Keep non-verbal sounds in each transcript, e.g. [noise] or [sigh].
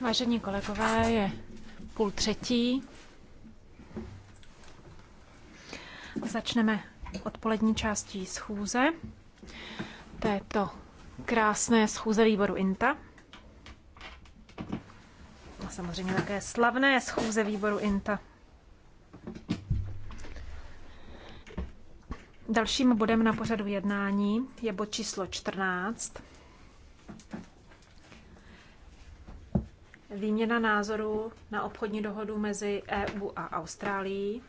Vážení kolegové, je půl třetí. Začneme odpolední částí schůze této krásné schůze výboru INTA. A samozřejmě také slavné schůze výboru INTA. Dalším bodem na pořadu jednání je bod číslo 14– Výměna názorů na obchodní dohodu mezi EU a Austrálií.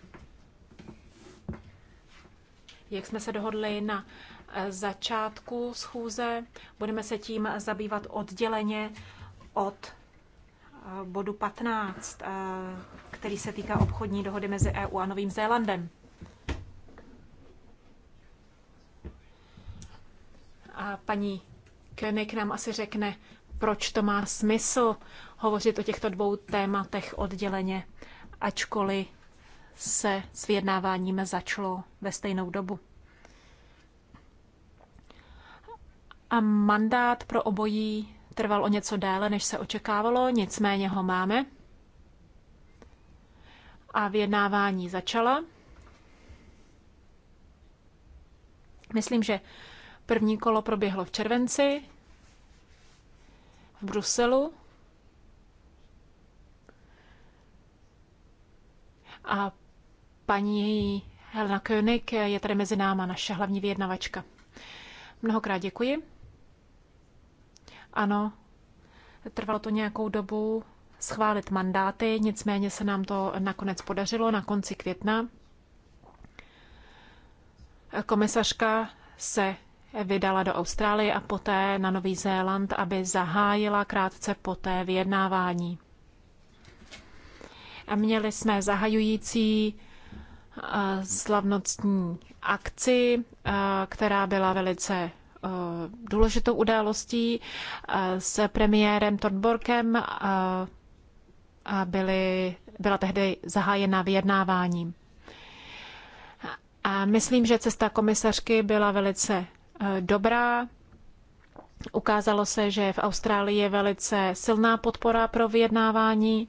Jak jsme se dohodli na e, začátku schůze, budeme se tím zabývat odděleně od e, bodu 15, e, který se týká obchodní dohody mezi EU a Novým Zélandem. A paní König nám asi řekne, proč to má smysl hovořit o těchto dvou tématech odděleně, ačkoliv se s vyjednáváním začalo ve stejnou dobu. A mandát pro obojí trval o něco déle, než se očekávalo, nicméně ho máme. A vyjednávání začala. Myslím, že první kolo proběhlo v červenci v Bruselu A paní Helena König je tady mezi náma, naše hlavní vyjednavačka. Mnohokrát děkuji. Ano, trvalo to nějakou dobu schválit mandáty, nicméně se nám to nakonec podařilo na konci května. Komisařka se vydala do Austrálie a poté na Nový Zéland, aby zahájila krátce poté vyjednávání. Měli jsme zahajující eh, slavnostní akci, eh, která byla velice eh, důležitou událostí s premiérem a byly, byla tehdy zahájena vyjednávání. A myslím, že cesta komisařky byla velice dobrá. Ukázalo se, že v Austrálii je velice silná podpora pro vyjednávání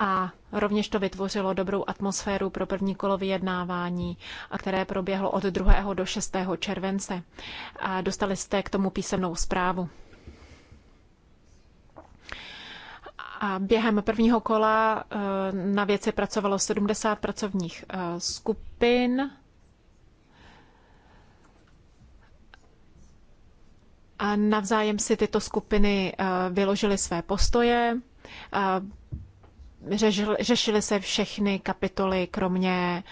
a rovněž to vytvořilo dobrou atmosféru pro první kolo vyjednávání, a které proběhlo od 2. do 6. července. A dostali jste k tomu písemnou zprávu. A během prvního kola eh, na věci pracovalo 70 pracovních eh, skupin. A navzájem si tyto skupiny eh, vyložily své postoje řešily se všechny kapitoly, kromě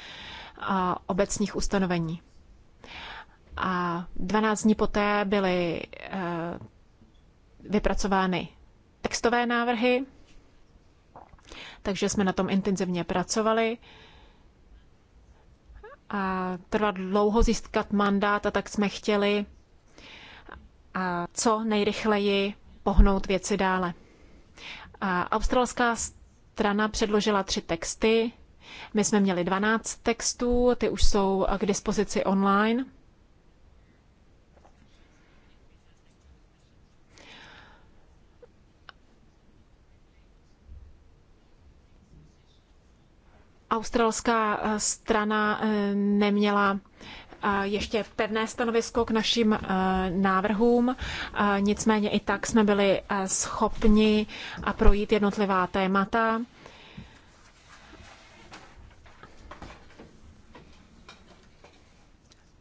obecních ustanovení. A 12 dní poté byly e, vypracovány textové návrhy, takže jsme na tom intenzivně pracovali. A trvat dlouho získat mandát a tak jsme chtěli a co nejrychleji pohnout věci dále. A australská strana předložila tři texty. My jsme měli 12 textů, ty už jsou k dispozici online. Australská eh, strana eh, neměla ještě pevné stanovisko k našim eh, návrhům, nicméně i tak jsme byli eh, schopni eh, projít jednotlivá témata.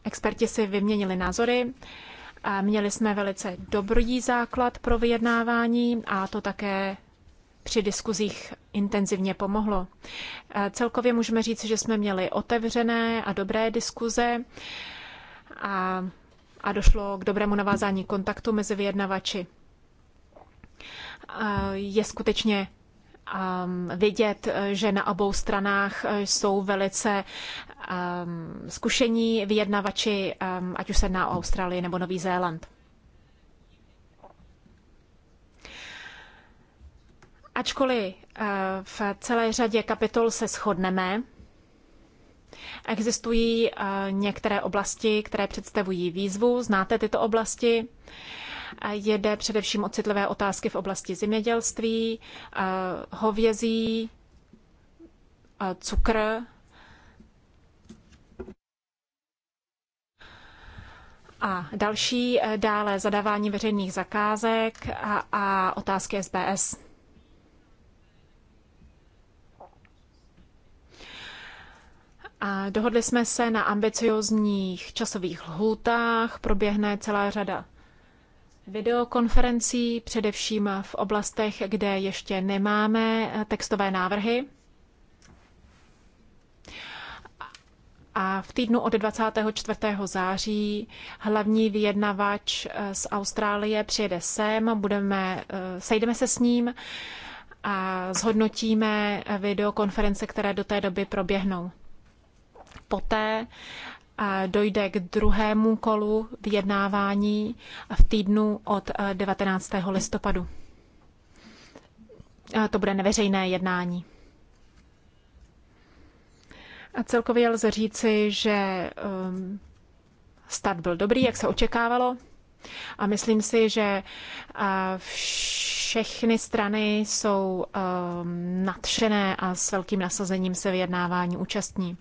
Experti si vyměnili názory. Měli jsme velice dobrý základ pro vyjednávání a to také při diskuzích intenzivně pomohlo. Eh, celkově můžeme říct, že jsme měli otevřené a dobré diskuze a, a došlo k dobrému navázání kontaktu mezi vyjednavači. Eh, je skutečně ehm, vidět, eh, že na obou stranách jsou velice ehm, zkušení vyjednavači, ehm, ať už se jedná o Austrálii nebo Nový Zéland. Ačkoliv eh, v celé řadě kapitol se shodneme, existují eh, některé oblasti, které představují výzvu. Znáte tyto oblasti? Eh, jede především o citlivé otázky v oblasti zemědělství, hovězí, cukr, A další dále zadávání veřejných zakázek a, a otázky SBS. A dohodli jsme se na ambiciozních časových lhůtách, proběhne celá řada videokonferencí, především v oblastech, kde ještě nemáme textové návrhy. A v týdnu od 24. září hlavní vyjednavač eh, z Austrálie přijede sem, budeme, eh, sejdeme se s ním a zhodnotíme videokonference, které do té doby proběhnou poté dojde k druhému kolu vyjednávání v týdnu od 19. listopadu. To bude neveřejné jednání. A celkově lze říci, že um, stát byl dobrý, jak se očekávalo. A myslím si, že všechny strany jsou um, nadšené a s velkým nasazením se vyjednávání účastní.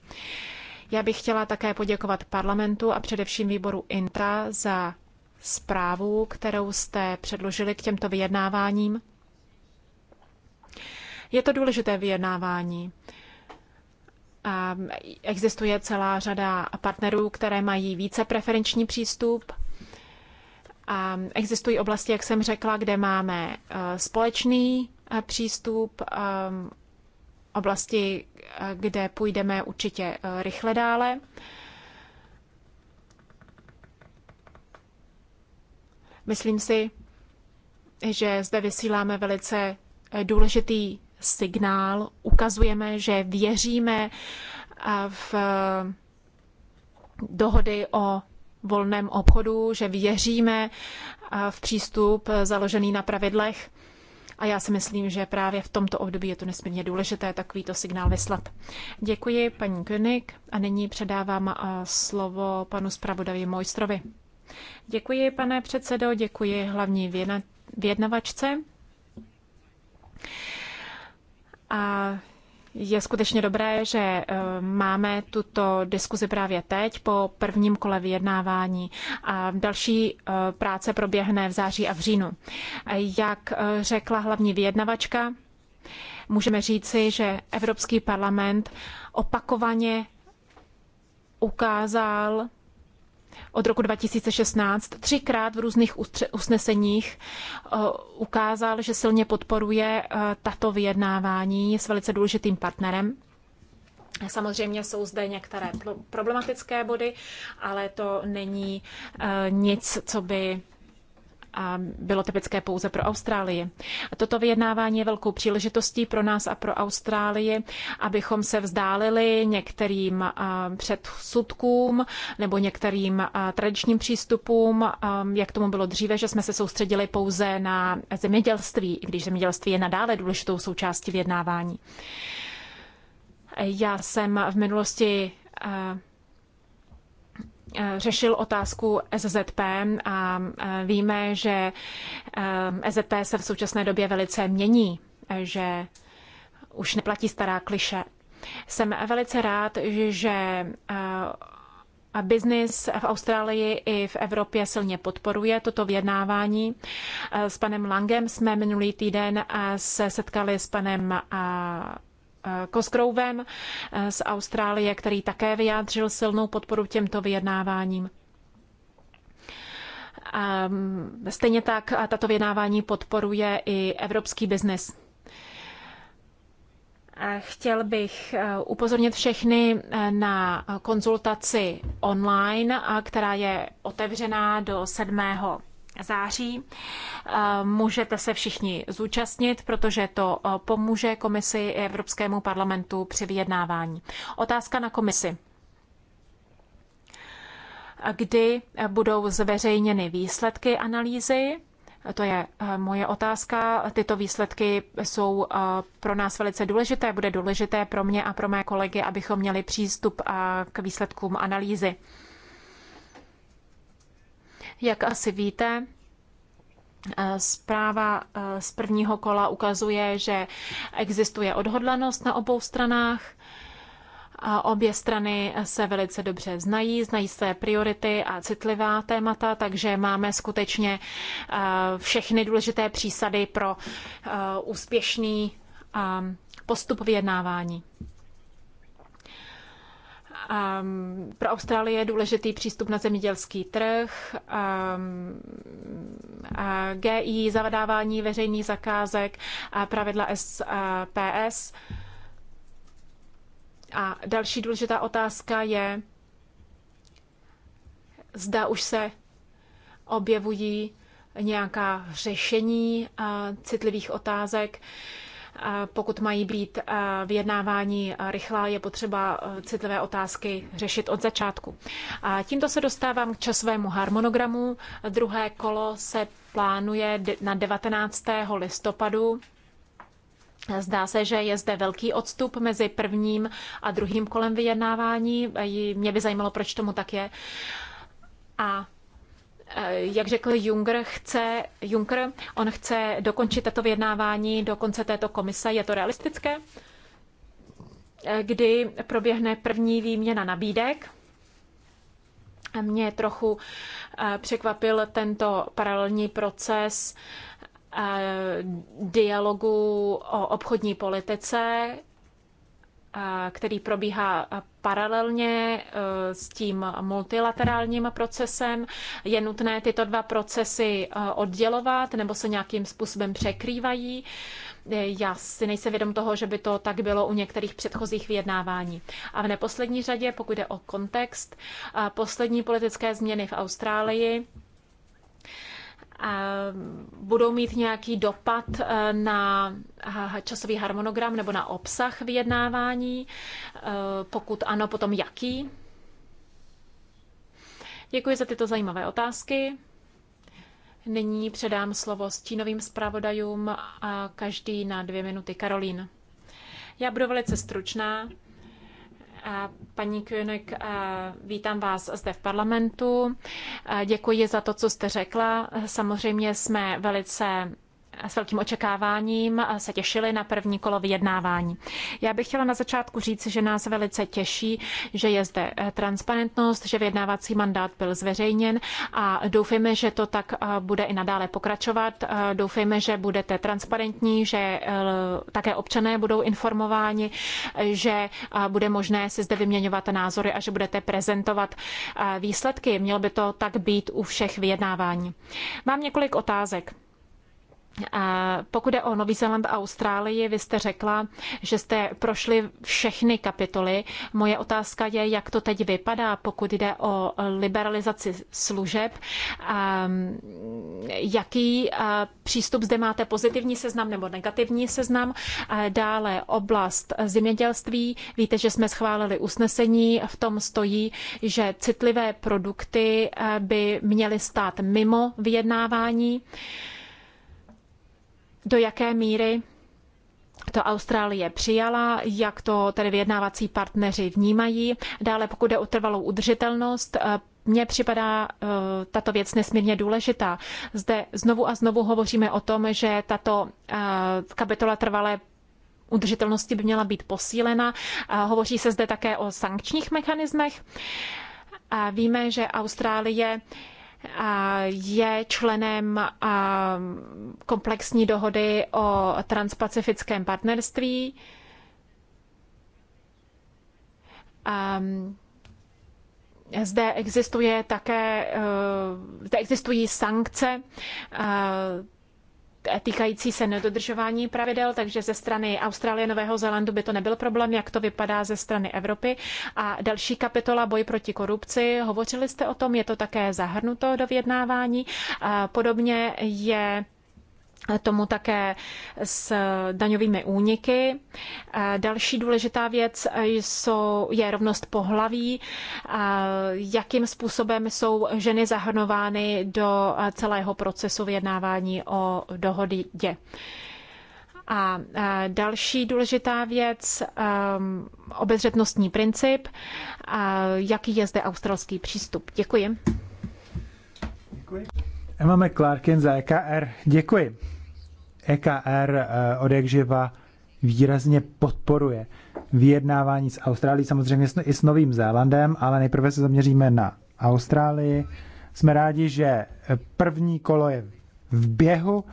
Já bych chtěla také poděkovat parlamentu a především výboru INTA za zprávu, kterou jste předložili k těmto vyjednáváním. Je to důležité vyjednávání. Existuje celá řada partnerů, které mají více preferenční přístup. Existují oblasti, jak jsem řekla, kde máme eh, společný eh, přístup eh, oblasti, kde půjdeme určitě eh, rychle dále. Myslím si, že zde vysíláme velice eh, důležitý signál. Ukazujeme, že věříme eh, v dohody o volném obchodu, že věříme v přístup založený na pravidlech a já si myslím, že právě v tomto období je to nesmírně důležité takovýto signál vyslat. Děkuji paní König a nyní předávám slovo panu zpravodaji Mojstrovi. Děkuji, pane předsedo, děkuji hlavní vědnavačce. A je skutečně dobré, že eh, máme tuto diskuzi právě teď po prvním kole vyjednávání a další eh, práce proběhne v září a v říjnu. Jak eh, řekla hlavní vyjednavačka, můžeme říci, že Evropský parlament opakovaně ukázal od roku 2016 třikrát v různých usneseních eh, ukázal, že silně podporuje eh, tato vyjednávání s velice důležitým partnerem. Samozřejmě jsou zde některé problematické body, ale to není eh, nic, co by bylo typické pouze pro Austrálii. Toto vyjednávání je velkou příležitostí pro nás a pro Austrálii, abychom se vzdálili některým předsudkům nebo některým tradičním přístupům, jak tomu bylo dříve, že jsme se soustředili pouze na zemědělství, i když zemědělství je nadále důležitou součástí vyjednávání. Já jsem v minulosti Eh, řešil otázku SZP a eh, víme, že eh, SZP se v současné době velice mění, že už neplatí stará kliše. Jsem velice rád, že biznis v Austrálii i v Evropě silně podporuje toto vyjednávání. S panem Langem jsme minulý týden se setkali s panem Koskrouvem eh, z Austrálie, který také vyjádřil silnou podporu těmto vyjednáváním. Ehm, stejně tak eh, tato vyjednávání podporuje i evropský biznis. Eh, chtěl bych upozornit všechny na konzultaci online, která je otevřená do 7 září. Eh, můžete se všichni zúčastnit, protože to eh, pomůže komisi i Evropskému parlamentu při vyjednávání. Otázka na komisi. Kdy budou zveřejněny výsledky analýzy? To je eh, moje otázka. Tyto výsledky jsou pro nás velice důležité. Bude důležité pro mě a pro mé kolegy, abychom měli přístup k výsledkům analýzy. Jak asi víte, eh, Zpráva eh, z prvního kola ukazuje, že existuje odhodlanost na obou stranách. A obě strany se velice dobře znají, znají své priority a citlivá témata, takže máme skutečně eh, všechny důležité přísady pro úspěšný postup vyjednávání. Um, pro Austrálii je důležitý přístup na zemědělský trh, um, a GI, zavadávání veřejných zakázek, a pravidla SPS. A další důležitá otázka je, zda už se objevují nějaká řešení eh, citlivých otázek pokud mají být vyjednávání rychlá, je potřeba citlivé otázky řešit od začátku. A tímto se dostávám k časovému harmonogramu. Druhé kolo se plánuje na 19. listopadu. Zdá se, že je zde velký odstup mezi prvním a druhým kolem vyjednávání. Mě by zajímalo, proč tomu tak je. A Eh, jak řekl Juncker, chce, Juncker, on chce dokončit tato vyjednávání do konce této komise. Je to realistické? Eh, kdy proběhne první výměna nabídek? Mě trochu eh, překvapil tento paralelní proces dialogu o obchodní politice, který probíhá paralelně e, s tím multilaterálním procesem. Je nutné tyto dva procesy e, oddělovat nebo se nějakým způsobem překrývají. E, já si nejsem vědom toho, že by to tak bylo u některých předchozích vyjednávání. A v neposlední řadě, pokud jde o kontext, poslední politické změny v Austrálii budou mít nějaký dopad eh, na časový harmonogram nebo na obsah vyjednávání? Eh, pokud ano, potom jaký? Děkuji za tyto zajímavé otázky. Nyní předám slovo stínovým zpravodajům a každý na dvě minuty. Karolín. Já budu velice stručná. Paní Kjönek, vítám vás zde v parlamentu. Děkuji za to, co jste řekla. Samozřejmě jsme velice s velkým očekáváním se těšili na první kolo vyjednávání. Já bych chtěla na začátku říct, že nás velice těší, že je zde eh, transparentnost, že vyjednávací mandát byl zveřejněn a doufejme, že to tak eh, bude i nadále pokračovat. Eh, doufejme, že budete transparentní, že také občané budou informováni, že bude možné si zde vyměňovat názory a že budete prezentovat výsledky. Mělo by to tak být u všech vyjednávání. Mám několik otázek. Pokud je o Nový Zéland a Austrálii, vy jste řekla, že jste prošli všechny kapitoly. Moje otázka je, jak to teď vypadá, pokud jde o liberalizaci služeb. Mm, jaký přístup zde máte? Pozitivní seznam nebo negativní seznam? Dále oblast zemědělství. Víte, že jsme schválili usnesení. V tom stojí, že citlivé produkty by měly stát mimo vyjednávání do jaké míry to Austrálie přijala, jak to tedy vyjednávací partneři vnímají. Dále, pokud jde o trvalou udržitelnost, eh, mně připadá eh, tato věc nesmírně důležitá. Zde znovu a znovu hovoříme o tom, že tato eh, kapitola trvalé udržitelnosti by měla být posílena. Hovoří se zde také o sankčních mechanismech. Víme, že Austrálie je členem komplexní dohody o transpacifickém partnerství. Zde existuje také, e, zde existují sankce týkající se nedodržování pravidel, takže ze strany Austrálie, Nového Zélandu by to nebyl problém, jak to vypadá ze strany Evropy. A další kapitola boj proti korupci, hovořili jste o tom, je to také zahrnuto do vyjednávání. Podobně je tomu také s daňovými úniky. Další důležitá věc jsou, je rovnost pohlaví, jakým způsobem jsou ženy zahrnovány do celého procesu vyjednávání o dohodě. A další důležitá věc, um, obezřetnostní princip, jaký je zde australský přístup. Děkuji. Děkuji. Emma McClarkin za EKR. Děkuji. EKR eh, od jakživa výrazně podporuje vyjednávání s Austrálií, samozřejmě no- i s Novým Zélandem, ale nejprve se zaměříme na Austrálii. Jsme rádi, že eh, první kolo je v běhu.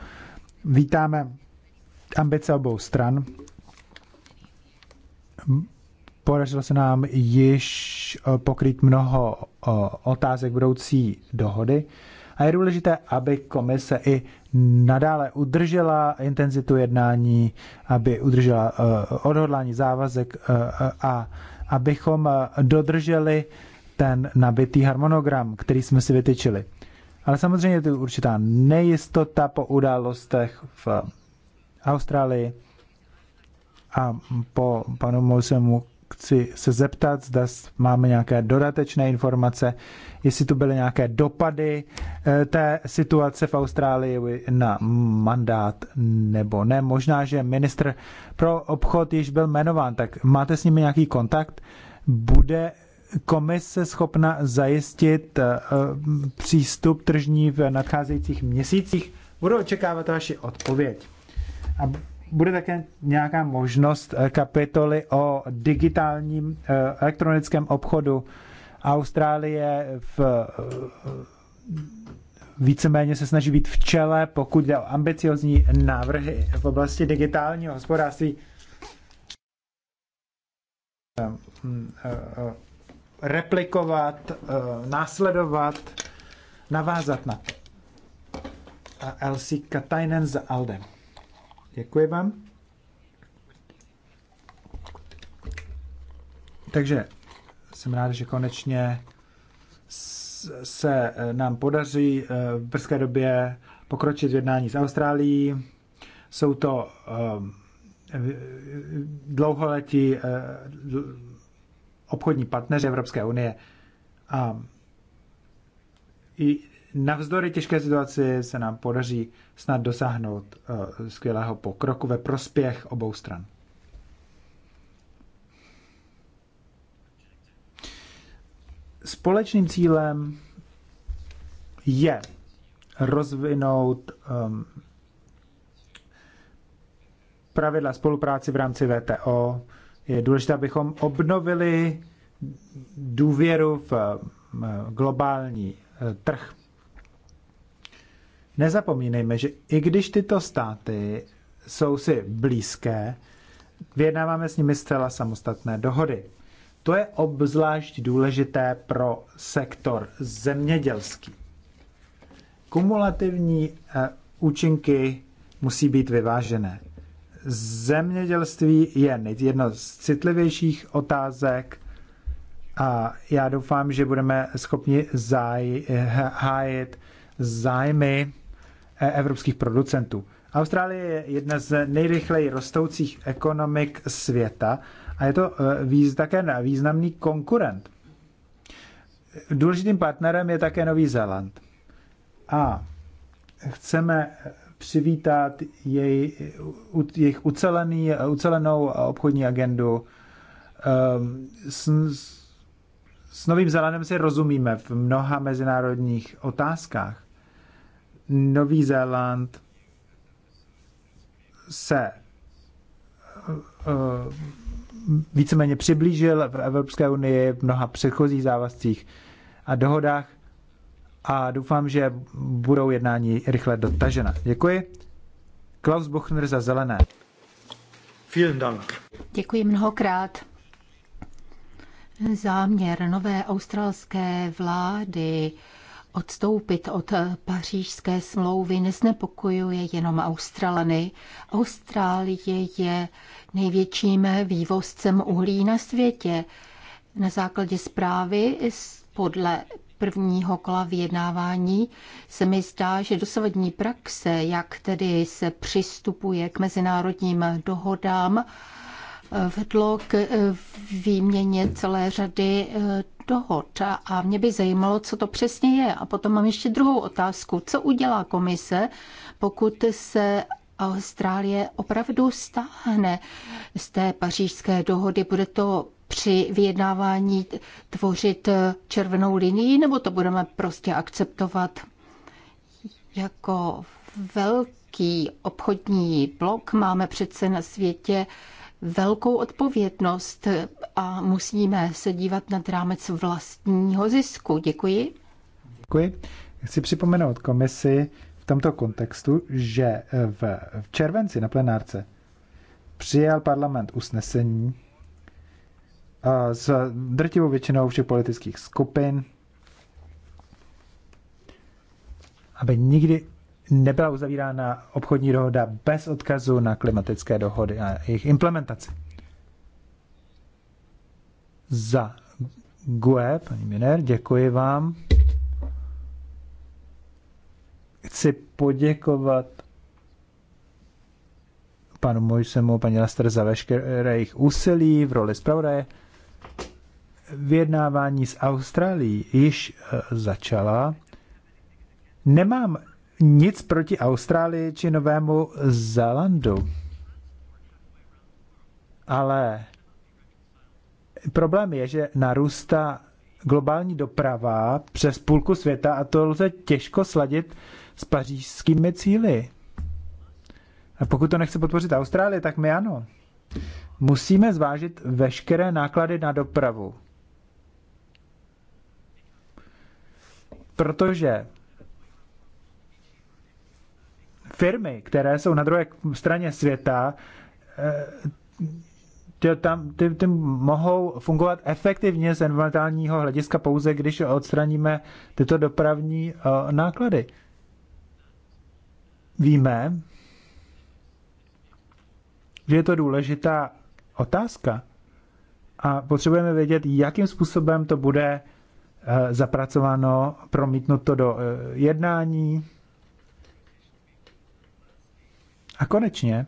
Vítáme ambice obou stran. Podařilo se nám již eh, pokryt mnoho otázek budoucí dohody. A je důležité, aby komise i nadále udržela intenzitu jednání, aby udržela eh, odhodlání závazek eh, a abychom eh, dodrželi ten nabitý harmonogram, který jsme si vytyčili. Ale samozřejmě je tu určitá nejistota po událostech v Austrálii a po panu Mousemu chci se zeptat, zda máme nějaké dodatečné informace, jestli tu byly nějaké dopady eh, té situace v Austrálii na mandát nebo ne. Možná, že ministr pro obchod již byl jmenován, tak máte s nimi nějaký kontakt? Bude komise schopna zajistit eh, přístup tržní v nadcházejících měsících? Budu očekávat vaši odpověď. A bude také nějaká možnost eh, kapitoly o digitálním eh, elektronickém obchodu. Austrálie v eh, víceméně se snaží být v čele, pokud jde o ambiciozní návrhy v oblasti digitálního hospodářství. Mm, replikovat, následovat, navázat na. LC Katainen za Aldem. Děkuji vám. Takže jsem rád, že konečně se eh, nám podaří eh, v brzké době pokročit v jednání s Austrálií. Jsou to eh, dlouholetí obchodní partneři Evropské unie a navzdory těžké situaci se nám podaří snad dosáhnout eh, skvělého pokroku ve prospěch obou stran. Společným cílem je rozvinout um, pravidla spolupráci v rámci VTO. Je důležité, abychom obnovili důvěru v eh, globální eh, trh Nezapomínejme, že i když tyto státy jsou si blízké, vyjednáváme s nimi zcela samostatné dohody. To je obzvlášť důležité pro sektor zemědělský. Kumulativní eh, účinky musí být vyvážené. Zemědělství je jedno z citlivějších otázek a já doufám, že budeme schopni zaj- eh, hájit zájmy E, evropských producentů. Austrálie je jedna z nejrychleji rostoucích ekonomik světa a je to e, výz, také významný konkurent. Důležitým partnerem je také Nový Zéland. A chceme přivítat jej, jejich ucelený, ucelenou obchodní agendu. Ehm, s, s Novým Zélandem si rozumíme v mnoha mezinárodních otázkách. Nový Zéland se eh, víceméně přiblížil v Evropské unii v mnoha předchozích závazcích a dohodách a doufám, že budou jednání rychle dotažena. Děkuji. Klaus Bochner za zelené. Vielen Dank. Děkuji mnohokrát. Záměr nové australské vlády odstoupit od eh, pařížské smlouvy neznepokojuje jenom Australany. Austrálie je největším vývozcem uhlí na světě. Na základě zprávy podle prvního kola vyjednávání se mi zdá, že dosavadní praxe, jak tedy se přistupuje k mezinárodním dohodám, eh, vedlo k eh, výměně celé řady dohod a mě by zajímalo, co to přesně je. A potom mám ještě druhou otázku. Co udělá komise, pokud se Austrálie opravdu stáhne z té pařížské dohody? Bude to při vyjednávání tvořit červenou linii, nebo to budeme prostě akceptovat jako velký obchodní blok? Máme přece na světě velkou odpovědnost a musíme se dívat nad rámec vlastního zisku. Děkuji. Děkuji. Chci připomenout komisi v tomto kontextu, že v, v červenci na plenárce přijal parlament usnesení s drtivou většinou všech politických skupin, aby nikdy nebyla uzavírána obchodní dohoda bez odkazu na klimatické dohody a jejich implementaci. Za GUE, paní Miner, děkuji vám. Chci poděkovat panu Mojsemu, paní Laster za veškeré jejich úsilí v roli zpravodaje. Vyjednávání s Austrálií již eh, začala. Nemám nic proti Austrálii či Novému Zélandu. Ale problém je, že narůstá globální doprava přes půlku světa a to lze těžko sladit s pařížskými cíly. A pokud to nechce podpořit Austrálie, tak my ano. Musíme zvážit veškeré náklady na dopravu. Protože firmy, které jsou na druhé straně světa, eh, ty, tam, ty, ty mohou fungovat efektivně z environmentálního hlediska pouze, když odstraníme tyto dopravní eh, náklady. Víme, že je to důležitá otázka a potřebujeme vědět, jakým způsobem to bude eh, zapracováno, promítnuto do jednání a konečně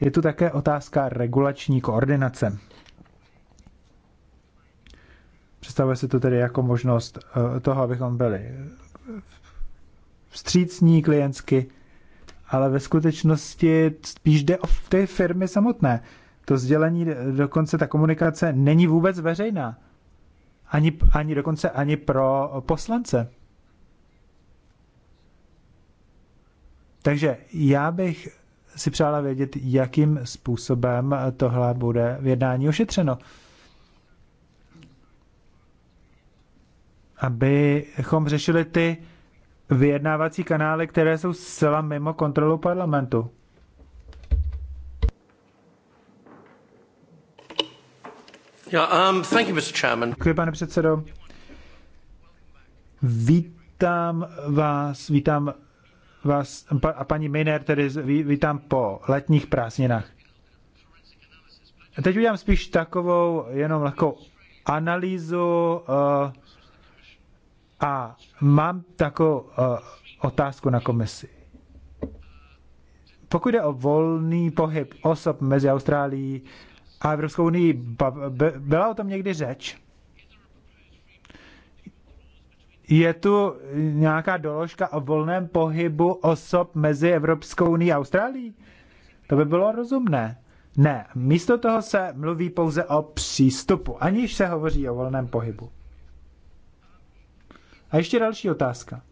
je tu také otázka regulační koordinace. Představuje se to tedy jako možnost eh, toho, abychom byli vstřícní klientsky, ale ve skutečnosti spíš jde o ty firmy samotné. To sdělení, dokonce ta komunikace není vůbec veřejná. Ani, ani dokonce ani pro poslance. Takže já bych si přála vědět, jakým způsobem tohle bude v jednání ošetřeno. Abychom řešili ty vyjednávací kanály, které jsou zcela mimo kontrolu parlamentu. Yeah, um, thank you, Mr. Chairman. Děkuji, pane předsedo. Vítám vás, vítám vás a paní Miner tedy vítám po letních prázdninách. Teď udělám spíš takovou jenom lehkou analýzu uh, a mám takovou uh, otázku na komisi. Pokud jde o volný pohyb osob mezi Austrálií a Evropskou unii, byla o tom někdy řeč? je tu nějaká doložka o volném pohybu osob mezi Evropskou unii a Austrálií? To by bylo rozumné. Ne, místo toho se mluví pouze o přístupu, aniž se hovoří o volném pohybu. A ještě další otázka.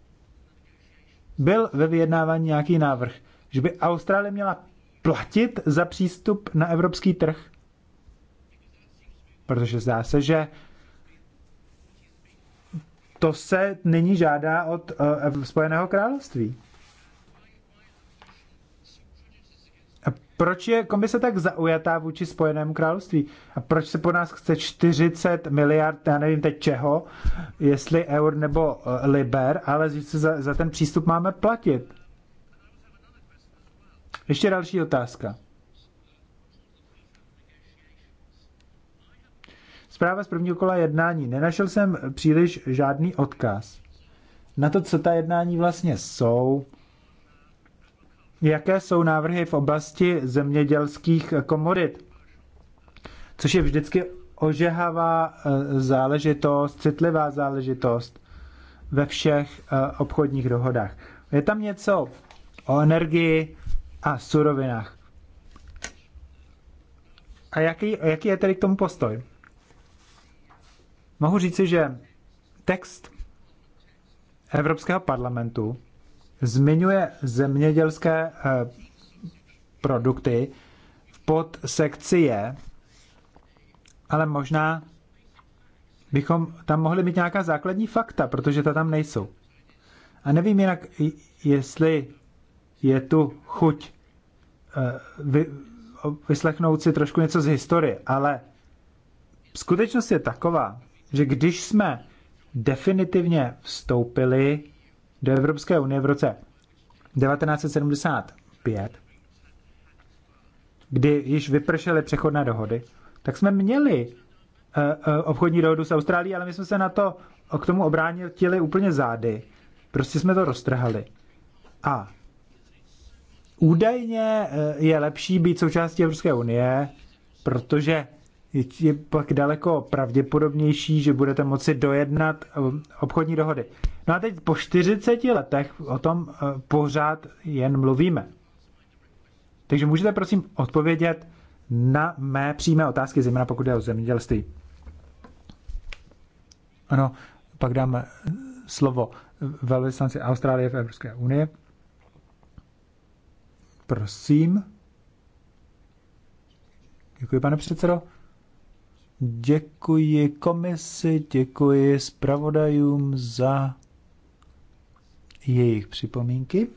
Byl ve vyjednávání nějaký návrh, že by Austrálie měla platit za přístup na evropský trh? Protože zdá se, že to se nyní žádá od uh, Spojeného království. A proč je komise tak zaujatá vůči Spojenému království? A proč se po nás chce 40 miliard, já nevím teď čeho, jestli eur nebo uh, liber, ale za, za ten přístup máme platit? Ještě další otázka. Zpráva z prvního kola jednání. Nenašel jsem příliš žádný odkaz na to, co ta jednání vlastně jsou, jaké jsou návrhy v oblasti zemědělských komodit, což je vždycky ožehavá eh, záležitost, citlivá záležitost ve všech eh, obchodních dohodách. Je tam něco o energii a surovinách. A jaký, jaký je tedy k tomu postoj? mohu říci, že text Evropského parlamentu zmiňuje zemědělské eh, produkty v podsekci je, ale možná bychom tam mohli mít nějaká základní fakta, protože ta tam nejsou. A nevím jinak, jestli je tu chuť eh, vyslechnout si trošku něco z historie, ale skutečnost je taková, že když jsme definitivně vstoupili do Evropské unie v roce 1975, kdy již vypršely přechodné dohody, tak jsme měli eh, eh, obchodní dohodu s Austrálií, ale my jsme se na to k tomu obránili úplně zády. Prostě jsme to roztrhali. A údajně eh, je lepší být součástí Evropské unie, protože je pak daleko pravděpodobnější, že budete moci dojednat eh, obchodní dohody. No a teď po 40 letech o tom eh, pořád jen mluvíme. Takže můžete prosím odpovědět na mé přímé otázky, zejména pokud je o zemědělství. Ano, pak dáme eh, slovo velvyslanci Austrálie v Evropské unii. Prosím. Děkuji, pane předsedo. Děkuji komisi, děkuji zpravodajům za jejich připomínky.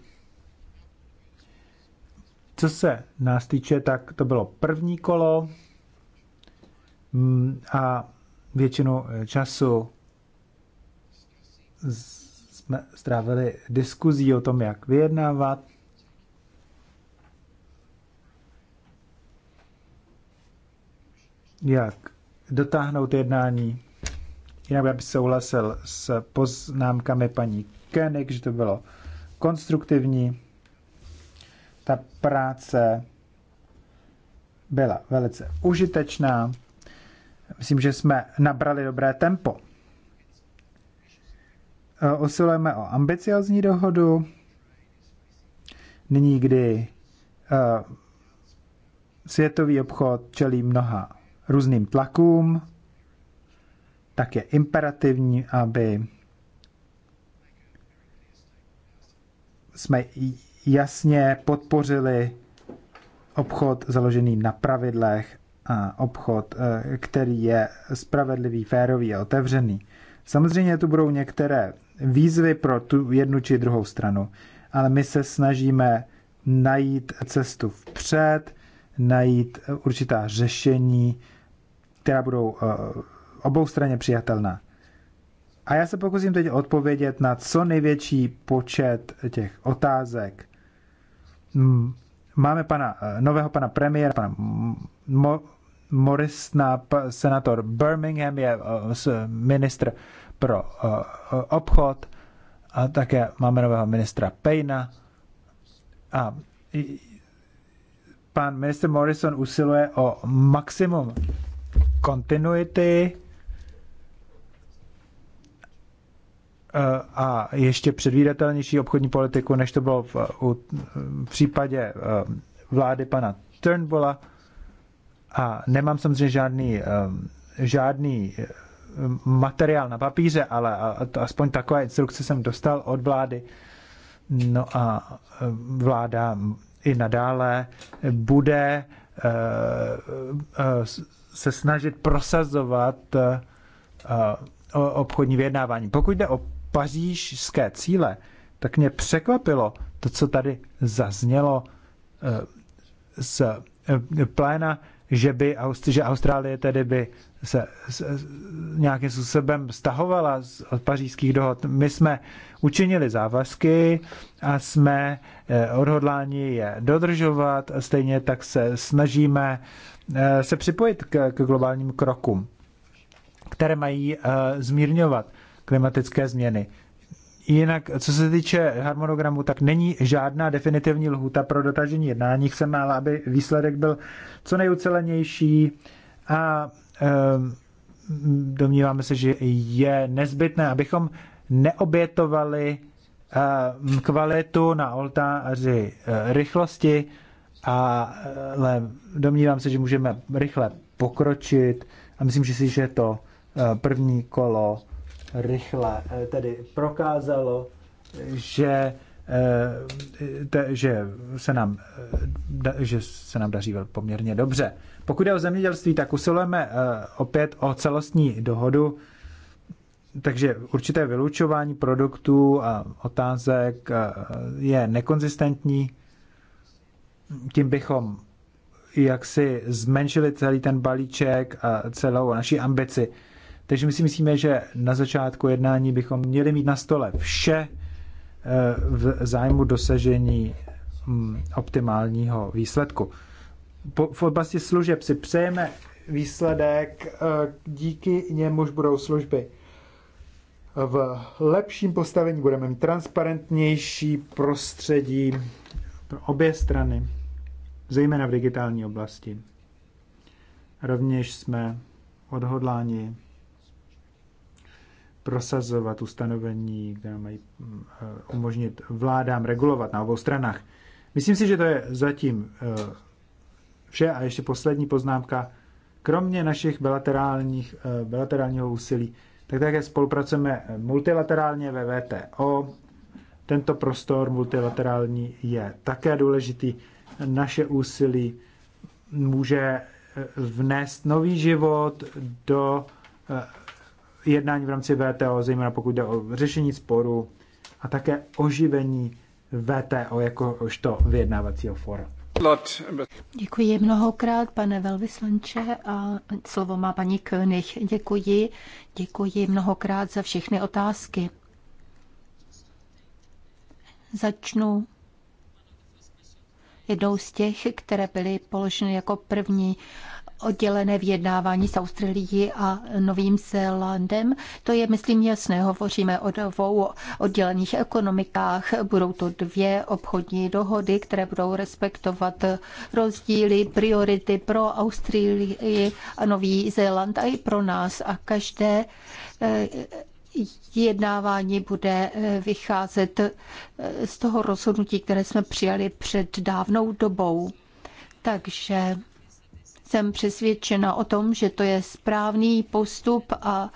Co se nás týče, tak to bylo první kolo mm, a většinu eh, času jsme strávili diskuzí o tom, jak vyjednávat. Jak dotáhnout jednání. Jinak bych souhlasil s poznámkami paní Koenig, že to bylo konstruktivní. Ta práce byla velice užitečná. Myslím, že jsme nabrali dobré tempo. Eh, usilujeme o ambiciozní dohodu. Nyní, kdy eh, světový obchod čelí mnoha různým tlakům, tak je imperativní, aby jsme jasně podpořili obchod založený na pravidlech a obchod, eh, který je spravedlivý, férový a otevřený. Samozřejmě tu budou některé výzvy pro tu jednu či druhou stranu, ale my se snažíme najít cestu vpřed, najít eh, určitá řešení, která budou eh, obou straně přijatelná. A já se pokusím teď odpovědět na co největší počet těch otázek. Máme pana, eh, nového pana premiéra, pana Mo, na senator Birmingham je eh, ministr pro obchod a také máme nového ministra Payna. A pan minister Morrison usiluje o maximum kontinuity eh, a ještě předvídatelnější obchodní politiku, než to bylo v, u, v případě eh, vlády pana Turnbulla. A nemám samozřejmě žádný, eh, žádný materiál na papíře, ale aspoň takové instrukce jsem dostal od vlády. No a vláda i nadále bude se snažit prosazovat eh, eh, obchodní vyjednávání. Pokud jde o pařížské cíle, tak mě překvapilo to, co tady zaznělo eh, z pléna, že, by, že Austrálie tedy by se, nějakým způsobem stahovala z, od pařížských dohod. My jsme učinili závazky a jsme odhodláni je dodržovat. Stejně tak se snažíme Eh, se připojit k, k globálním krokům, které mají eh, zmírňovat klimatické změny. Jinak, co se týče harmonogramu, tak není žádná definitivní lhuta pro dotažení jednání. Chceme ale, aby výsledek byl co nejucelenější a e, domníváme se, že je nezbytné, abychom neobětovali uh, kvalitu na oltáři uh, rychlosti ale domnívám se, že můžeme rychle pokročit a myslím že si, že to eh, první kolo rychle eh, tedy prokázalo, že, eh, že, se nám, že se nám daří poměrně dobře. Pokud je o zemědělství, tak usilujeme opět o celostní dohodu, takže určité vylučování produktů a otázek je nekonzistentní tím bychom jak si zmenšili celý ten balíček a celou naši ambici. Takže my si myslíme, že na začátku jednání bychom měli mít na stole vše eh, v zájmu dosažení mm, optimálního výsledku. V oblasti služeb si přejeme výsledek, eh, díky němuž budou služby v lepším postavení, budeme mít transparentnější prostředí pro obě strany zejména v digitální oblasti. Rovněž jsme odhodláni prosazovat ustanovení, která mají mm, eh, umožnit vládám regulovat na obou stranách. Myslím si, že to je zatím eh, vše. A ještě poslední poznámka. Kromě našich bilaterálních, eh, bilaterálního úsilí, tak také spolupracujeme multilaterálně ve VTO. Tento prostor multilaterální je také důležitý naše úsilí může eh, vnést nový život do eh, jednání v rámci VTO, zejména pokud jde o řešení sporu a také oživení VTO jakožto vyjednávacího fora. Děkuji mnohokrát, pane velvyslanče, a slovo má paní König. Děkuji, děkuji mnohokrát za všechny otázky. Začnu jednou z těch, které byly položeny jako první oddělené vyjednávání s Austrálií a Novým Zélandem. To je, myslím, jasné. Hovoříme o dvou oddělených ekonomikách. Budou to dvě obchodní dohody, které budou respektovat rozdíly, priority pro Austrálii a Nový Zéland a i pro nás. A každé eh, jednávání bude eh, vycházet eh, z toho rozhodnutí, které jsme přijali před dávnou dobou. Takže jsem přesvědčena o tom, že to je správný postup a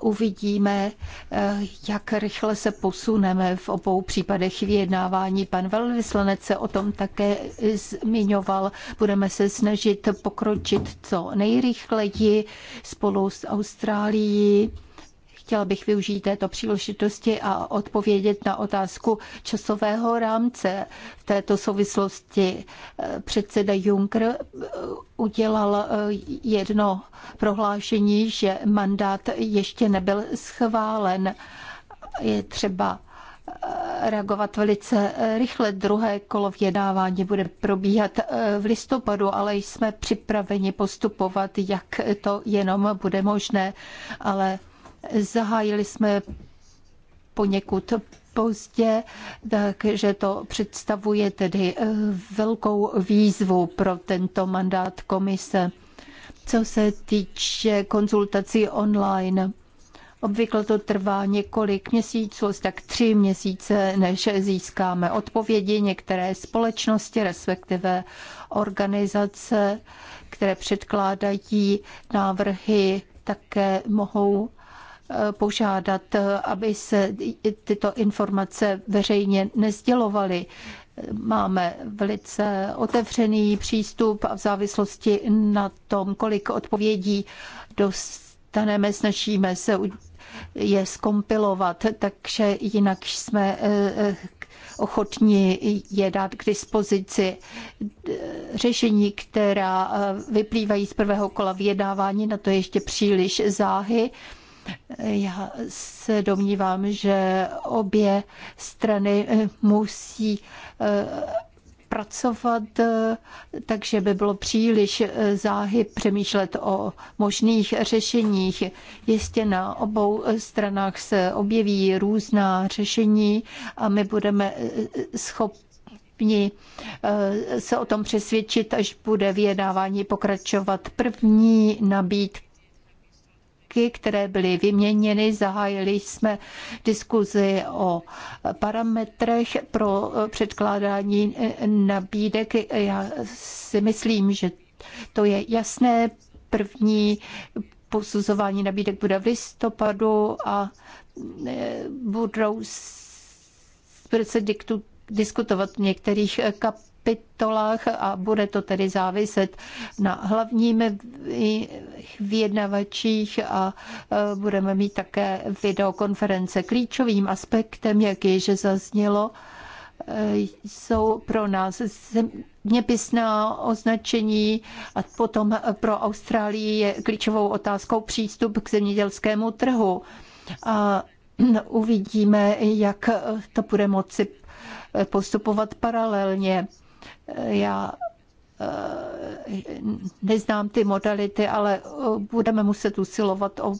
uvidíme, eh, jak rychle se posuneme v obou případech vyjednávání. Pan velvyslanec se o tom také zmiňoval. Budeme se snažit pokročit co nejrychleji spolu s Austrálií Chtěl bych využít této příležitosti a odpovědět na otázku časového rámce. V této souvislosti eh, předseda Juncker eh, udělal eh, jedno prohlášení, že mandát ještě nebyl schválen. Je třeba reagovat velice rychle. Druhé kolo vědávání bude probíhat v listopadu, ale jsme připraveni postupovat, jak to jenom bude možné. Ale Zahájili jsme poněkud pozdě, takže to představuje tedy eh, velkou výzvu pro tento mandát komise. Co se týče konzultací online, Obvykle to trvá několik měsíců, tak tři měsíce, než získáme odpovědi. Některé společnosti, respektive organizace, které předkládají návrhy, také mohou požádat, aby se tyto informace veřejně nezdělovaly. Máme velice otevřený přístup a v závislosti na tom, kolik odpovědí dostaneme, snažíme se je skompilovat, takže jinak jsme eh, eh, ochotni je dát k dispozici. Řešení, která eh, vyplývají z prvého kola vyjednávání, na to ještě příliš záhy. Já se domnívám, že obě strany eh, musí eh, pracovat, eh, takže by bylo příliš záhy přemýšlet o možných řešeních. Jistě na obou stranách se objeví různá řešení a my budeme schopni se o tom přesvědčit, až bude vyjednávání pokračovat. První nabídka prvky, které byly vyměněny. Zahájili jsme diskuzi o parametrech pro předkládání nabídek. Já si myslím, že to je jasné. První posuzování nabídek bude v listopadu a e, budou se diktu, diskutovat v některých kap kapitolách a bude to tedy záviset na hlavním vyjednavačích a e, budeme mít také videokonference. Klíčovým aspektem, jak že zaznělo, e, jsou pro nás zeměpisná označení a potom pro Austrálii je klíčovou otázkou přístup k zemědělskému trhu. A uvidíme, jak to bude moci postupovat paralelně. Já eh, neznám ty modality, ale eh, budeme muset usilovat o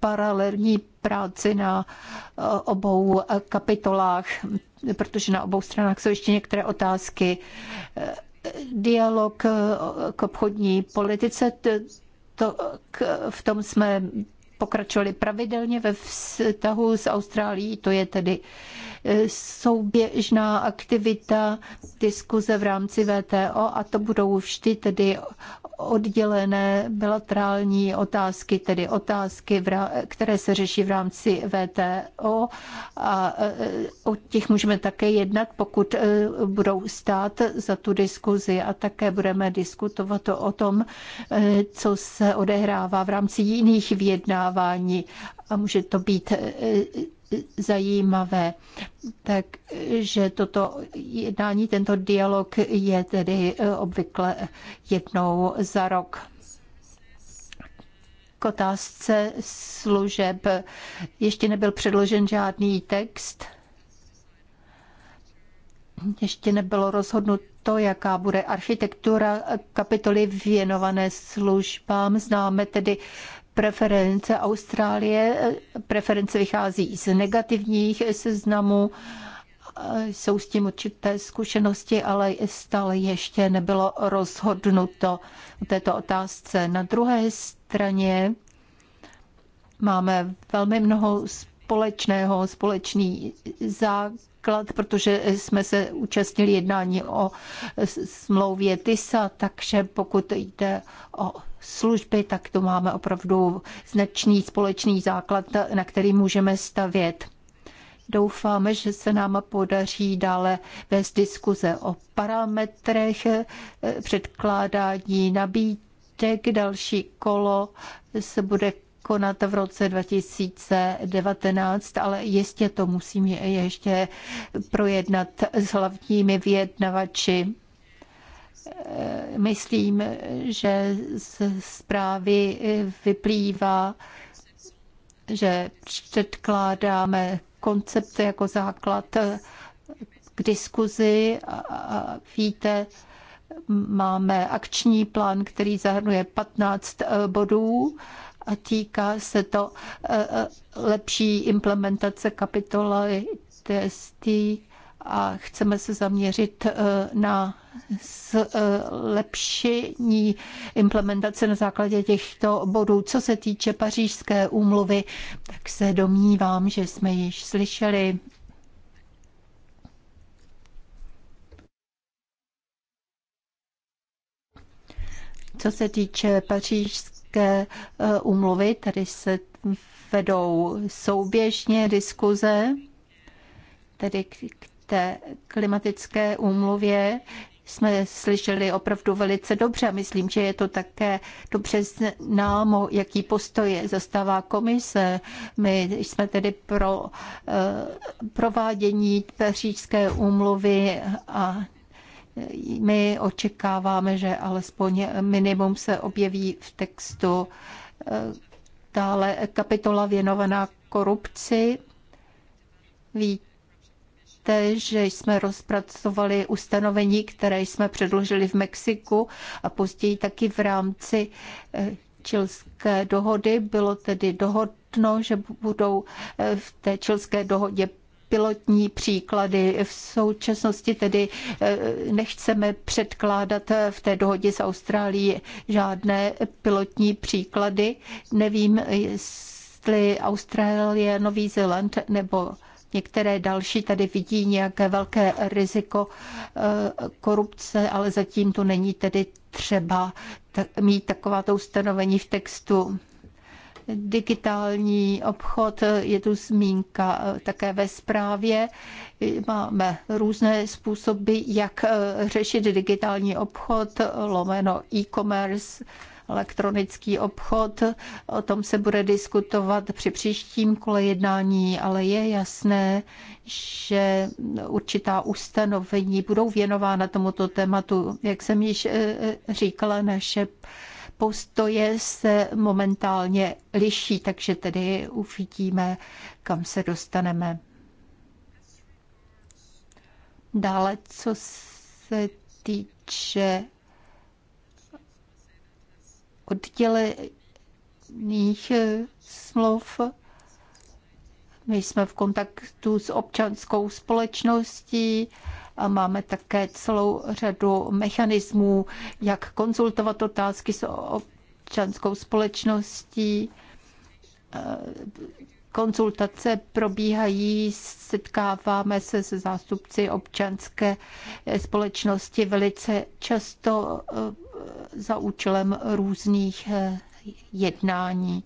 paralelní práci na eh, obou kapitolách, protože na obou stranách jsou ještě některé otázky. Dialog k obchodní politice, to, k, v tom jsme pokračovali pravidelně ve vztahu s Austrálií. To je tedy e, souběžná aktivita diskuze v rámci VTO a to budou vždy tedy oddělené bilaterální otázky, tedy otázky, které se řeší v rámci VTO a e, o těch můžeme také jednat, pokud e, budou stát za tu diskuzi a také budeme diskutovat o tom, co se odehrává v rámci jiných vědnání vzdělávání a může to být e, e, zajímavé. Takže toto jednání, tento dialog je tedy e, obvykle jednou za rok. K otázce služeb ještě nebyl předložen žádný text. Ještě nebylo rozhodnuto, jaká bude architektura kapitoly věnované službám. Známe tedy preference Austrálie. Preference vychází z negativních seznamů. Jsou s tím určité zkušenosti, ale stále ještě nebylo rozhodnuto o této otázce. Na druhé straně máme velmi mnoho společného, společný základ, protože jsme se účastnili jednání o smlouvě TISA, takže pokud jde o služby, tak to máme opravdu značný společný základ, na který můžeme stavět. Doufáme, že se nám podaří dále vést diskuze o parametrech eh, předkládání nabídek. Další kolo se bude konat v roce 2019, ale jistě to musím ještě projednat s hlavními vyjednavači. Myslím, že z zprávy vyplývá, že předkládáme koncepty jako základ k diskuzi a víte, máme akční plán, který zahrnuje 15 eh, bodů a týká se to eh, eh, lepší implementace kapitoly TST a chceme se zaměřit na zlepšení eh, implementace na základě těchto bodů. Co se týče pařížské úmluvy, tak se domnívám, že jsme již slyšeli Co se týče pařížské eh, úmluvy, tady se vedou souběžně diskuze, tedy k té klimatické úmluvě jsme slyšeli opravdu velice dobře a myslím, že je to také dobře známo, jaký postoj zastává komise. My jsme tedy pro eh, provádění pařížské úmluvy a my očekáváme, že alespoň minimum se objeví v textu eh, dále kapitola věnovaná korupci. Víte, víte, že jsme rozpracovali ustanovení, které jsme předložili v Mexiku a později taky v rámci eh, čilské dohody. Bylo tedy dohodno, že budou eh, v té čilské dohodě pilotní příklady. V současnosti tedy eh, nechceme předkládat v té dohodě s Austrálií žádné pilotní příklady. Nevím, jestli Austrálie, Nový Zéland nebo Některé další tady vidí nějaké velké riziko eh, korupce, ale zatím to není tedy třeba mít takováto ustanovení v textu digitální obchod, eh, je tu zmínka eh, také ve zprávě. Máme různé způsoby, jak řešit digitální obchod, lomeno e-commerce elektronický obchod. O tom se bude diskutovat při příštím kole jednání, ale je jasné, že určitá ustanovení budou věnována tomuto tématu. Jak jsem již eh, eh, říkala, naše postoje se momentálně liší, takže tedy uvidíme, kam se dostaneme. Dále, co se týče oddělených eh, smluv. My jsme v kontaktu s občanskou společností a máme také celou řadu mechanismů, jak konzultovat otázky s občanskou společností. Eh, konzultace probíhají, setkáváme se se zástupci občanské společnosti velice často eh, za účelem různých eh, jednání.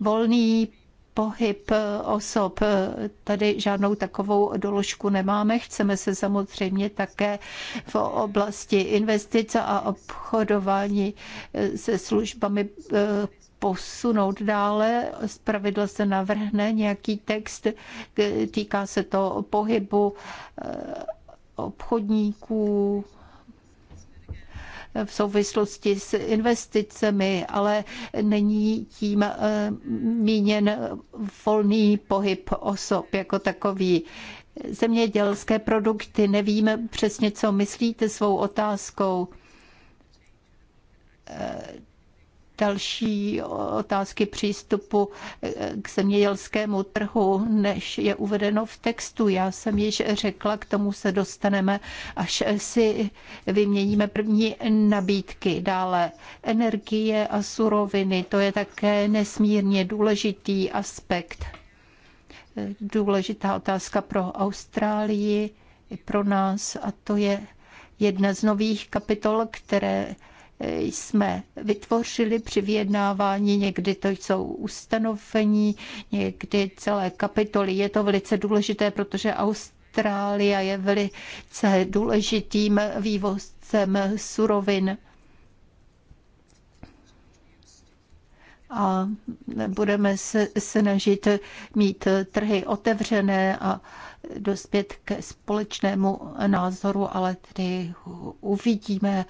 Volný pohyb eh, osob. Eh, tady žádnou takovou doložku nemáme. Chceme se samozřejmě také v oblasti investice a obchodování se službami posunout dále. Z pravidla se navrhne nějaký text, týká se to pohybu obchodníků, v souvislosti s investicemi, ale není tím eh, míněn volný pohyb osob jako takový zemědělské produkty. Nevím přesně, co myslíte svou otázkou. Eh, další otázky přístupu eh, k zemědělskému trhu, než je uvedeno v textu. Já jsem již řekla, k tomu se dostaneme, až si vyměníme první nabídky. Dále energie a suroviny, to je také nesmírně důležitý aspekt. Důležitá otázka pro Austrálii, pro nás, a to je jedna z nových kapitol, které jsme vytvořili při vyjednávání. Někdy to jsou ustanovení, někdy celé kapitoly. Je to velice důležité, protože Austrálie je velice důležitým vývozcem surovin. a budeme se snažit mít trhy otevřené a dospět ke společnému názoru, ale tedy uvidíme,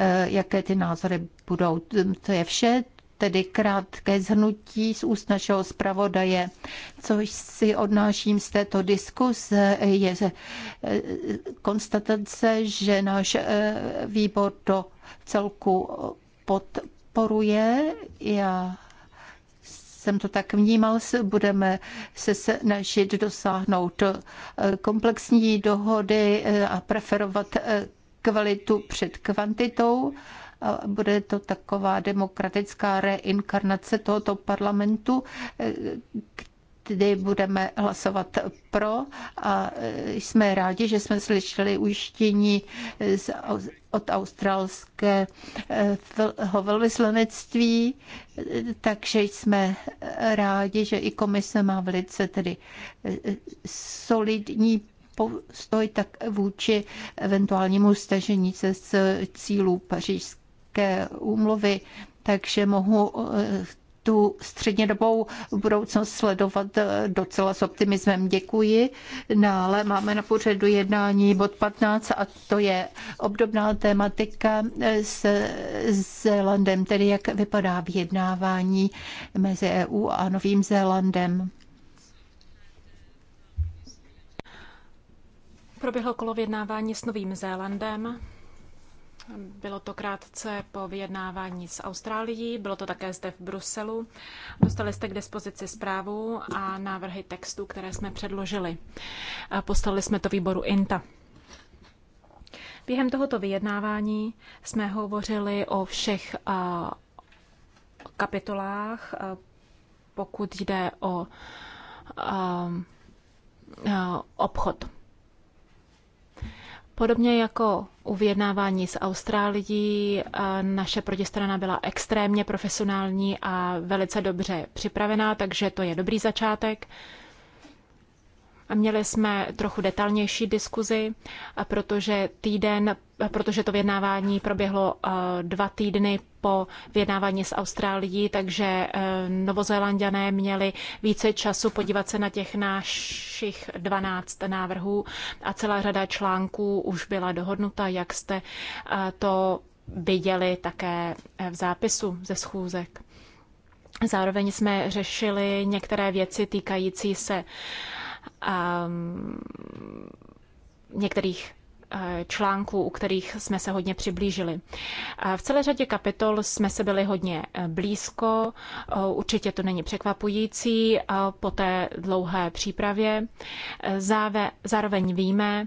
Eh, jaké ty názory budou. To je vše, tedy krátké zhrnutí z úst našeho zpravodaje. Což si odnáším z této diskuse je eh, konstatace, že náš eh, výbor to celku podporuje. Já jsem to tak vnímal, budeme se snažit dosáhnout komplexní dohody a preferovat kvalitu před kvantitou. A bude to taková demokratická reinkarnace tohoto parlamentu, kdy budeme hlasovat pro a jsme rádi, že jsme slyšeli ujištění z, od australského eh, velvyslanectví, takže jsme rádi, že i komise má velice tedy eh, solidní postoj tak vůči eventuálnímu stažení se z cílů pařížské úmluvy, takže mohu eh, tu střednědobou budoucnost sledovat eh, docela s optimismem. Děkuji. Dále máme na pořadu jednání bod 15 a to je obdobná tématika eh, s Zélandem, tedy jak vypadá vyjednávání mezi EU a Novým Zélandem. Proběhlo kolo vyjednávání s Novým Zélandem. Bylo to krátce po vyjednávání s Austrálií, bylo to také zde v Bruselu. Dostali jste k dispozici zprávu a návrhy textů, které jsme předložili. Postali jsme to výboru INTA. Během tohoto vyjednávání jsme hovořili o všech kapitolách, pokud jde o obchod. Podobně jako u vyjednávání s Austrálií, eh, naše protistrana byla extrémně profesionální a velice dobře připravená, takže to je dobrý začátek měli jsme trochu detalnější diskuzi, protože, týden, protože to vyjednávání proběhlo eh, dva týdny po vyjednávání s Austrálií, takže eh, Novozélandané měli více času podívat se na těch našich 12 návrhů a celá řada článků už byla dohodnuta, jak jste eh, to viděli také v zápisu ze schůzek. Zároveň jsme řešili některé věci týkající se Ehm, některých eh, článků, u kterých jsme se hodně přiblížili. Eh, v celé řadě kapitol jsme se byli hodně eh, blízko, určitě to není překvapující po té dlouhé přípravě. Záve, zároveň víme,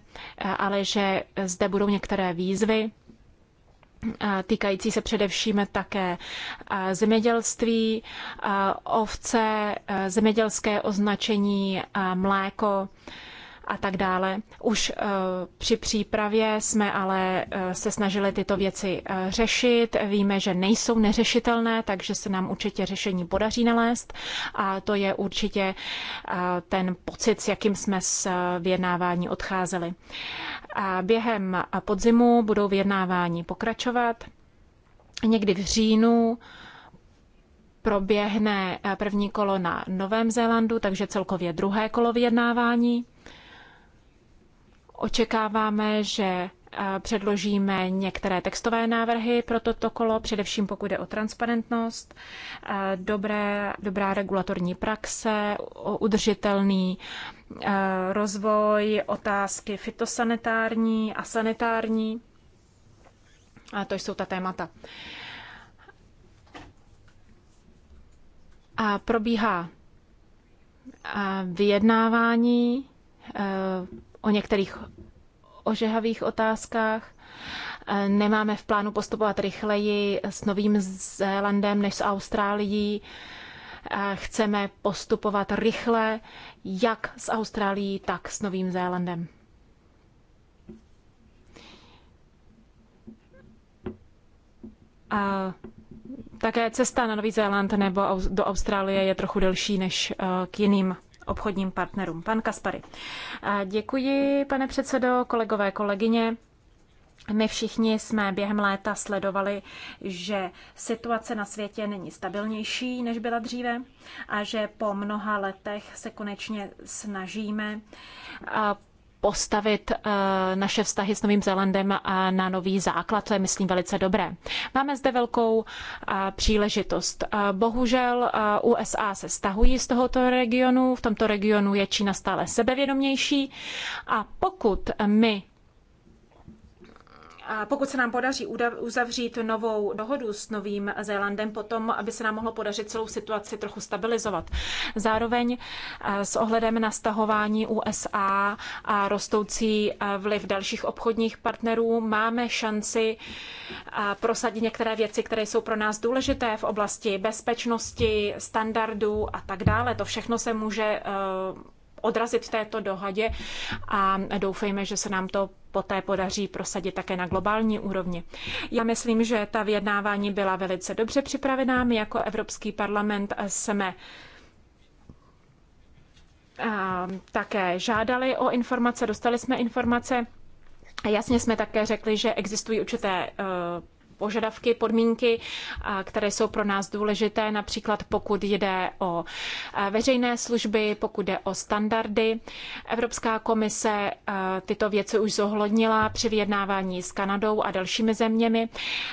ale že zde budou některé výzvy, týkající se především také zemědělství, ovce, zemědělské označení, mléko, a tak dále. Už eh, při přípravě jsme ale eh, se snažili tyto věci eh, řešit. Víme, že nejsou neřešitelné, takže se nám určitě řešení podaří nalézt a to je určitě ten pocit, s jakým jsme s vyjednávání odcházeli. A během podzimu budou vyjednávání pokračovat. Někdy v říjnu proběhne první kolo na Novém Zélandu, takže celkově druhé kolo vyjednávání. Očekáváme, že eh, předložíme některé textové návrhy pro toto kolo, především pokud jde o transparentnost, eh, dobré, dobrá regulatorní praxe, udržitelný eh, rozvoj, otázky fitosanitární a sanitární. A to jsou ta témata. A probíhá vyjednávání o některých ožehavých otázkách. Eh, nemáme v plánu postupovat rychleji s Novým Zélandem než s Austrálií. Eh, chceme postupovat rychle jak s Austrálií, tak s Novým Zélandem. A také cesta na Nový Zéland nebo do Austrálie je trochu delší než eh, k jiným obchodním partnerům. Pan Kaspary. Děkuji, pane předsedo, kolegové, kolegyně. My všichni jsme během léta sledovali, že situace na světě není stabilnější, než byla dříve a že po mnoha letech se konečně snažíme postavit eh, naše vztahy s Novým Zélandem na nový základ. To je, myslím, velice dobré. Máme zde velkou eh, příležitost. Eh, bohužel USA se stahují z tohoto regionu. V tomto regionu je Čína stále sebevědomější. A pokud my pokud se nám podaří uzavřít novou dohodu s Novým Zélandem, potom, aby se nám mohlo podařit celou situaci trochu stabilizovat. Zároveň eh, s ohledem na stahování USA a rostoucí eh, vliv dalších obchodních partnerů máme šanci eh, prosadit některé věci, které jsou pro nás důležité v oblasti bezpečnosti, standardů a tak dále. To všechno se může odrazit v této dohodě a doufejme, že se nám to poté podaří prosadit také na globální úrovni. Já myslím, že ta vyjednávání byla velice dobře připravená. My jako Evropský parlament jsme také žádali o informace, dostali jsme informace. Jasně jsme také řekli, že existují určité požadavky, podmínky, které jsou pro nás důležité, například pokud jde o veřejné služby, pokud jde o standardy. Evropská komise tyto věci už zohlednila při vyjednávání s Kanadou a dalšími zeměmi.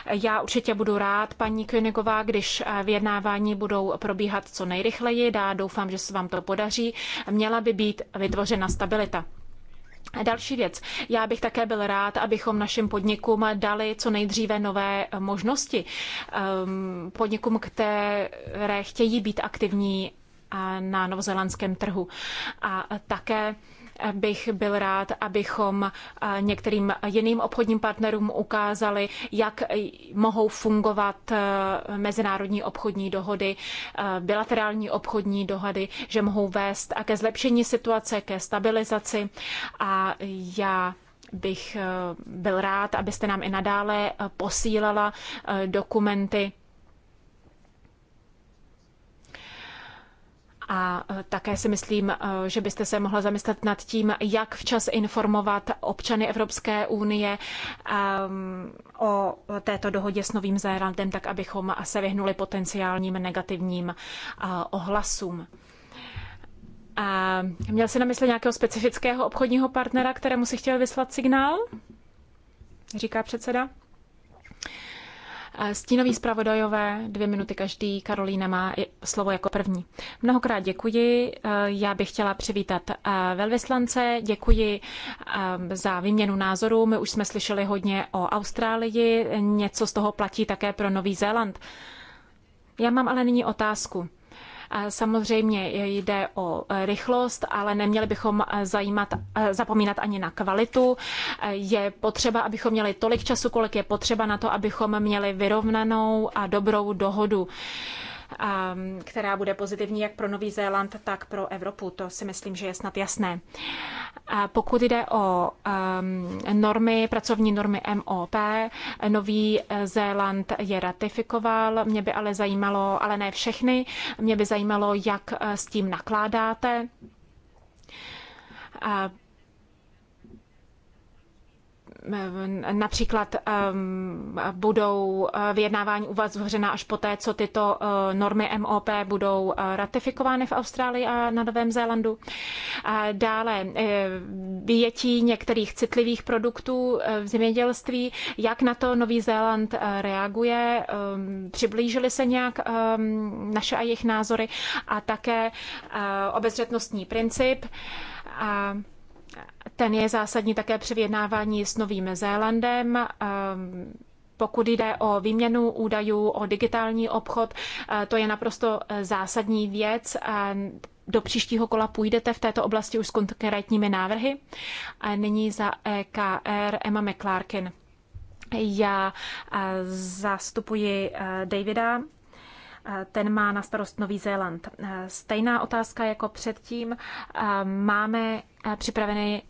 Já určitě budu rád, paní Königová, když vyjednávání budou probíhat co nejrychleji. Já doufám, že se vám to podaří. Měla by být vytvořena stabilita. Další věc. Já bych také byl rád, abychom našim podnikům dali co nejdříve nové eh, možnosti. Ehm, podnikům, které chtějí být aktivní eh, na novozelandském trhu. A také bych byl rád, abychom některým jiným obchodním partnerům ukázali, jak mohou fungovat mezinárodní obchodní dohody, bilaterální obchodní dohody, že mohou vést a ke zlepšení situace, ke stabilizaci. A já bych byl rád, abyste nám i nadále posílala dokumenty A e, také si myslím, e, že byste se mohla zamyslet nad tím, jak včas informovat občany Evropské unie ehm, o této dohodě s Novým Zélandem, tak abychom se vyhnuli potenciálním negativním e, ohlasům. A měl jsi na mysli nějakého specifického obchodního partnera, kterému si chtěl vyslat signál? Říká předseda. Stínový zpravodajové, dvě minuty každý. Karolína má slovo jako první. Mnohokrát děkuji. Eh, já bych chtěla přivítat eh, velvyslance. Děkuji eh, za výměnu názorů. My už jsme slyšeli hodně o Austrálii. Něco z toho platí také pro Nový Zéland. Já mám ale nyní otázku. Samozřejmě jde o e, rychlost, ale neměli bychom e, zajímat, e, zapomínat ani na kvalitu. Je potřeba, abychom měli tolik času, kolik je potřeba na to, abychom měli vyrovnanou a dobrou dohodu která bude pozitivní jak pro Nový Zéland, tak pro Evropu. To si myslím, že je snad jasné. A pokud jde o um, normy, pracovní normy MOP, Nový Zéland je ratifikoval. Mě by ale zajímalo, ale ne všechny, mě by zajímalo, jak eh, s tím nakládáte. A Eh, například ehm, budou eh, vyjednávání u až poté, co tyto eh, normy MOP budou ratifikovány v Austrálii a na Novém Zélandu. Dále vyjetí některých citlivých produktů v zemědělství. Jak na to Nový Zéland reaguje? Ehm, přiblížily se nějak ehm, naše a jejich názory a také obezřetnostní princip. A ten je zásadní také při vyjednávání s Novým Zélandem. Ehm, pokud jde o výměnu údajů, o digitální obchod, eh, to je naprosto eh, zásadní věc. Eh, do příštího kola půjdete v této oblasti už s konkrétními návrhy. Nyní za EKR Emma McClarkin. Já zastupuji Davida ten má na starost Nový Zéland. Stejná otázka jako předtím. Máme připraveny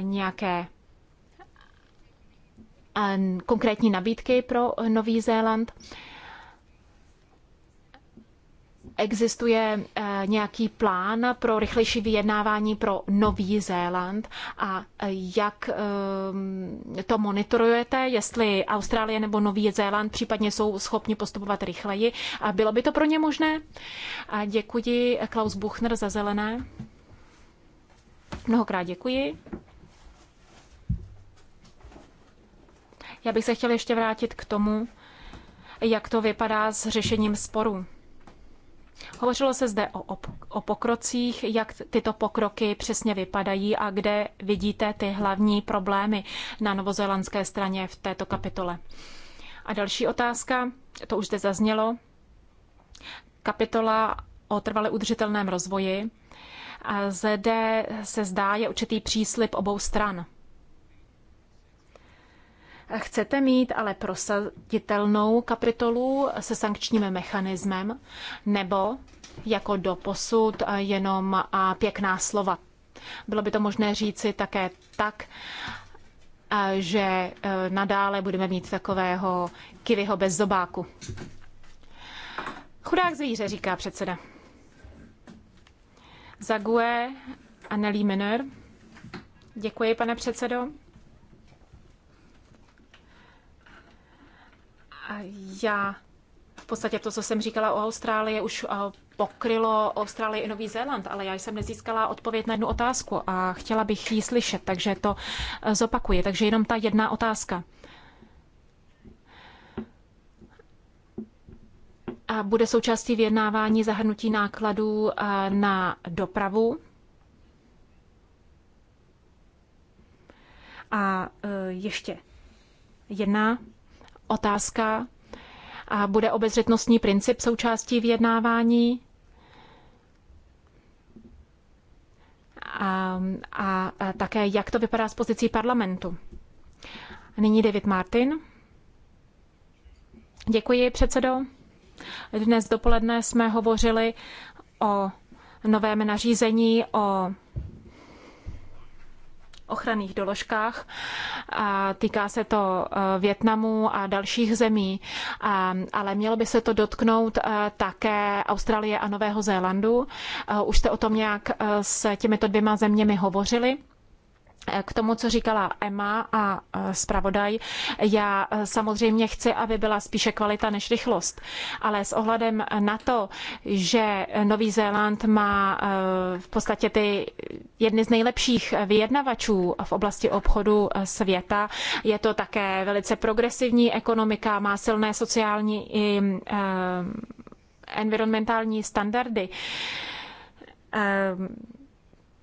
nějaké konkrétní nabídky pro Nový Zéland? Existuje e, nějaký plán pro rychlejší vyjednávání pro Nový Zéland a e, jak e, to monitorujete, jestli Austrálie nebo Nový Zéland případně jsou schopni postupovat rychleji? A bylo by to pro ně možné? A děkuji Klaus Buchner za zelené. Mnohokrát děkuji. Já bych se chtěl ještě vrátit k tomu, jak to vypadá s řešením sporů. Hovořilo se zde o, o pokrocích, jak tyto pokroky přesně vypadají a kde vidíte ty hlavní problémy na novozélandské straně v této kapitole. A další otázka, to už zde zaznělo, kapitola o trvale udržitelném rozvoji. A zde se zdá je určitý příslip obou stran. Chcete mít ale prosaditelnou kapitolu se sankčním mechanismem nebo jako doposud jenom pěkná slova? Bylo by to možné říci také tak, že e, nadále budeme mít takového kivyho bez zobáku. Chudák zvíře, říká předseda. Zague a Nelly Miner. Děkuji, pane předsedo. Já v podstatě to, co jsem říkala o Austrálii, už eh, pokrylo Austrálii i Nový Zéland, ale já jsem nezískala odpověď na jednu otázku a chtěla bych ji slyšet, takže to eh, zopakuji. Takže jenom ta jedna otázka. A bude součástí vyjednávání zahrnutí nákladů eh, na dopravu. A ještě jedna otázka, a bude obezřetnostní princip součástí vyjednávání? A, a, a také, jak to vypadá s pozicí parlamentu? Nyní David Martin. Děkuji, předsedo. Dnes dopoledne jsme hovořili o novém nařízení o ochranných doložkách. A týká se to eh, Větnamu a dalších zemí, a, ale mělo by se to dotknout eh, také Austrálie a Nového Zélandu. Eh, už jste o tom nějak s těmito dvěma zeměmi hovořili. K tomu, co říkala Emma a e, zpravodaj, já e, samozřejmě chci, aby byla spíše kvalita než rychlost, ale s ohledem na to, že Nový Zéland má e, v podstatě ty jedny z nejlepších vyjednavačů v oblasti obchodu světa, je to také velice progresivní ekonomika, má silné sociální i environmentální standardy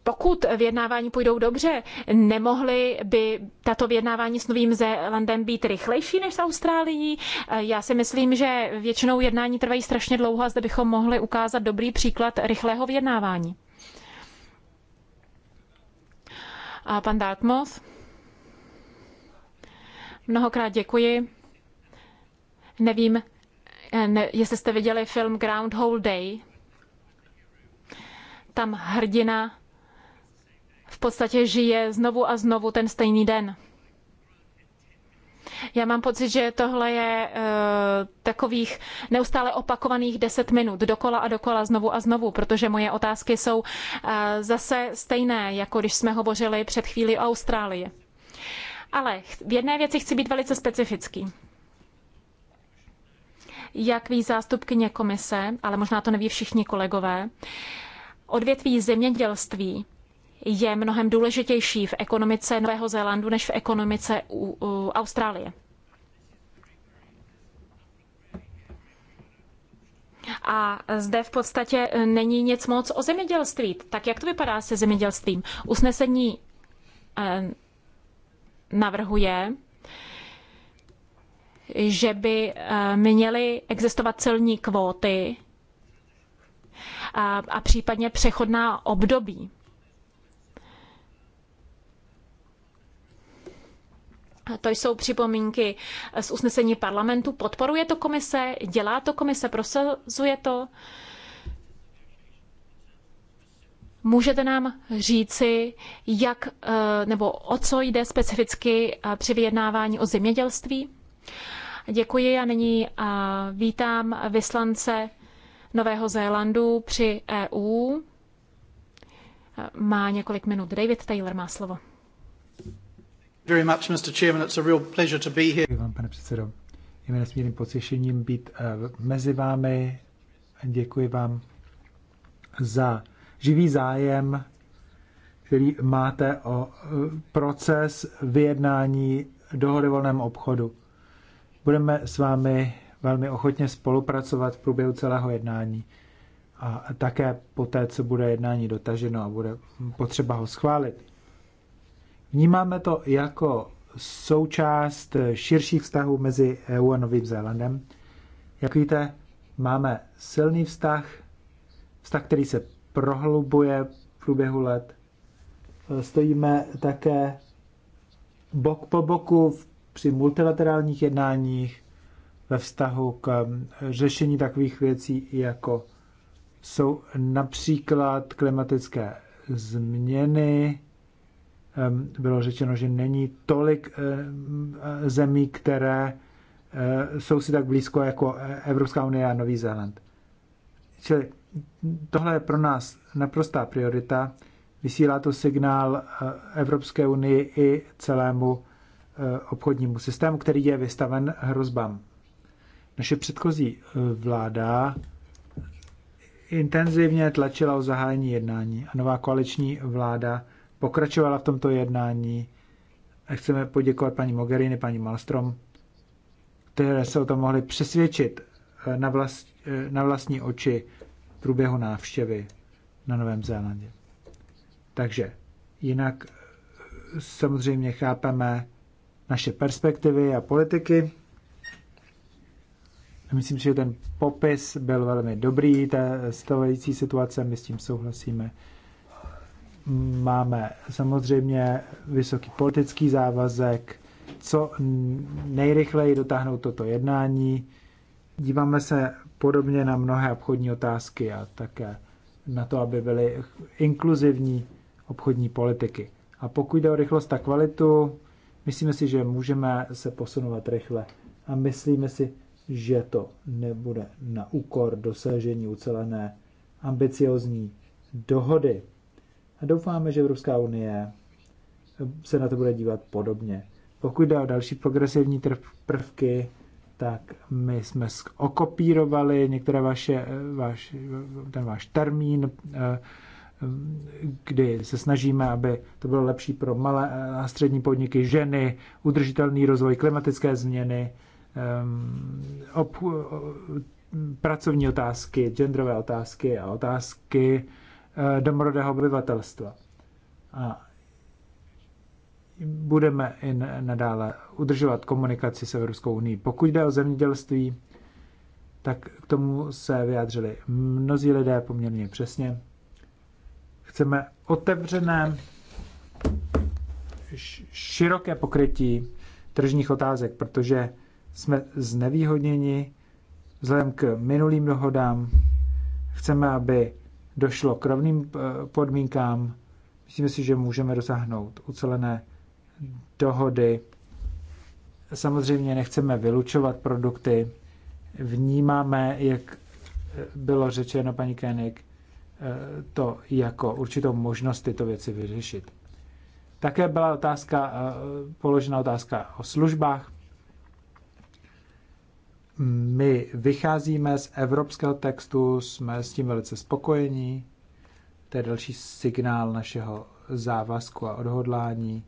pokud vyjednávání půjdou dobře, nemohly by tato vyjednávání s Novým Zélandem být rychlejší než s Austrálií? Já si myslím, že většinou jednání trvají strašně dlouho a zde bychom mohli ukázat dobrý příklad rychlého vyjednávání. A pan Dartmouth? Mnohokrát děkuji. Nevím, ne, jestli jste viděli film Groundhog Day. Tam hrdina v podstatě žije znovu a znovu ten stejný den. Já mám pocit, že tohle je eh, takových neustále opakovaných deset minut dokola a dokola znovu a znovu, protože moje otázky jsou eh, zase stejné, jako když jsme hovořili před chvílí o Austrálii. Ale v jedné věci chci být velice specifický. Jak ví zástupkyně komise, ale možná to neví všichni kolegové, odvětví zemědělství je mnohem důležitější v ekonomice Nového Zélandu než v ekonomice u, u Austrálie. A zde v podstatě není nic moc o zemědělství. Tak jak to vypadá se zemědělstvím? Usnesení eh, navrhuje, že by eh, měly existovat celní kvóty a, a případně přechodná období. To jsou připomínky z usnesení parlamentu. Podporuje to komise? Dělá to komise? Prosazuje to? Můžete nám říci, jak eh, nebo o co jde specificky eh, při vyjednávání o zemědělství? Děkuji a nyní eh, vítám vyslance Nového Zélandu při EU. Má několik minut. David Taylor má slovo. Very much, Mr. Chairman. It's a real pleasure to be here. Děkuji vám, pane předsedo. Je mi nesmírným potěšením být eh, mezi vámi. Děkuji vám za živý zájem, který máte o eh, proces vyjednání dohody volném obchodu. Budeme s vámi velmi ochotně spolupracovat v průběhu celého jednání a také poté, co bude jednání dotaženo a bude potřeba ho schválit. Vnímáme to jako součást širších vztahů mezi EU a Novým Zélandem. Jak víte, máme silný vztah, vztah, který se prohlubuje v průběhu let. Stojíme také bok po boku při multilaterálních jednáních ve vztahu k um, řešení takových věcí, jako jsou například klimatické změny, bylo řečeno, že není tolik eh, eh, zemí, které eh, jsou si tak blízko jako Evropská unie a Nový Zéland. Čili tohle je pro nás naprostá priorita. Vysílá to signál Evropské unii i celému obchodnímu systému, který je vystaven hrozbám. Naše předchozí vláda intenzivně tlačila o zahájení jednání a nová koaliční vláda pokračovala v tomto jednání. A chceme poděkovat paní Mogherini, paní Malstrom, které se o tom mohli přesvědčit eh, na, vlast, eh, na vlastní oči v průběhu návštěvy na Novém Zélandě. Takže jinak eh, samozřejmě chápeme naše perspektivy a politiky. Myslím si, že ten popis byl velmi dobrý, ta stávající situace, my s tím souhlasíme máme samozřejmě vysoký politický závazek, co nejrychleji dotáhnout toto jednání. Díváme se podobně na mnohé obchodní otázky a také na to, aby byly inkluzivní obchodní politiky. A pokud jde o rychlost a kvalitu, myslíme si, že můžeme se posunovat rychle. A myslíme si, že to nebude na úkor dosažení ucelené ambiciozní dohody. A doufáme, že Evropská unie se na to bude dívat podobně. Pokud jde o další progresivní prvky, tak my jsme okopírovali některé vaše, eh, vaš, ten váš termín, eh, kdy se snažíme, aby to bylo lepší pro malé a střední podniky, ženy, udržitelný rozvoj, klimatické změny, eh, ob, pracovní otázky, genderové otázky a otázky Eh, domorodého obyvatelstva. A budeme i nadále udržovat komunikaci s Evropskou unii. Pokud jde o zemědělství, tak k tomu se vyjádřili mnozí lidé poměrně přesně. Chceme otevřené, široké pokrytí tržních otázek, protože jsme znevýhodněni vzhledem k minulým dohodám. Chceme, aby došlo k rovným eh, podmínkám. Myslím si, že můžeme dosáhnout ucelené dohody. Samozřejmě nechceme vylučovat produkty. Vnímáme, jak eh, bylo řečeno paní Kénik, eh, to jako určitou možnost tyto věci vyřešit. Také byla otázka, položena otázka o službách. My vycházíme z evropského textu, jsme s tím velice spokojení. To je další signál našeho závazku a odhodlání.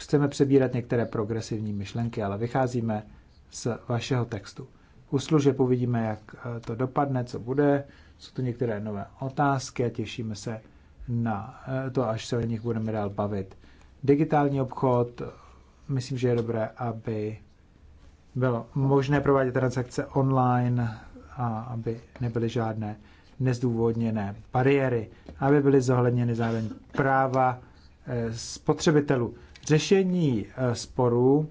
Chceme přebírat některé progresivní myšlenky, ale vycházíme z vašeho textu. U služeb uvidíme, jak eh, to dopadne, co bude. Jsou tu některé nové otázky a těšíme se na eh, to, až se o nich budeme dál bavit. Digitální obchod, myslím, že je dobré, aby bylo možné provádět transakce online, a aby nebyly žádné nezdůvodněné bariéry, aby byly zohledněny zároveň práva eh, spotřebitelů. Řešení eh, sporů,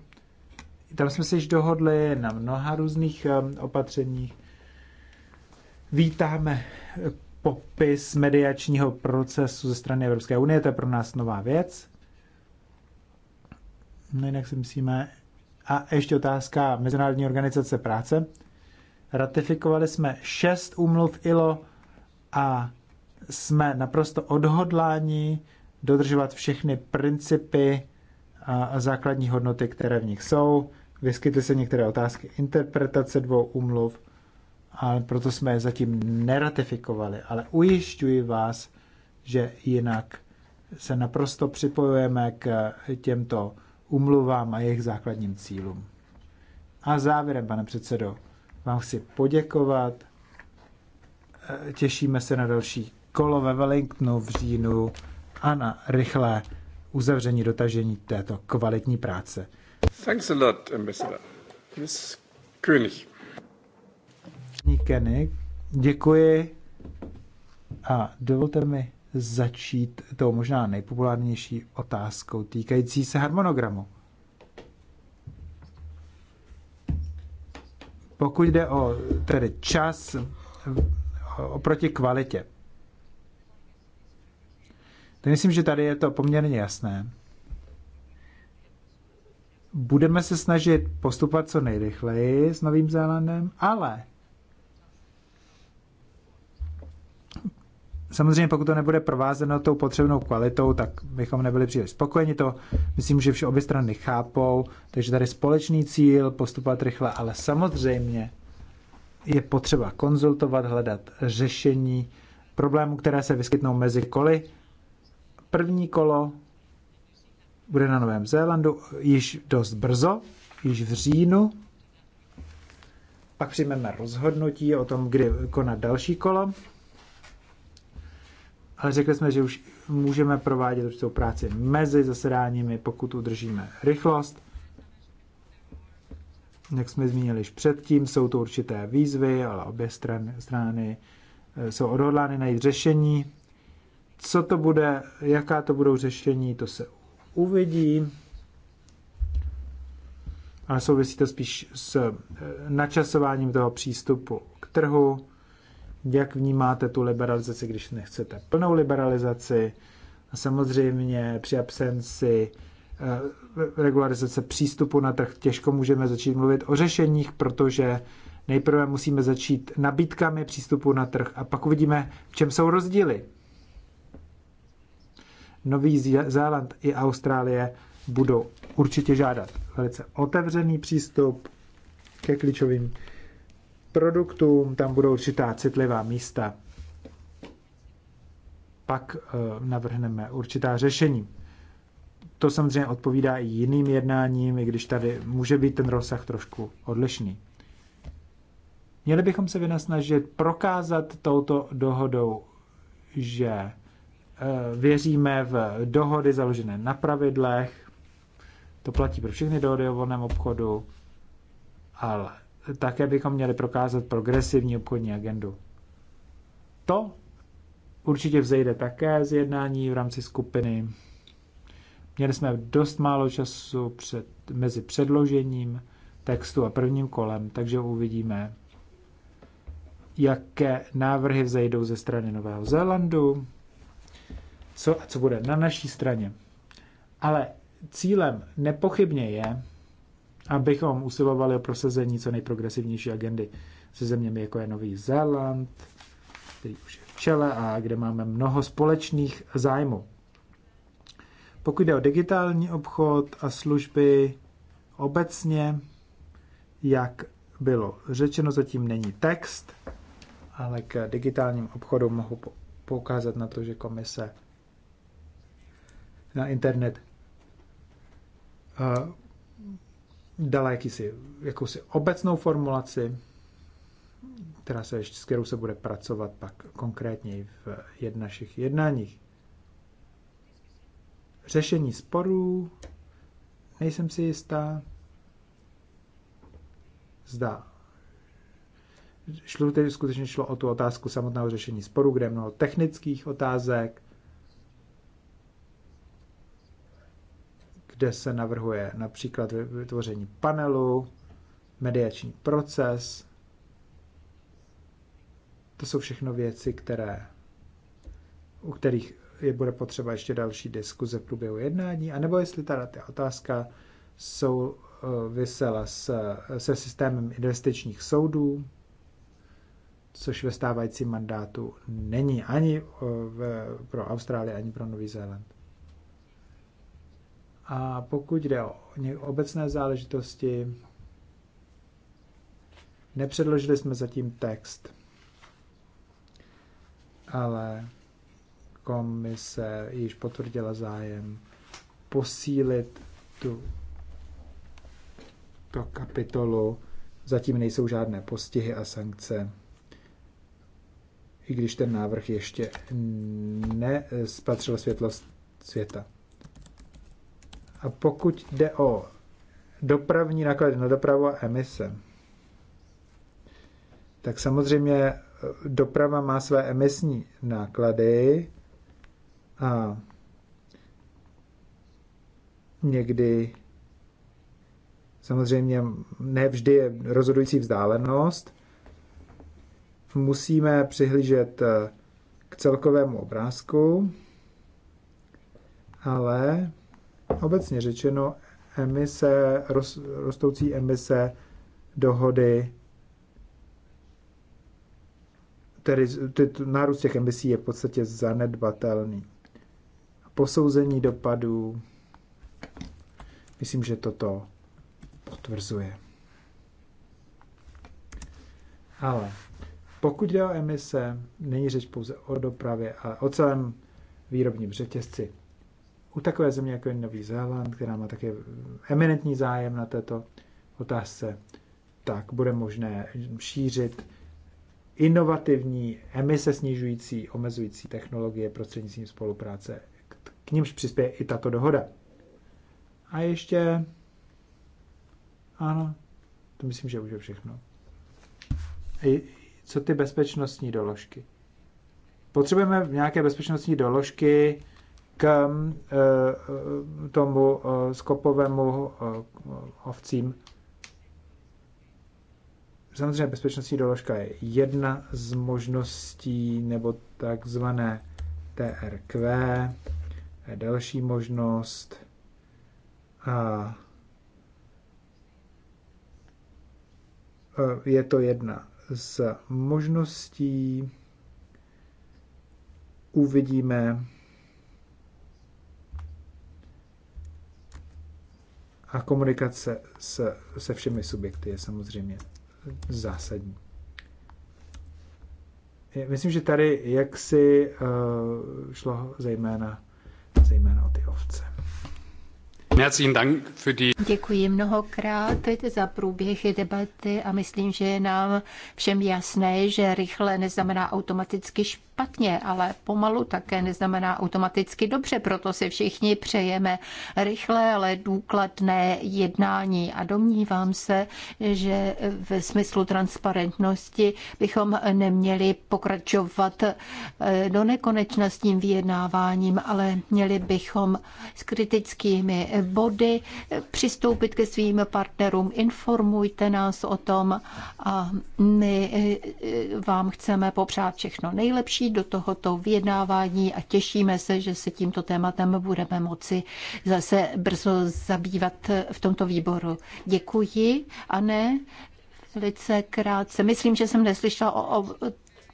tam jsme se již dohodli na mnoha různých eh, opatřeních. Vítáme popis mediačního procesu ze strany Evropské unie, to je pro nás nová věc. No jinak si myslíme, a ještě otázka Mezinárodní organizace práce. Ratifikovali jsme šest umluv ILO a jsme naprosto odhodláni dodržovat všechny principy a základní hodnoty, které v nich jsou. Vyskytly se některé otázky interpretace dvou umluv, ale proto jsme je zatím neratifikovali. Ale ujišťuji vás, že jinak se naprosto připojujeme k těmto umluvám a jejich základním cílům. A závěrem, pane předsedo, vám chci poděkovat. Eh, těšíme se na další kolo ve Wellingtonu v říjnu a na rychlé uzavření dotažení této kvalitní práce. Thanks a lot, ambassador. Miss König. König, děkuji a dovolte mi začít tou možná nejpopulárnější otázkou týkající se harmonogramu. Pokud jde o tedy čas oproti kvalitě, to myslím, že tady je to poměrně jasné. Budeme se snažit postupovat co nejrychleji s Novým Zélandem, ale Samozřejmě, pokud to nebude provázeno tou potřebnou kvalitou, tak bychom nebyli příliš spokojeni. To myslím, že vše obě strany chápou, takže tady společný cíl postupovat rychle, ale samozřejmě je potřeba konzultovat, hledat řešení problémů, které se vyskytnou mezi koly. První kolo bude na Novém Zélandu již dost brzo, již v říjnu. Pak přijmeme rozhodnutí o tom, kdy konat další kolo ale řekli jsme, že už můžeme provádět určitou práci mezi zasedáními, pokud udržíme rychlost. Jak jsme zmínili již předtím, jsou to určité výzvy, ale obě strany, strany eh, jsou odhodlány najít řešení. Co to bude, jaká to budou řešení, to se uvidí. Ale souvisí to spíš s eh, načasováním toho přístupu k trhu jak vnímáte tu liberalizaci, když nechcete plnou liberalizaci? A samozřejmě při absenci eh, regularizace přístupu na trh těžko můžeme začít mluvit o řešeních, protože nejprve musíme začít nabídkami přístupu na trh a pak uvidíme, v čem jsou rozdíly. Nový Zéland i Austrálie budou určitě žádat velice otevřený přístup ke klíčovým produktům, tam budou určitá citlivá místa. Pak eh, navrhneme určitá řešení. To samozřejmě odpovídá i jiným jednáním, i když tady může být ten rozsah trošku odlišný. Měli bychom se vynasnažit prokázat touto dohodou, že eh, věříme v dohody založené na pravidlech. To platí pro všechny dohody o volném obchodu, ale také bychom měli prokázat progresivní obchodní agendu. To určitě vzejde také z jednání v rámci skupiny. Měli jsme dost málo času před, mezi předložením textu a prvním kolem, takže uvidíme, jaké návrhy vzejdou ze strany Nového Zélandu, co, co bude na naší straně. Ale cílem nepochybně je abychom usilovali o prosazení co nejprogresivnější agendy se zeměmi, jako je Nový Zéland, který už je v čele a kde máme mnoho společných zájmů. Pokud jde o digitální obchod a služby obecně, jak bylo řečeno, zatím není text, ale k digitálním obchodu mohu poukázat na to, že komise na internet eh, dala jakýsi, jakousi obecnou formulaci, která se, s kterou se bude pracovat pak konkrétně v jed, našich jednáních. Řešení sporů, nejsem si jistá, zda šlo, tedy skutečně šlo o tu otázku samotného řešení sporu, kde je mnoho technických otázek, kde se navrhuje například vytvoření panelu, mediační proces. To jsou všechno věci, které, u kterých je bude potřeba ještě další diskuze v průběhu jednání, anebo jestli ta, ta otázka jsou eh, vysela s, se systémem investičních soudů, což ve stávajícím mandátu není ani eh, v, pro Austrálii, ani pro Nový Zéland. A pokud jde o obecné záležitosti, nepředložili jsme zatím text, ale komise již potvrdila zájem posílit tu, to kapitolu. Zatím nejsou žádné postihy a sankce, i když ten návrh ještě nespatřil světlo světa. A pokud jde o dopravní náklady na dopravu a emise, tak samozřejmě eh, doprava má své emisní náklady a někdy samozřejmě nevždy je rozhodující vzdálenost. Musíme přihlížet eh, k celkovému obrázku, ale Obecně řečeno, emise, rostoucí emise dohody, tedy ty, nárůst těch emisí je v podstatě zanedbatelný. Posouzení dopadů, myslím, že toto potvrzuje. Ale pokud jde o emise, není řeč pouze o dopravě, ale o celém výrobním řetězci u takové země, jako je Nový Zéland, která má také eminentní zájem na této otázce, tak bude možné šířit inovativní, emise snižující, omezující technologie prostřednictvím spolupráce. K nímž přispěje i tato dohoda. A ještě... Ano, to myslím, že už je všechno. co ty bezpečnostní doložky? Potřebujeme nějaké bezpečnostní doložky, k eh, eh, tomu eh, skopovému ovcím. Samozřejmě bezpečnostní doložka je jedna z možností, nebo takzvané TRQ, je další možnost. A je to jedna z možností. Uvidíme, A komunikace se, se všemi subjekty je samozřejmě zásadní. Myslím, že tady jaksi uh, eh, šlo zejména, zejména o ty ovce. Děkuji mnohokrát za průběh debaty a myslím, že je nám všem jasné, že rychle neznamená automaticky špatně špatně, ale pomalu také neznamená automaticky dobře, proto si všichni přejeme rychlé, ale důkladné jednání a domnívám se, že ve smyslu transparentnosti bychom neměli pokračovat eh, do nekonečna s tím vyjednáváním, ale měli bychom s kritickými body eh, přistoupit ke svým partnerům. Informujte nás o tom a my eh, vám chceme popřát všechno nejlepší do tohoto vyjednávání a těšíme se, že se tímto tématem budeme moci zase brzo zabývat v tomto výboru. Děkuji. A ne, velice krátce. Myslím, že jsem neslyšela o, o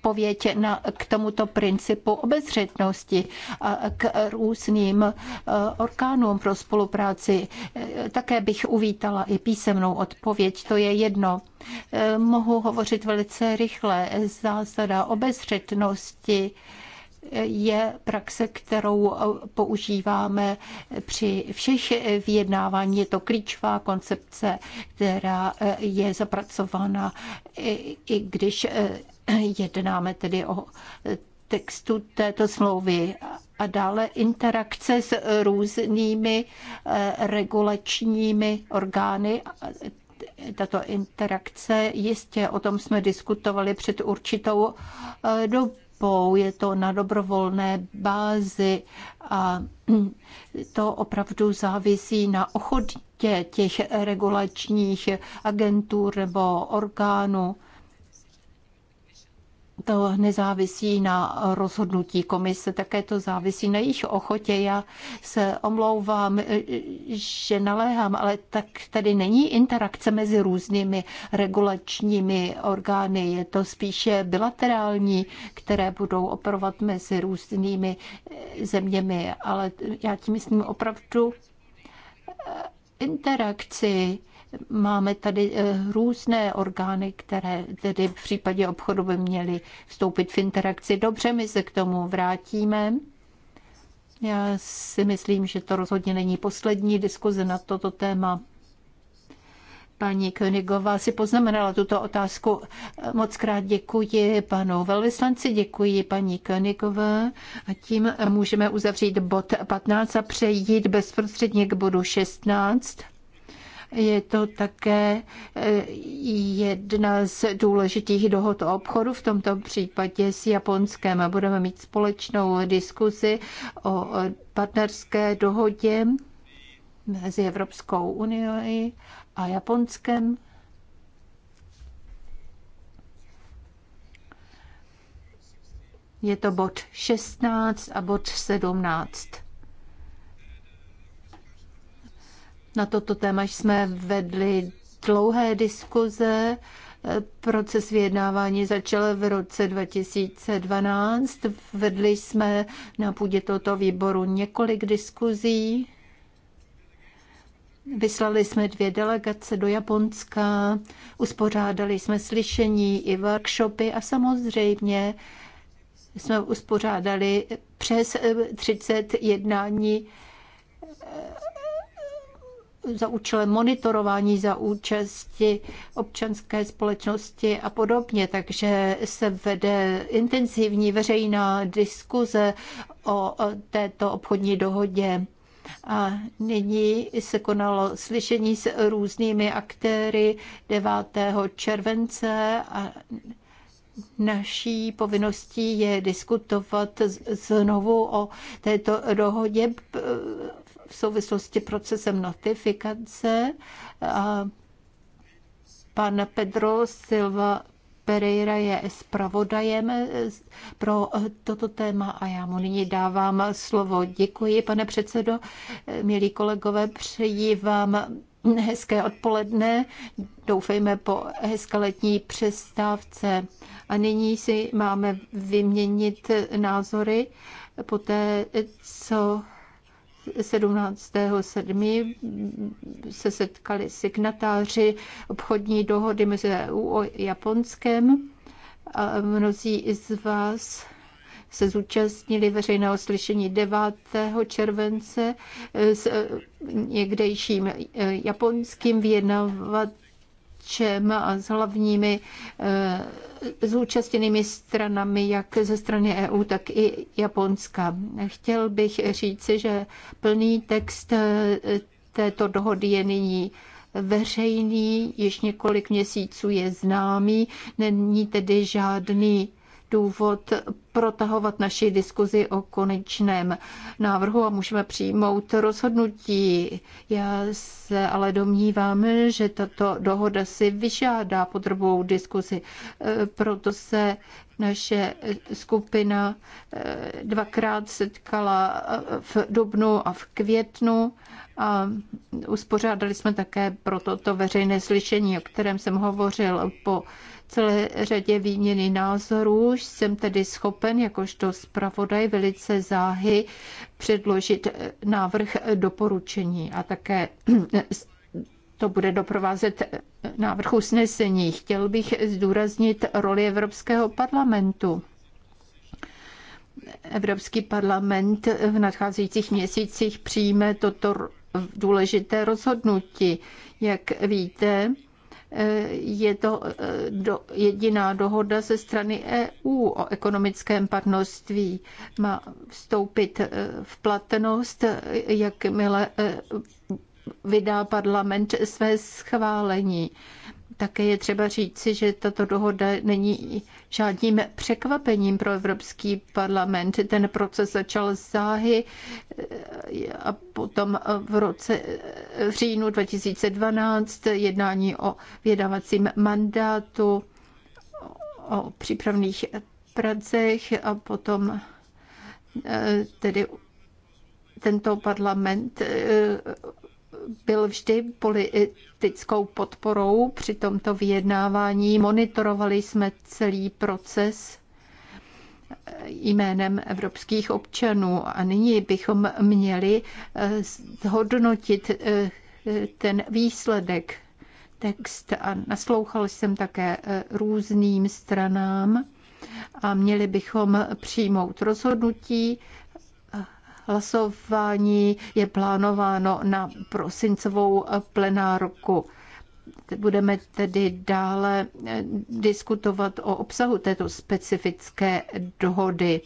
odpověď na, k tomuto principu obezřetnosti a k různým eh, orgánům pro spolupráci. Eh, také bych uvítala i písemnou odpověď, to je jedno. Eh, mohu hovořit velice rychle. Zásada obezřetnosti je praxe, kterou používáme při všech vyjednávání. Je to klíčová koncepce, která je zapracována, i, i když Jednáme tedy o textu této smlouvy a dále interakce s různými eh, regulačními orgány. Tato interakce, jistě o tom jsme diskutovali před určitou eh, dobou, je to na dobrovolné bázi a to opravdu závisí na ochotě těch regulačních agentů nebo orgánů to nezávisí na rozhodnutí komise, také to závisí na jejich ochotě. Já se omlouvám, že naléhám, ale tak tady není interakce mezi různými regulačními orgány. Je to spíše bilaterální, které budou operovat mezi různými zeměmi, ale já tím myslím opravdu interakci Máme tady eh, různé orgány, které tedy v případě obchodu by měly vstoupit v interakci. Dobře, my se k tomu vrátíme. Já si myslím, že to rozhodně není poslední diskuze na toto téma. Paní Königová si poznamenala tuto otázku. Moc krát děkuji panu velvyslanci, děkuji paní Königové a tím můžeme uzavřít bod 15 a přejít bezprostředně k bodu 16. Je to také eh, jedna z důležitých dohod o obchodu, v tomto případě s Japonskem. Budeme mít společnou diskuzi o partnerské dohodě mezi Evropskou unii a Japonskem. Je to bod 16 a bod 17. Na toto téma jsme vedli dlouhé diskuze. Proces vyjednávání začal v roce 2012. Vedli jsme na půdě tohoto výboru několik diskuzí. Vyslali jsme dvě delegace do Japonska, uspořádali jsme slyšení i workshopy a samozřejmě jsme uspořádali přes 30 jednání za účelem monitorování za účasti občanské společnosti a podobně. Takže se vede intenzivní veřejná diskuze o této obchodní dohodě. A nyní se konalo slyšení s různými aktéry 9. července a Naší povinností je diskutovat znovu o této dohodě souvislosti procesem notifikace a pan Pedro Silva Pereira je zpravodajem pro toto téma a já mu nyní dávám slovo. Děkuji, pane předsedo. Milí kolegové, přeji vám hezké odpoledne, doufejme po hezké letní přestávce. A nyní si máme vyměnit názory po té, co 17.7. se setkali signatáři obchodní dohody mezi EU a Japonskem. A mnozí z vás se zúčastnili veřejného slyšení 9. července s e, někdejším e, japonským vyjednavačem a s hlavními e, zúčastněnými stranami, jak ze strany EU, tak i Japonska. Chtěl bych říci, že plný text e, této dohody je nyní veřejný, již několik měsíců je známý, není tedy žádný důvod protahovat naši diskuzi o konečném návrhu a můžeme přijmout rozhodnutí. Já se ale domnívám, že tato dohoda si vyžádá podrobnou diskuzi, e, proto se naše skupina e, dvakrát setkala e, v dubnu a v květnu a uspořádali jsme také pro toto veřejné slyšení, o kterém jsem hovořil po celé řadě výměny názorů. jsem tedy schopen, jakožto zpravodaj, velice záhy předložit eh, návrh doporučení a také eh, to bude doprovázet eh, návrh usnesení. Chtěl bych zdůraznit roli Evropského parlamentu. Evropský parlament v nadcházejících měsících přijme toto důležité rozhodnutí. Jak víte, je to eh, jediná dohoda ze strany EU o ekonomickém partnerství. Má vstoupit eh, v platnost, jakmile eh, vydá parlament své schválení. Také je třeba říci, že tato dohoda není žádným překvapením pro Evropský parlament. Ten proces začal záhy eh, a potom v roce eh, v říjnu 2012 jednání o vědavacím mandátu, o přípravných pracech a potom eh, tedy tento parlament byl vždy politickou podporou při tomto vyjednávání. Monitorovali jsme celý proces jménem evropských občanů a nyní bychom měli eh, hodnotit eh, ten výsledek text a naslouchal jsem také eh, různým stranám a měli bychom přijmout rozhodnutí, Hlasování je plánováno na prosincovou plenárku. Budeme tedy dále eh, diskutovat o obsahu této specifické dohody.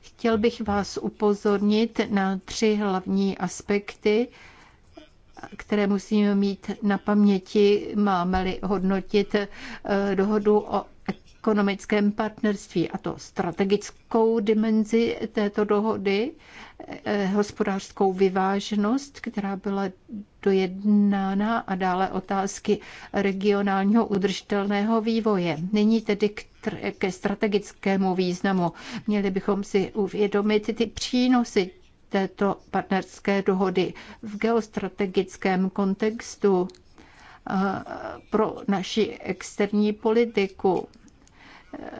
Chtěl bych vás upozornit na tři hlavní aspekty, které musíme mít na paměti, máme-li hodnotit eh, dohodu o ekonomickém partnerství, a to strategickou dimenzi této dohody, Eh, hospodářskou vyváženost, která byla dojednána a dále otázky regionálního udržitelného vývoje. Nyní tedy k ke strategickému významu. Měli bychom si uvědomit ty přínosy této partnerské dohody v geostrategickém kontextu eh, pro naši externí politiku. Eh,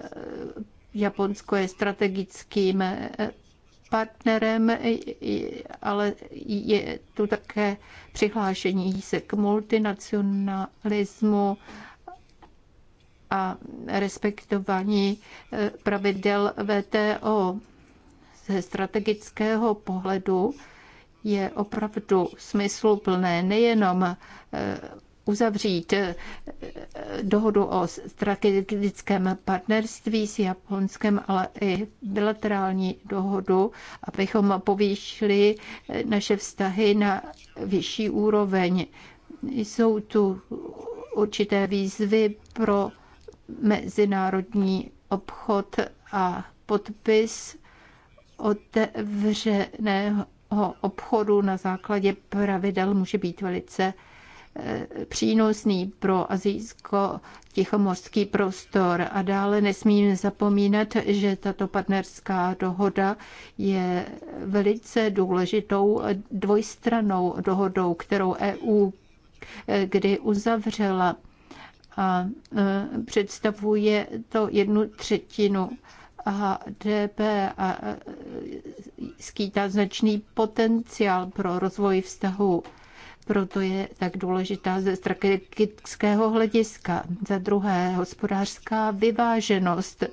Japonsko je strategickým partnerem, ale je tu také přihlášení se k multinacionalismu a respektování eh, pravidel VTO. Ze strategického pohledu je opravdu smysluplné nejenom eh, uzavřít eh, dohodu o strategickém partnerství s Japonskem, ale i bilaterální dohodu, abychom povýšili eh, naše vztahy na vyšší úroveň. Jsou tu určité výzvy pro mezinárodní obchod a podpis otevřeného obchodu na základě pravidel může být velice Eh, přínosný pro azijsko-tichomorský prostor. A dále nesmíme zapomínat, že tato partnerská dohoda je velice důležitou dvojstranou dohodou, kterou EU eh, kdy uzavřela a eh, představuje to jednu třetinu HDP a skýtá značný potenciál pro rozvoj vztahu proto je tak důležitá ze strategického hlediska. Za druhé, hospodářská vyváženost.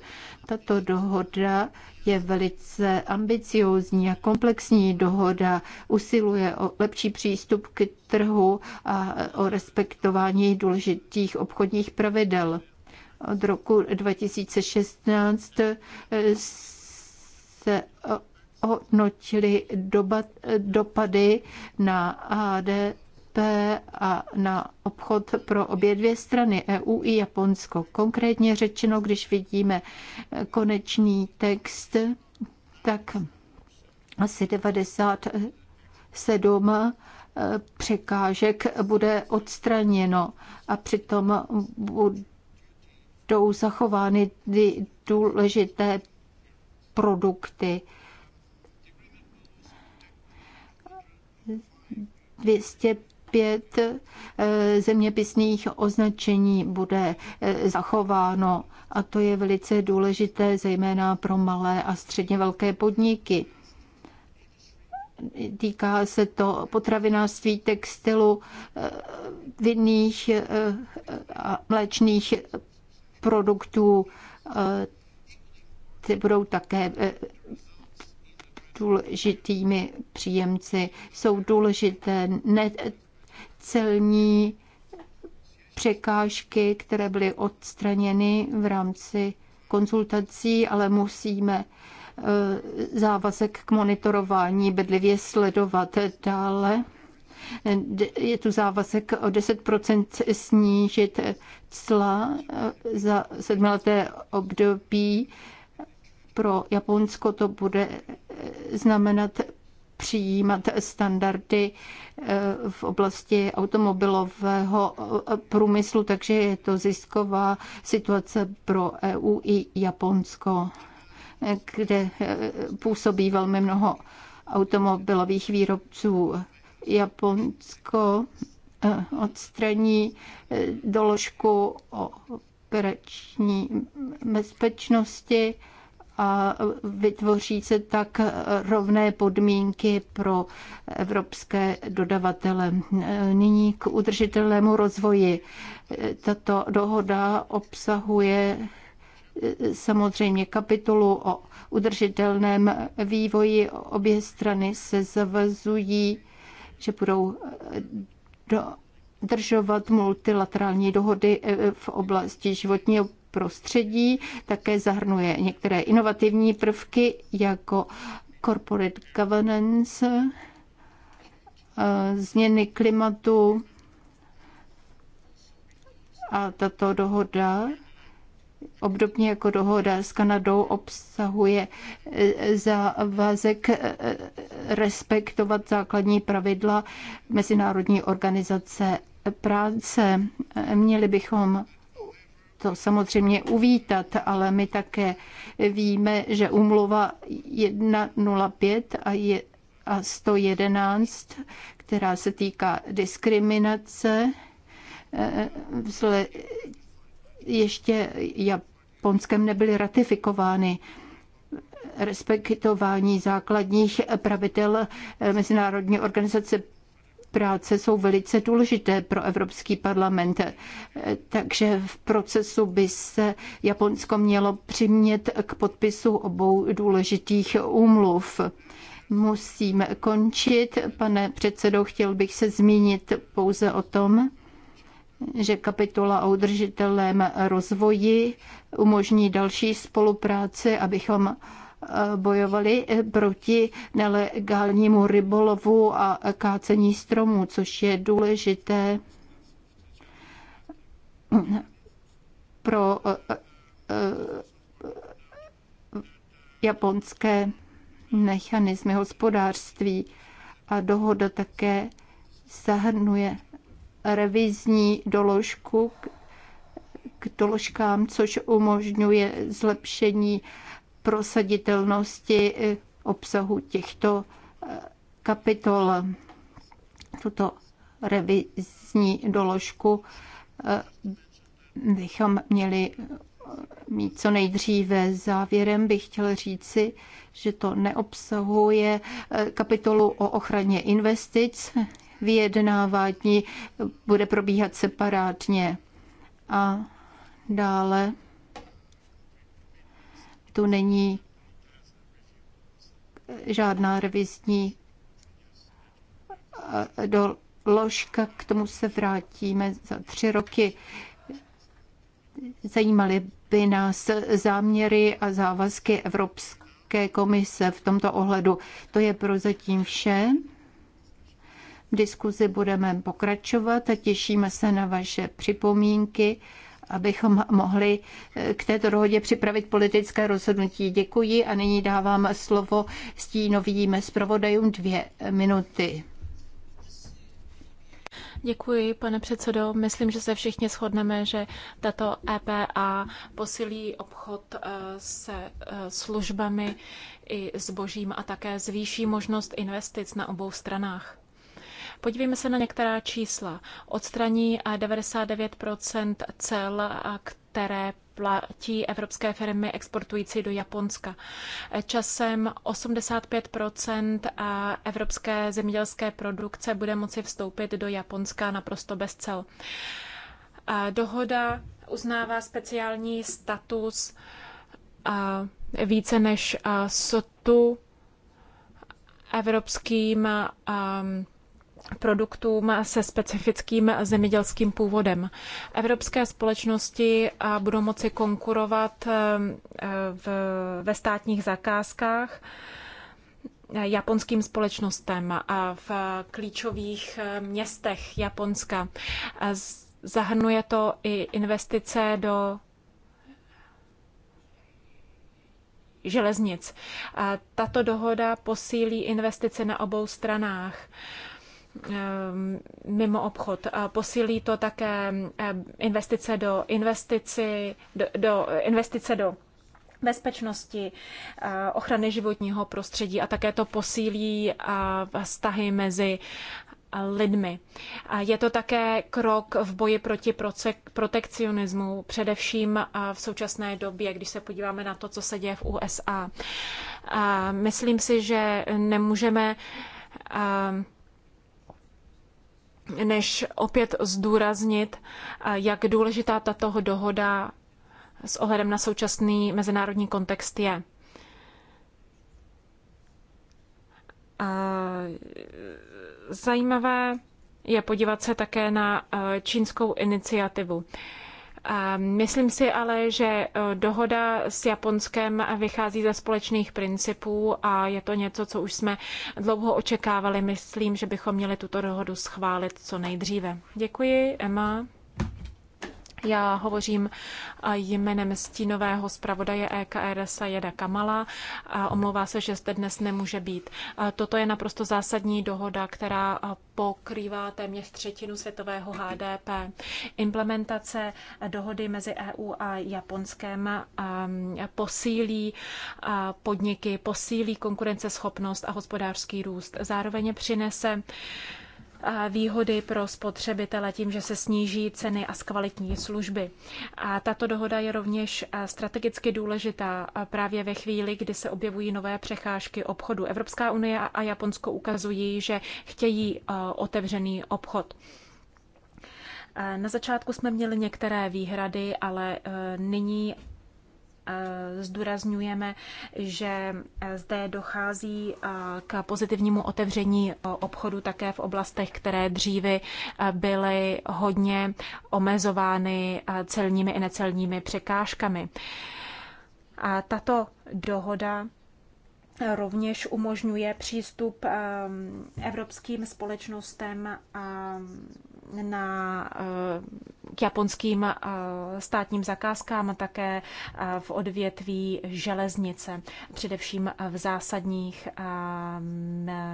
Tato dohoda je velice ambiciózní a komplexní dohoda. Usiluje o lepší přístup k trhu a o respektování důležitých obchodních pravidel. Od roku 2016 se hodnotili dopady na AD a na obchod pro obě dvě strany, EU i Japonsko. Konkrétně řečeno, když vidíme konečný text, tak asi 97 eh, překážek bude odstraněno a přitom budou zachovány ty důležité produkty. 200 pět eh, zeměpisných označení bude eh, zachováno a to je velice důležité zejména pro malé a středně velké podniky. Týká se to potravinářství, textilu, eh, vinných a mléčných produktů. Ty budou také důležitými příjemci. Jsou důležité ne celní překážky, které byly odstraněny v rámci konzultací, ale musíme e, závazek k monitorování bedlivě sledovat dále. Je tu závazek o 10% snížit cla e, za sedmileté období. Pro Japonsko to bude e, znamenat přijímat standardy eh, v oblasti automobilového eh, průmyslu, takže je to zisková situace pro EU i Japonsko, eh, kde působí velmi mnoho automobilových výrobců. Japonsko odstraní doložku o operační bezpečnosti a vytvoří se tak rovné podmínky pro evropské dodavatele. Nyní k udržitelnému rozvoji. Tato dohoda obsahuje samozřejmě kapitolu o udržitelném vývoji. Obě strany se zavazují, že budou do držovat multilaterální dohody v oblasti životního prostředí, také zahrnuje některé inovativní prvky jako corporate governance, eh, změny klimatu a tato dohoda obdobně jako dohoda s Kanadou obsahuje eh, závazek eh, respektovat základní pravidla Mezinárodní organizace práce. Měli bychom to samozřejmě uvítat, ale my také víme, že umluva 105 a, je, a 111, která se týká diskriminace, eh, vzle, ještě Japonskem nebyly ratifikovány respektování základních pravidel Mezinárodní organizace práce jsou velice důležité pro Evropský parlament. Takže v procesu by se Japonsko mělo přimět k podpisu obou důležitých úmluv. Musím končit. Pane předsedo, chtěl bych se zmínit pouze o tom, že kapitola o udržitelném rozvoji umožní další spolupráci, abychom bojovali proti nelegálnímu rybolovu a kácení stromů, což je důležité pro eh, eh, japonské mechanismy hospodářství a dohoda také zahrnuje revizní doložku k doložkám, což umožňuje zlepšení prosaditelnosti eh, obsahu těchto eh, kapitol. Tuto revizní doložku eh, bychom měli mít co nejdříve. Závěrem bych chtěl říci, že to neobsahuje kapitolu o ochraně investic. Vyjednávání bude probíhat separátně. A dále tu není žádná revizní eh, doložka, k tomu se vrátíme za tři roky. Zajímaly by nás záměry a závazky Evropské komise v tomto ohledu. To je prozatím vše. V diskuzi budeme pokračovat a těšíme se na vaše připomínky abychom mohli eh, k této dohodě připravit politické rozhodnutí. Děkuji a nyní dávám slovo stínovým zpravodajům dvě minuty. Děkuji, pane předsedo. Myslím, že se všichni shodneme, že tato EPA posilí obchod eh, se eh, službami i zbožím a také zvýší možnost investic na obou stranách. Podívejme se na některá čísla. Odstraní 99 cel, které platí evropské firmy exportující do Japonska. Časem 85 evropské zemědělské produkce bude moci vstoupit do Japonska naprosto bez cel. Dohoda uznává speciální status více než sotu evropským um, produktům se specifickým zemědělským původem. Evropské společnosti budou moci konkurovat eh, v, ve státních zakázkách eh, japonským společnostem a v klíčových eh, městech Japonska. Zahrnuje to i investice do železnic. Tato dohoda posílí investice na obou stranách. Ehm, mimo obchod. Posílí to také ehm, investice do investici, do, do investice do bezpečnosti, eh, ochrany životního prostředí a také to posílí eh, vztahy mezi eh, lidmi. Je to také krok v boji proti protekcionismu, především v současné době, když se podíváme na to, co se děje v USA. Myslím si, že nemůžeme ehm, než opět zdůraznit, eh, jak důležitá tato dohoda s ohledem na současný mezinárodní kontext je. Eh, zajímavé je podívat se také na eh, čínskou iniciativu. Myslím si ale, že e, dohoda s Japonskem vychází ze společných principů a je to něco, co už jsme dlouho očekávali. Myslím, že bychom měli tuto dohodu schválit co nejdříve. Děkuji, Emma. Já hovořím jménem stínového zpravodaje EKR Sajeda Kamala. Omlouvá se, že zde dnes nemůže být. Toto je naprosto zásadní dohoda, která pokrývá téměř třetinu světového HDP. Implementace dohody mezi EU a Japonskem um, posílí uh, podniky, posílí konkurenceschopnost a hospodářský růst. Zároveň přinese výhody pro spotřebitele tím, že se sníží ceny a zkvalitní služby. A tato dohoda je rovněž eh, strategicky důležitá eh, právě ve chvíli, kdy se objevují nové přecházky obchodu. Evropská unie a Japonsko ukazují, že chtějí eh, otevřený obchod. Na začátku jsme měli některé výhrady, ale nyní Eh, zdůrazňujeme, že eh, zde dochází eh, k pozitivnímu otevření obchodu také v oblastech, které dříve byly hodně omezovány celními i necelními překážkami. A tato dohoda rovněž umožňuje přístup evropským společnostem na, eh, k japonským eh, státním zakázkám, také eh, v odvětví železnice, především v zásadních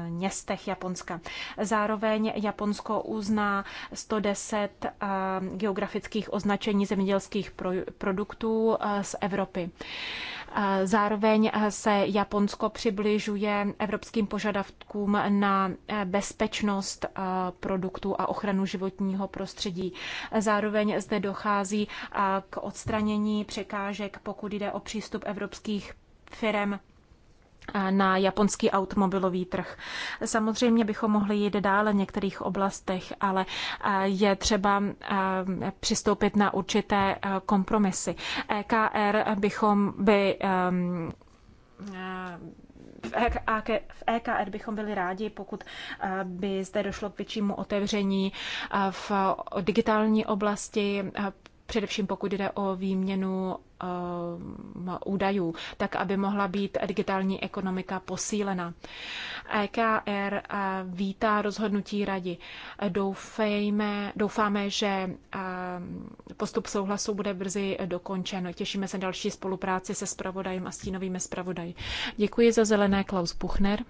městech Japonska. Zároveň Japonsko uzná 110 geografických označení zemědělských produktů z Evropy. Zároveň se Japonsko přibližuje evropským požadavkům na bezpečnost produktů a ochranu životů životního prostředí. Zároveň zde dochází k odstranění překážek, pokud jde o přístup evropských firm na japonský automobilový trh. Samozřejmě bychom mohli jít dále v některých oblastech, ale je třeba přistoupit na určité kompromisy. EKR bychom by v EKR e bychom byli rádi, pokud eh, by zde došlo k většímu otevření eh, v digitální oblasti, eh, především pokud jde o výměnu eh, údajů, tak aby mohla být digitální ekonomika posílena. EKR eh, vítá rozhodnutí radi. Doufejme, doufáme, že eh, postup souhlasu bude brzy dokončen. Těšíme se další spolupráci se spravodajem a stínovými spravodaji. Děkuji za zelené Klaus Puchner.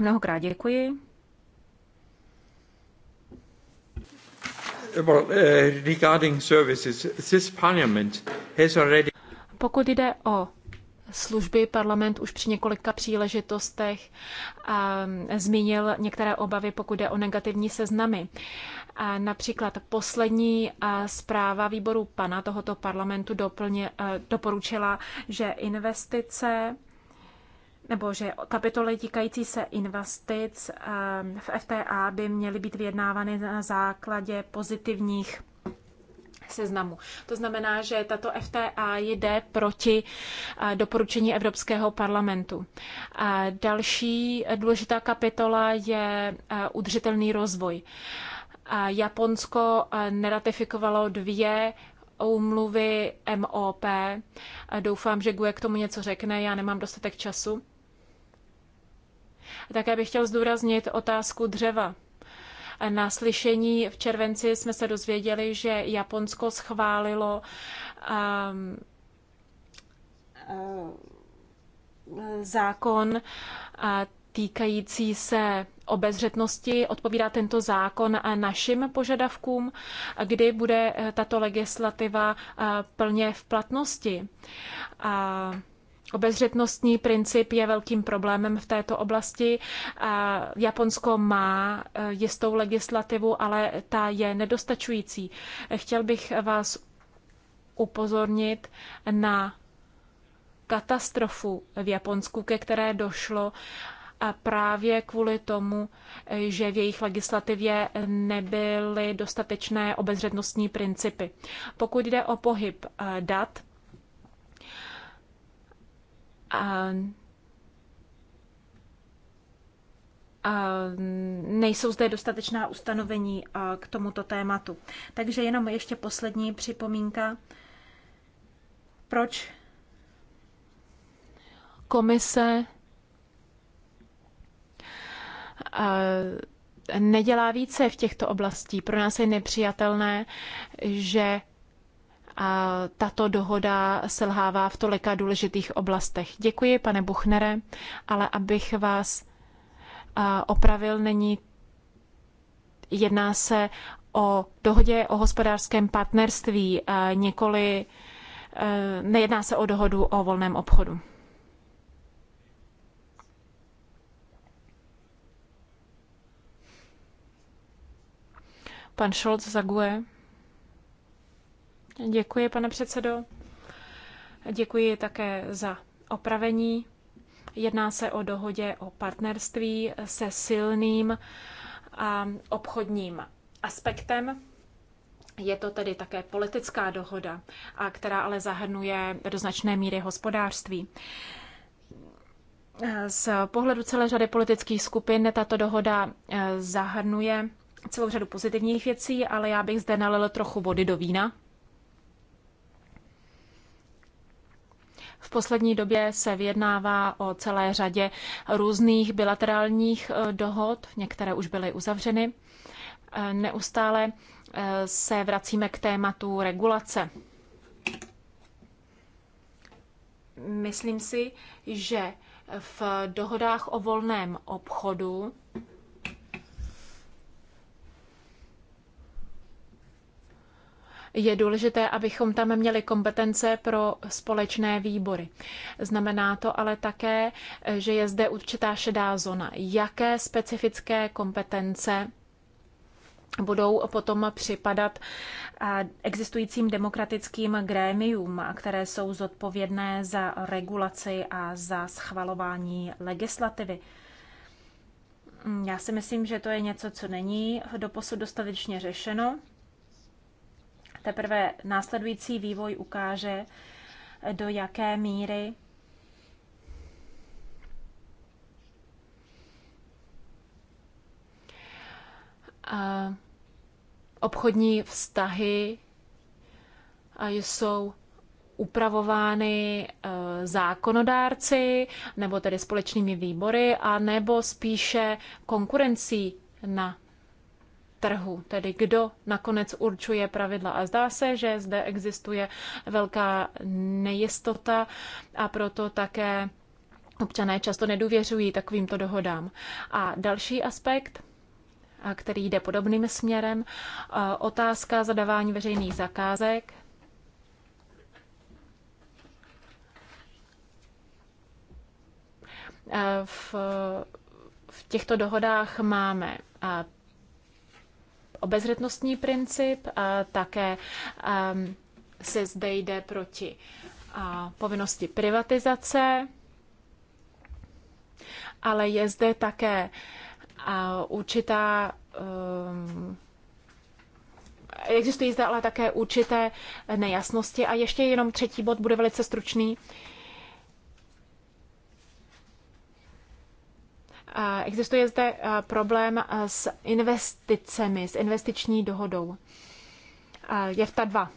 Mnohokrát děkuji. Uh, regarding services, this parliament has already... Pokud jde o služby, parlament už při několika příležitostech um, zmínil některé obavy, pokud jde o negativní seznamy. A například poslední zpráva výboru pana tohoto parlamentu doplně, doporučila, že investice nebo že kapitoly týkající se investic ehm, v FTA by měly být vyjednávány na základě pozitivních seznamu. To znamená, že tato FTA jde proti eh, doporučení Evropského parlamentu. A další důležitá kapitola je eh, udržitelný rozvoj. A Japonsko eh, neratifikovalo dvě úmluvy MOP. Doufám, že GUE k tomu něco řekne, já nemám dostatek času. Také bych chtěl zdůraznit otázku dřeva. Na slyšení v červenci jsme se dozvěděli, že Japonsko schválilo um, uh, zákon uh, týkající se obezřetnosti. Odpovídá tento zákon našim požadavkům, kdy bude tato legislativa uh, plně v platnosti. Uh, Obezřetnostní princip je velkým problémem v této oblasti. Japonsko má e, jistou legislativu, ale ta je nedostačující. Chtěl bych vás upozornit na katastrofu v Japonsku, ke které došlo a právě kvůli tomu, že v jejich legislativě nebyly dostatečné obezřetnostní principy. Pokud jde o pohyb e, dat, a, a nejsou zde dostatečná ustanovení k tomuto tématu. Takže jenom ještě poslední připomínka, proč komise nedělá více v těchto oblastí. Pro nás je nepřijatelné, že tato dohoda selhává v tolika důležitých oblastech. Děkuji, pane Buchnere, ale abych vás opravil, není jedná se o dohodě o hospodářském partnerství, nikoli e, nejedná se o dohodu o volném obchodu. Pan Scholz zaguje. Děkuji, pane předsedo. Děkuji také za opravení. Jedná se o dohodě o partnerství se silným a obchodním aspektem. Je to tedy také politická dohoda, a která ale zahrnuje do značné míry hospodářství. Z pohledu celé řady politických skupin tato dohoda eh, zahrnuje celou řadu pozitivních věcí, ale já bych zde nalil trochu vody do vína, V poslední době se vyjednává o celé řadě různých bilaterálních eh, dohod, některé už byly uzavřeny. Eh, neustále eh, se vracíme k tématu regulace. Myslím si, že v dohodách o volném obchodu je důležité, abychom tam měli kompetence pro společné výbory. Znamená to ale také, že je zde určitá šedá zóna. Jaké specifické kompetence budou potom připadat existujícím demokratickým grémium, které jsou zodpovědné za regulaci a za schvalování legislativy. Já si myslím, že to je něco, co není doposud dostatečně řešeno. Teprve následující vývoj ukáže, do jaké míry obchodní vztahy jsou upravovány e, zákonodárci nebo tedy společnými výbory a nebo spíše konkurencí na trhu, tedy kdo nakonec určuje pravidla. A zdá se, že zde existuje velká nejistota a proto také občané často nedůvěřují takovýmto dohodám. A další aspekt, který jde podobným směrem, otázka zadávání veřejných zakázek, v, v těchto dohodách máme obezřetnostní princip, také um, se zde jde proti povinnosti privatizace, ale je zde také určitá um, Existují zde ale také určité nejasnosti. A ještě jenom třetí bod bude velice stručný. Existuje zde problém s investicemi, s investiční dohodou. Je v ta dva.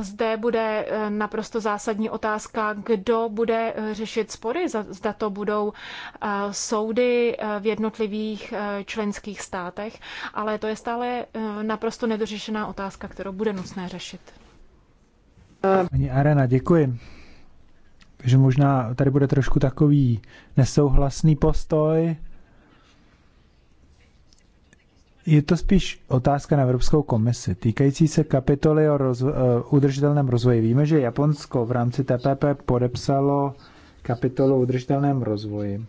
Zde bude e, naprosto zásadní otázka, kdo bude e, řešit spory. Zda to budou e, soudy v jednotlivých členských státech, ale to je stále naprosto nedořešená otázka, kterou bude nutné řešit. Paní Arena, děkuji. Takže možná tady bude trošku takový nesouhlasný postoj. Je to spíš otázka na Evropskou komisi, týkající se kapitoly o rozvo- eh, udržitelném rozvoji. Víme, že Japonsko v rámci TPP podepsalo kapitolu o udržitelném rozvoji.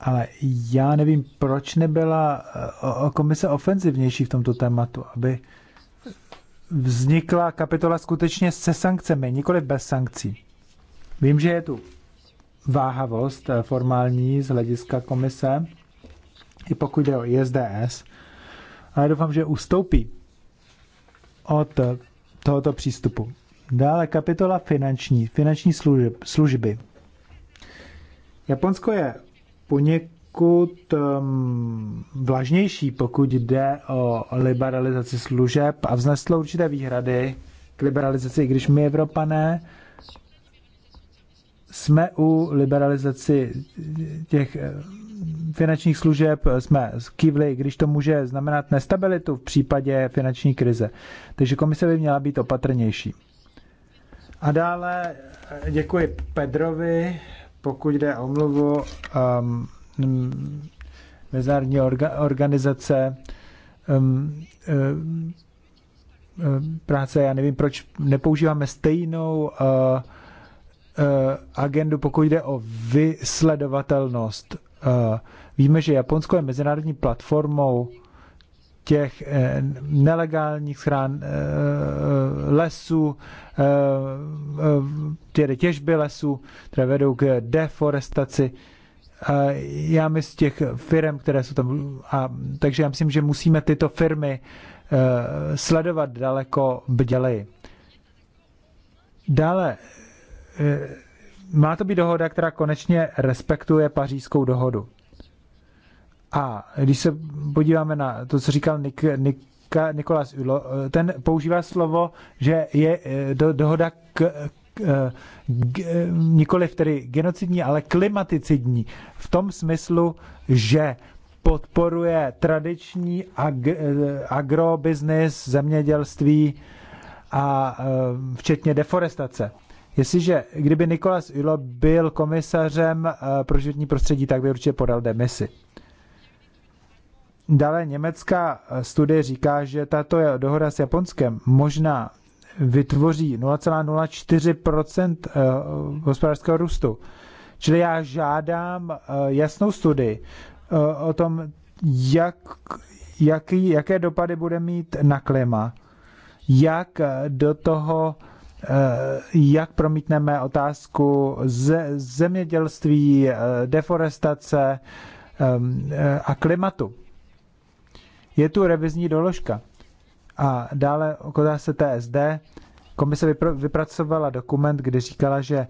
Ale já nevím, proč nebyla eh, komise ofenzivnější v tomto tématu, aby vznikla kapitola skutečně se sankcemi, nikoli bez sankcí. Vím, že je tu váhavost eh, formální z hlediska komise, i pokud jde o ISDS, ale doufám, že ustoupí od eh, tohoto přístupu. Dále kapitola finanční, finanční služby. Japonsko je poněkud poněkud um, vlažnější, pokud jde o liberalizaci služeb a vzneslo určité výhrady k liberalizaci, i když my Evropané jsme u liberalizaci těch eh, finančních služeb, jsme kývli, když to může znamenat nestabilitu v případě finanční krize. Takže komise by měla být opatrnější. A dále eh, děkuji Pedrovi, pokud jde o omluvu. Um, Mm, mezinárodní orga, organizace um, um, práce. Já nevím, proč nepoužíváme stejnou uh, uh, agendu, pokud jde o vysledovatelnost. Uh, víme, že Japonsko je mezinárodní platformou těch nelegálních schrán lesů, tedy těžby lesů, které vedou k deforestaci já my z těch firm, které jsou tam, a, takže já myslím, že musíme tyto firmy uh, sledovat daleko bděleji. Dále, uh, má to být dohoda, která konečně respektuje pařížskou dohodu. A když se podíváme na to, co říkal Nik, Nik, Nikolás Ulo, eh, ten používá slovo, že je do, dohoda k, Eh, eh, nikoliv tedy genocidní, ale klimaticidní. V tom smyslu, že podporuje tradiční ag- eh, agrobiznis, zemědělství a včetně deforestace. Jestliže, kdyby Nikolas Ulo byl komisařem pro životní prostředí, tak by určitě podal demisi. Dále německá studie říká, že tato dohoda s Japonskem možná vytvoří 0,04 eh, hospodářského růstu. Čili já žádám eh, jasnou studii eh, o tom, jak, jaký, jaké dopady bude mít na klima, jak do toho, jak promítneme otázku zemědělství, deforestace a klimatu. Je tu revizní doložka a dále okolo se TSD. Komise vypracovala dokument, kde říkala, že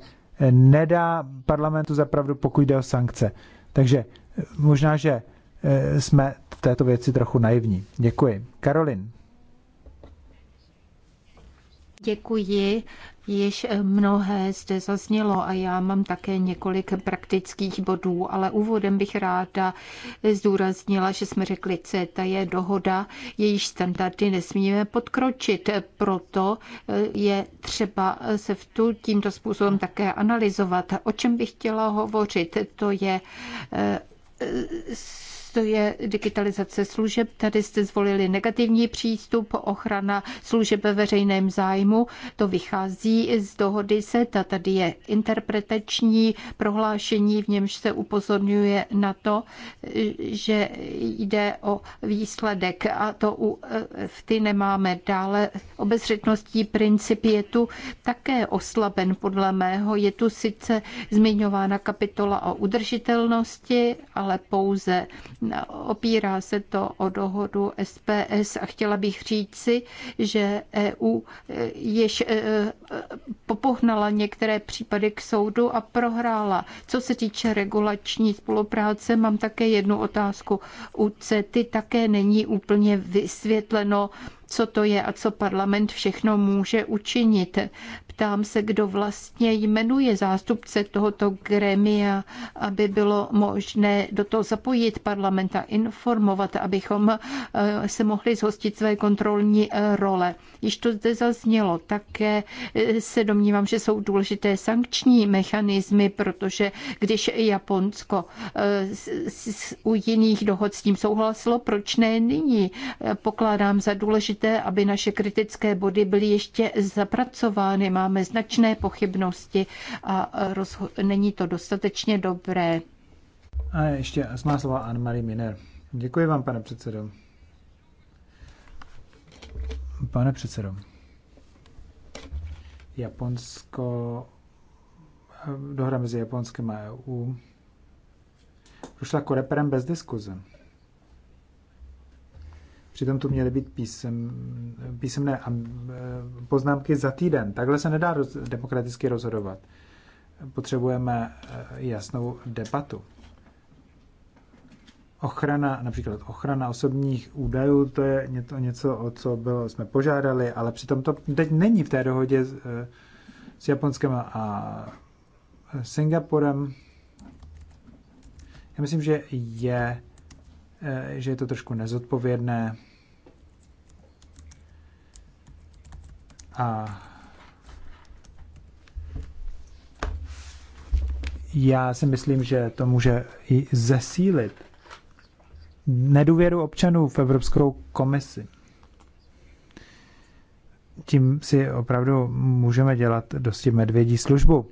nedá parlamentu zapravdu, pokud jde o sankce. Takže eh, možná, že eh, jsme v této věci trochu naivní. Děkuji. Karolin. Děkuji. Již mnohé zde zaznělo a já mám také několik praktických bodů, ale úvodem bych ráda zdůraznila, že jsme řekli, ta je dohoda, jejíž standardy nesmíme podkročit, proto eh, je třeba se v tu tímto způsobem také analyzovat. O čem bych chtěla hovořit, to je eh, je digitalizace služeb. Tady jste zvolili negativní přístup, ochrana služeb ve veřejném zájmu. To vychází z dohody e Ta Tady je interpretační prohlášení, v němž se upozorňuje na to, že jde o výsledek a to u v ty nemáme. Dále obezřetností princip je tu také oslaben podle mého. Je tu sice zmiňována kapitola o udržitelnosti, ale pouze Opírá se to o dohodu SPS a chtěla bych říci, že EU e, již e, e, popohnala některé případy k soudu a prohrála. Co se týče regulační spolupráce, mám také jednu otázku. U CETY také není úplně vysvětleno, co to je a co parlament všechno může učinit. Ptám se, kdo vlastně jmenuje zástupce tohoto gremia, aby bylo možné do toho zapojit parlament a informovat, abychom eh, se mohli zhostit své kontrolní eh, role. Již to zde zaznělo. Také eh, se domnívám, že jsou důležité sankční mechanismy, protože když Japonsko u jiných dohod s tím souhlasilo, proč ne nyní? Pokládám za důležité, aby naše kritické body byly ještě zapracovány. Máme máme značné pochybnosti a není to dostatečně dobré. A ještě má slova Anne-Marie Miner. Děkuji vám, pane předsedo. Pane předsedo, Japonsko, eh, dohoda mezi Japonskem a EU prošla koreperem bez diskuze. Přitom tu měly být písem, písemné eh, poznámky za týden. Takhle se nedá roz, demokraticky rozhodovat. Potřebujeme eh, jasnou debatu. Ochrana, například ochrana osobních údajů, to je něco, něco o co bylo, jsme požádali, ale přitom to teď není v té dohodě s, eh, s Japonskem a Singapurem. Já myslím, že je Eh, že je to trošku nezodpovědné. A já si myslím, že to může i zesílit nedůvěru občanů v Evropskou komisi. Tím si opravdu můžeme dělat dosti medvědí službu.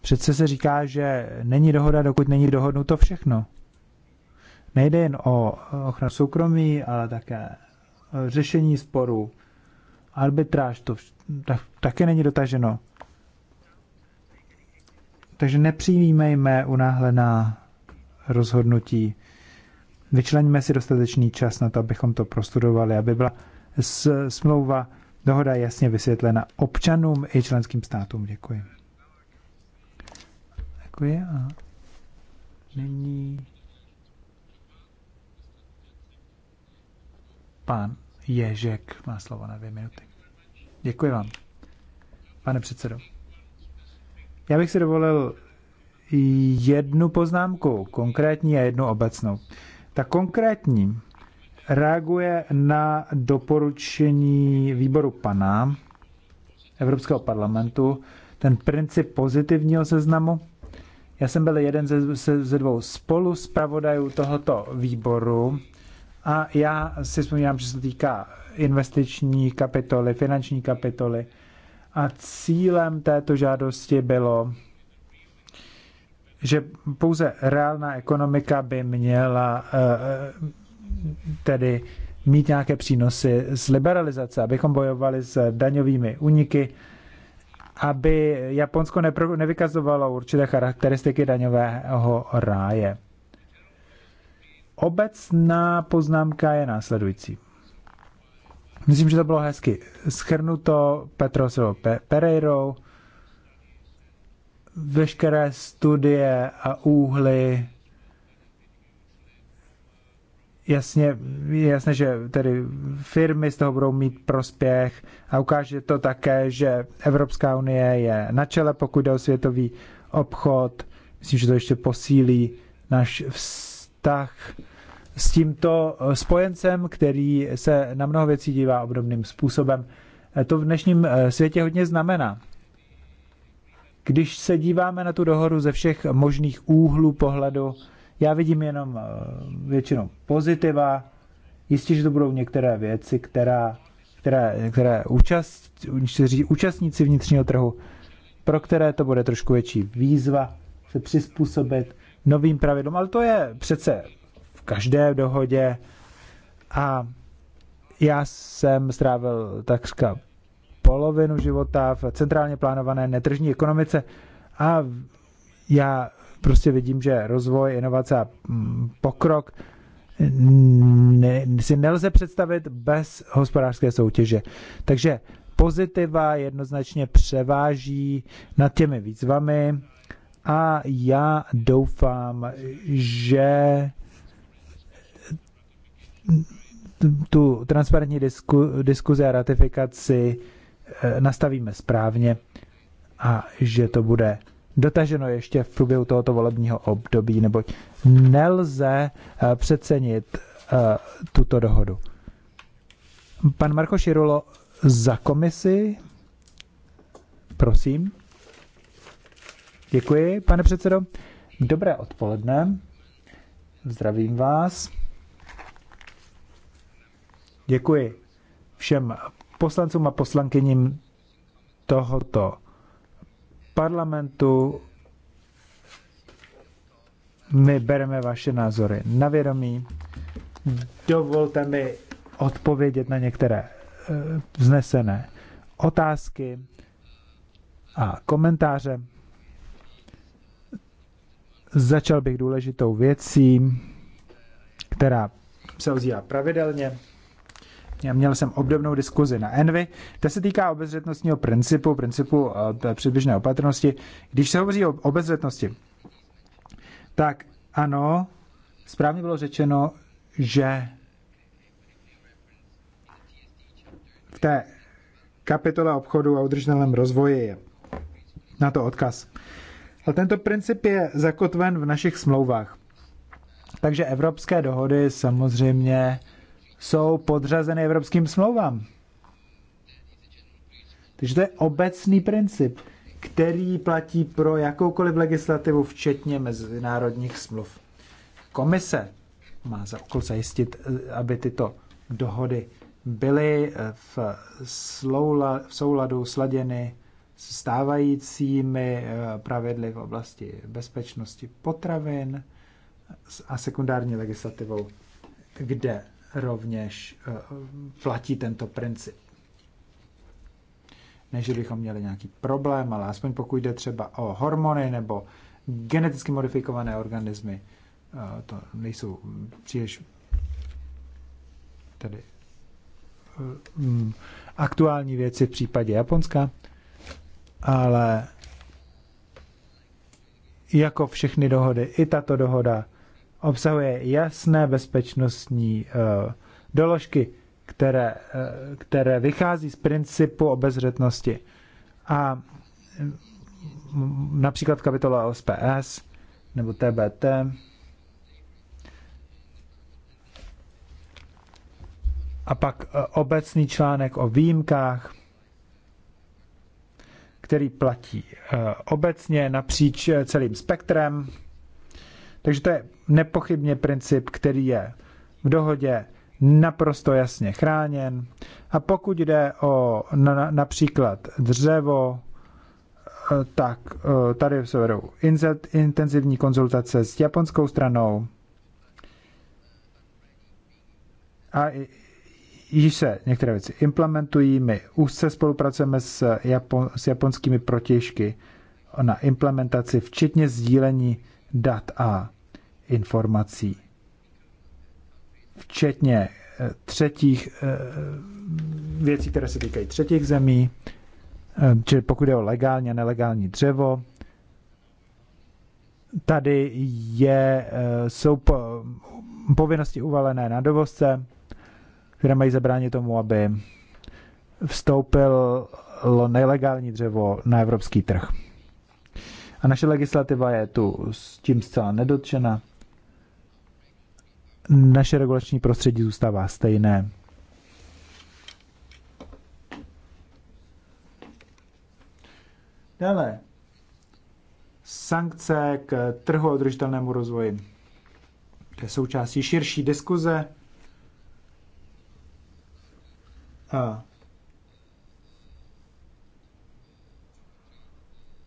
Přece se říká, že není dohoda, dokud není dohodnuto všechno. Nejde jen o ochranu soukromí, ale také řešení sporů, arbitráž, to tak, také není dotaženo. Takže nepřijímejme unáhlená rozhodnutí. Vyčleňme si dostatečný čas na to, abychom to prostudovali, aby byla smlouva, dohoda jasně vysvětlena občanům i členským státům. Děkuji. Děkuji a nyní Pán Ježek má slovo na dvě minuty. Děkuji vám, pane předsedo. Já bych si dovolil jednu poznámku, konkrétní a jednu obecnou. Ta konkrétní reaguje na doporučení výboru pana Evropského parlamentu, ten princip pozitivního seznamu. Já jsem byl jeden ze, ze, ze dvou spolu zpravodajů tohoto výboru a já si vzpomínám, že se týká investiční kapitoly, finanční kapitoly. A cílem této žádosti bylo, že pouze reálná ekonomika by měla eh, tedy mít nějaké přínosy z liberalizace, abychom bojovali s daňovými úniky, aby Japonsko nevykazovalo určité charakteristiky daňového ráje. Obecná poznámka je následující. Myslím, že to bylo hezky schrnuto Petrosovo Pereirou. Veškeré studie a úhly jasně, jasně, že tedy firmy z toho budou mít prospěch a ukáže to také, že Evropská unie je na čele, pokud jde o světový obchod. Myslím, že to ještě posílí náš vztah s tímto eh, spojencem, který se na mnoho věcí dívá obdobným způsobem. Eh, to v dnešním eh, světě hodně znamená. Když se díváme na tu dohodu ze všech možných úhlů pohledu, já vidím jenom většinou pozitiva. Jistě, že to budou některé věci, která, které, které účast, účastníci vnitřního trhu, pro které to bude trošku větší výzva se přizpůsobit novým pravidlům, ale to je přece každé dohodě a já jsem strávil takřka polovinu života v centrálně plánované netržní ekonomice a já prostě vidím, že rozvoj, inovace a mm, pokrok ne, si nelze představit bez hospodářské soutěže. Takže pozitiva jednoznačně převáží nad těmi výzvami a já doufám, že tu transparentní disku, diskuzi a ratifikaci eh, nastavíme správně a že to bude dotaženo ještě v průběhu tohoto volebního období, neboť nelze eh, přecenit eh, tuto dohodu. Pan Marko Širulo za komisi, prosím. Děkuji, pane předsedo. Dobré odpoledne. Zdravím vás. Děkuji všem poslancům a poslankyním tohoto parlamentu. My bereme vaše názory na vědomí. Dovolte mi odpovědět na některé eh, vznesené otázky a komentáře. Začal bych důležitou věcí, která se ozývá pravidelně měl jsem obdobnou diskuzi na Envy, ta se týká obezřetnostního principu, principu eh, předběžné opatrnosti. Když se hovoří o obezřetnosti, tak ano, správně bylo řečeno, že v té kapitole obchodu a udržitelném rozvoji je na to odkaz. Ale tento princip je zakotven v našich smlouvách. Takže evropské dohody samozřejmě jsou podřazeny evropským smlouvám. Takže to je obecný princip, který platí pro jakoukoliv legislativu, včetně mezinárodních smluv. Komise má za úkol zajistit, aby tyto dohody byly v, sloula, v souladu sladěny s stávajícími eh, pravidly v oblasti bezpečnosti potravin a sekundární legislativou, kde rovněž eh, platí tento princip. Než bychom měli nějaký problém, ale aspoň pokud jde třeba o hormony nebo geneticky modifikované organismy, eh, to nejsou příliš tedy eh, mm, aktuální věci v případě Japonska, ale jako všechny dohody, i tato dohoda obsahuje jasné bezpečnostní uh, doložky, které, uh, které vychází z principu obezřetnosti. A mm, například kapitola OSPS nebo TBT. A pak eh, obecný článek o výjimkách, který platí obecně napříč celým spektrem. Takže to je nepochybně princip, který je v dohodě naprosto jasně chráněn. A pokud jde o na, například dřevo, eh, tak eh, tady se vedou intenzivní konzultace s japonskou stranou. A již se některé věci implementují, my úzce spolupracujeme s, Japon, s japonskými protěžky na implementaci, včetně sdílení dat a informací, včetně eh, třetích eh, věcí, které se týkají třetích zemí, eh, čili pokud je o legální a nelegální dřevo, tady je, jsou po, povinnosti uvalené na dovozce, které mají zabránit tomu, aby vstoupilo nelegální dřevo na evropský trh. A naše legislativa je tu s tím zcela nedotčena naše regulační prostředí zůstává stejné. Dále, sankce k trhu a udržitelnému rozvoji. To je součástí širší diskuze. A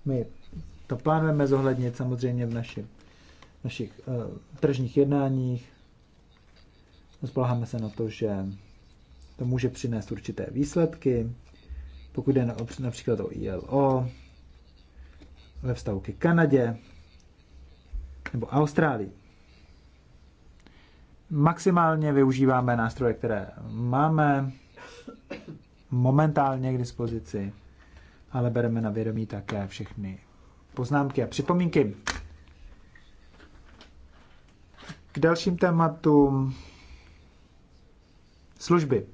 my to plánujeme zohlednit samozřejmě v našich, našich eh, uh, tržních jednáních. Spoláháme se na to, že to může přinést určité výsledky, pokud jde například o ILO, ve vztahu ke Kanadě nebo Austrálii. Maximálně využíváme nástroje, které máme momentálně k dispozici, ale bereme na vědomí také všechny poznámky a připomínky. K dalším tématům Služby.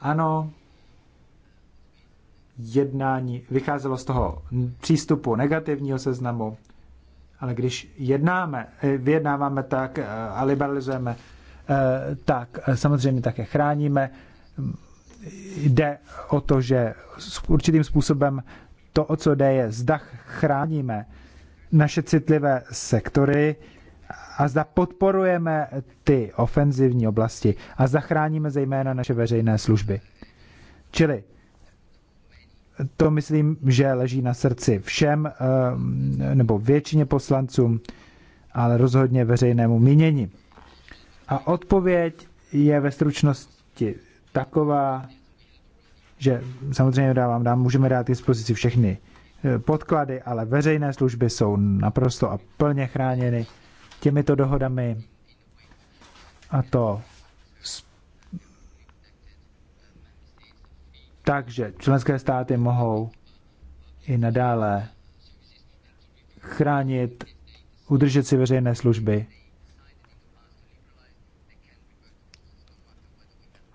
Ano, jednání vycházelo z toho přístupu negativního seznamu, ale když jednáme, eh, vyjednáváme tak eh, a liberalizujeme, eh, tak samozřejmě také chráníme. Hm, jde o to, že určitým způsobem to, o co jde, je zda chráníme naše citlivé sektory, a zda podporujeme ty ofenzivní oblasti a zachráníme zejména naše veřejné služby. Čili to myslím, že leží na srdci všem eh, nebo většině poslancům, ale rozhodně veřejnému mínění. A odpověď je ve stručnosti taková, že samozřejmě dávám, dám, můžeme dát k dispozici všechny eh, podklady, ale veřejné služby jsou naprosto a plně chráněny těmito dohodami a to takže členské státy mohou i nadále chránit, udržet si veřejné služby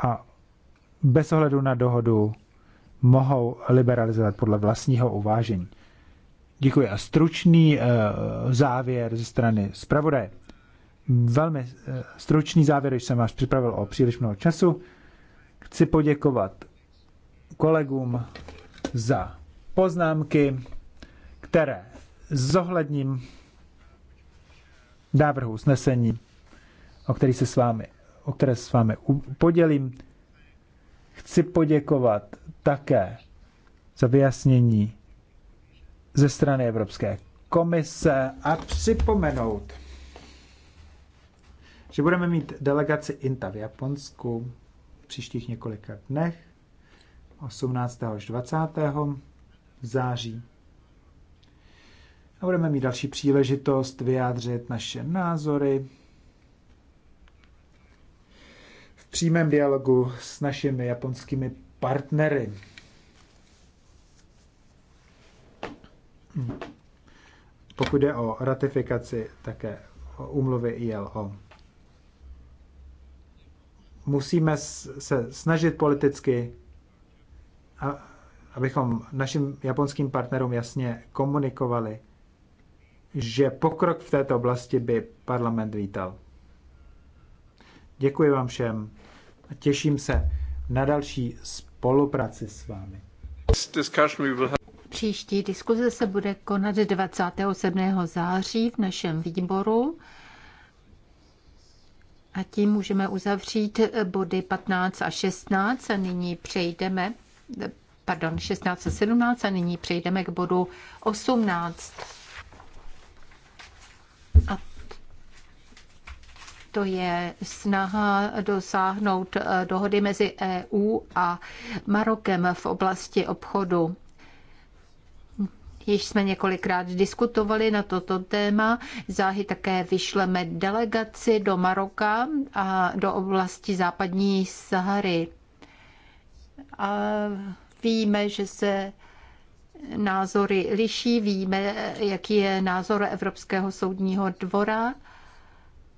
a bez ohledu na dohodu mohou liberalizovat podle vlastního uvážení. Děkuji. A stručný eh, závěr ze strany zpravodaje. Velmi eh, stručný závěr, když jsem vás připravil o příliš mnoho času. Chci poděkovat kolegům za poznámky, které zohledním návrhu usnesení, o, který se s vámi, o které se s vámi podělím. Chci poděkovat také za vyjasnění ze strany Evropské komise a připomenout, že budeme mít delegaci INTA v Japonsku v příštích několika dnech, 18. až 20. září. A budeme mít další příležitost vyjádřit naše názory v přímém dialogu s našimi japonskými partnery. pokud jde o ratifikaci také o umluvy ILO. Musíme se snažit politicky, abychom našim japonským partnerům jasně komunikovali, že pokrok v této oblasti by parlament vítal. Děkuji vám všem a těším se na další spolupráci s vámi. Příští diskuze se bude konat 27. září v našem výboru. A tím můžeme uzavřít body 15 a 16 a nyní přejdeme, pardon, 16 a 17 a nyní přejdeme k bodu 18. A to je snaha dosáhnout dohody mezi EU a Marokem v oblasti obchodu. Již jsme několikrát diskutovali na toto téma. Záhy také vyšleme delegaci do Maroka a do oblasti západní Sahary. A víme, že se názory liší, víme, jaký je názor Evropského soudního dvora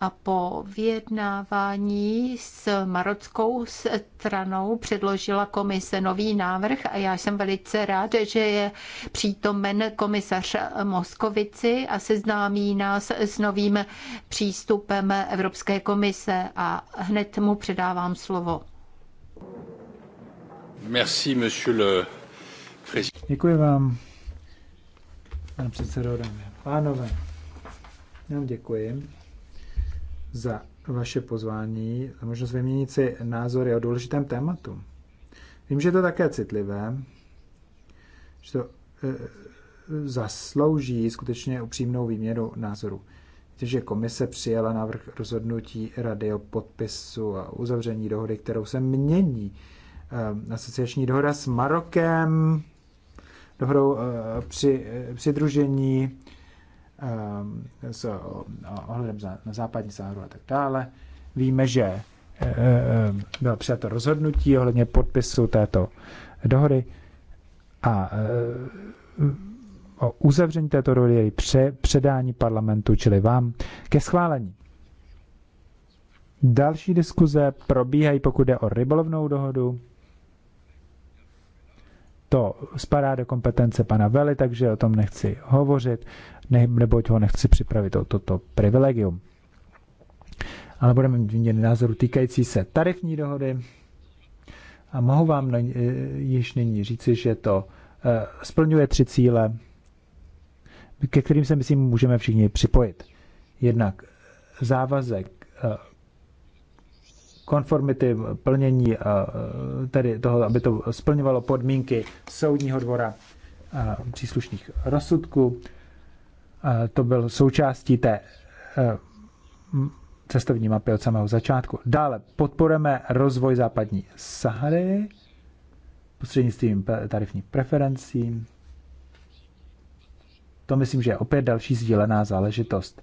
a po vyjednávání s marockou stranou předložila komise nový návrh a já jsem velice rád, že je přítomen komisař Moskovici a seznámí nás s novým přístupem Evropské komise a hned mu předávám slovo. Merci, monsieur le président. Děkuji vám, pane předsedo, dámy a pánové. Nám děkuji za vaše pozvání, a možnost vyměnit si názory o důležitém tématu. Vím, že je to také citlivé, že to e, zaslouží skutečně upřímnou výměnu názoru, Víte, že komise přijala návrh rozhodnutí rady o podpisu a uzavření dohody, kterou se mění e, asociační dohoda s Marokem, dohodou e, při, e, přidružení, Um, s ohledem na západní záhru a tak dále. Víme, že e, e, e, bylo přijato rozhodnutí ohledně podpisu této dohody a o uzavření této dohody je pře, předání parlamentu, čili vám, ke schválení. Další diskuze probíhají, pokud jde o rybolovnou dohodu, to spadá do kompetence pana Veli, takže o tom nechci hovořit, ne, neboť ho nechci připravit o toto privilegium. Ale budeme mít výměny názoru týkající se tarifní dohody a mohu vám na, eh, již nyní říci, že to eh, splňuje tři cíle, ke kterým se myslím můžeme všichni připojit. Jednak závazek eh, konformity, plnění, eh, tedy toho, aby to splňovalo podmínky soudního dvora a eh, příslušných rozsudků. A eh, to byl součástí té cestovní mapy od samého začátku. Dále podporujeme rozvoj západní Sahary prostřednictvím tarifních preferencí. To myslím, že je opět další sdílená záležitost.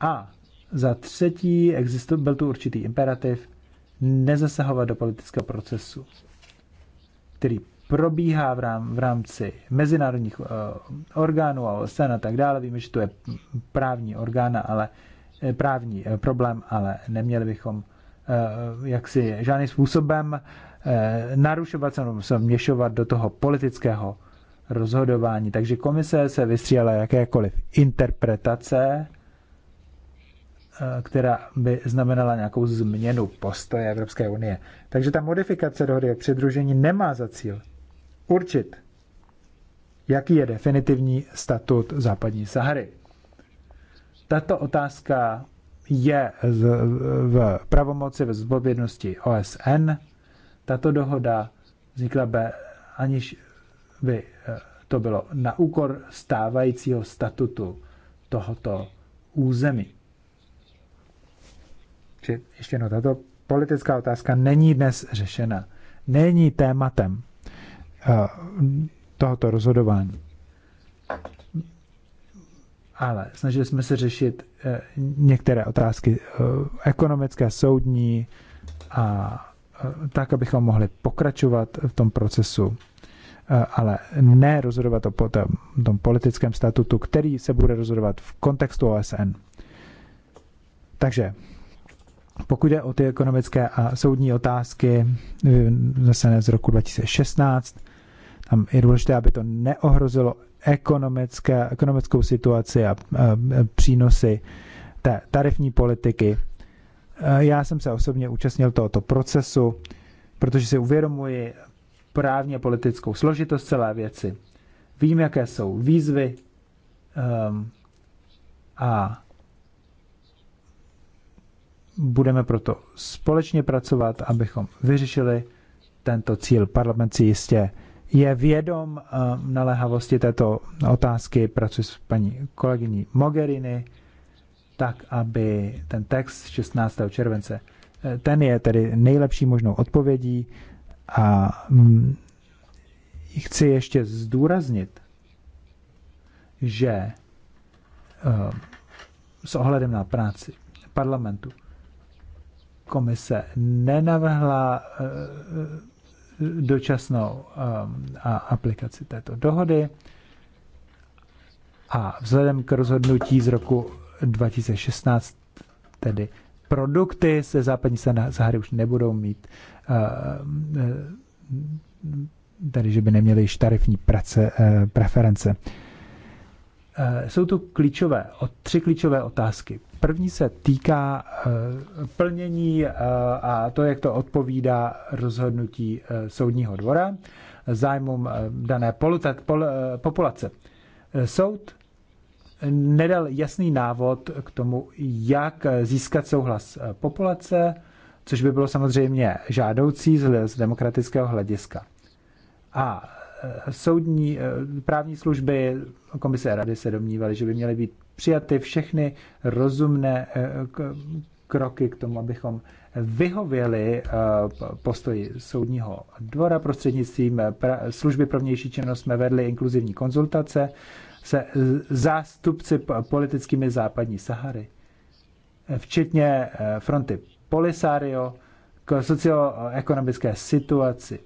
A za třetí existu, byl tu určitý imperativ nezasahovat do politického procesu, který probíhá v, rám, v rámci mezinárodních uh, orgánů a OSN a tak dále. Víme, že to je právní orgán, ale eh, právní uh, problém, ale neměli bychom uh, jaksi žádným způsobem uh, narušovat, se měšovat do toho politického rozhodování. Takže komise se vystříhala jakékoliv interpretace která by znamenala nějakou změnu postoje Evropské unie. Takže ta modifikace dohody o přidružení nemá za cíl určit, jaký je definitivní statut západní Sahary. Tato otázka je v pravomoci ve zodpovědnosti OSN. Tato dohoda vznikla by, aniž by eh, to bylo na úkor stávajícího statutu tohoto území. Či ještě no, tato politická otázka není dnes řešena. Není tématem eh, tohoto rozhodování. Ale snažili jsme se řešit eh, některé otázky eh, ekonomické, soudní a tak, abychom mohli pokračovat v tom procesu, ale ne rozhodovat o tom politickém statutu, který se bude rozhodovat v kontextu OSN. Takže pokud jde o ty ekonomické a soudní otázky, eh, zase z roku 2016, tam je důležité, aby to neohrozilo ekonomické, ekonomickou situaci a, a, a přínosy té tarifní politiky. Eh, já jsem se osobně účastnil tohoto procesu, protože si uvědomuji právně politickou složitost celé věci. Vím, jaké jsou výzvy um, a budeme proto společně pracovat, abychom vyřešili tento cíl. Parlament si jistě je vědom eh, naléhavosti této otázky, pracuji s paní kolegyní Mogherini, tak, aby ten text 16. července, eh, ten je tedy nejlepší možnou odpovědí a mm, chci ještě zdůraznit, že eh, s ohledem na práci parlamentu komise nenavrhla eh, eh, dočasnou eh, aplikaci této dohody a vzhledem k rozhodnutí z roku 2016 tedy produkty se západní Sahary už nebudou mít tedy, že by neměli již tarifní prace, preference. Jsou tu klíčové, tři klíčové otázky. První se týká eh, plnění eh, a to, jak to odpovídá rozhodnutí eh, soudního dvora zájmům dané populace. Soud nedal jasný návod k tomu, jak získat souhlas populace, což by bylo samozřejmě žádoucí z demokratického hlediska. A soudní právní služby komise rady se domnívaly, že by měly být přijaty všechny rozumné eh, kroky k tomu, abychom vyhověli eh, postoji soudního dvora prostřednictvím eh, služby pro vnější činnost jsme vedli inkluzivní konzultace se zástupci politickými západní Sahary, včetně fronty Polisario k socioekonomické situaci.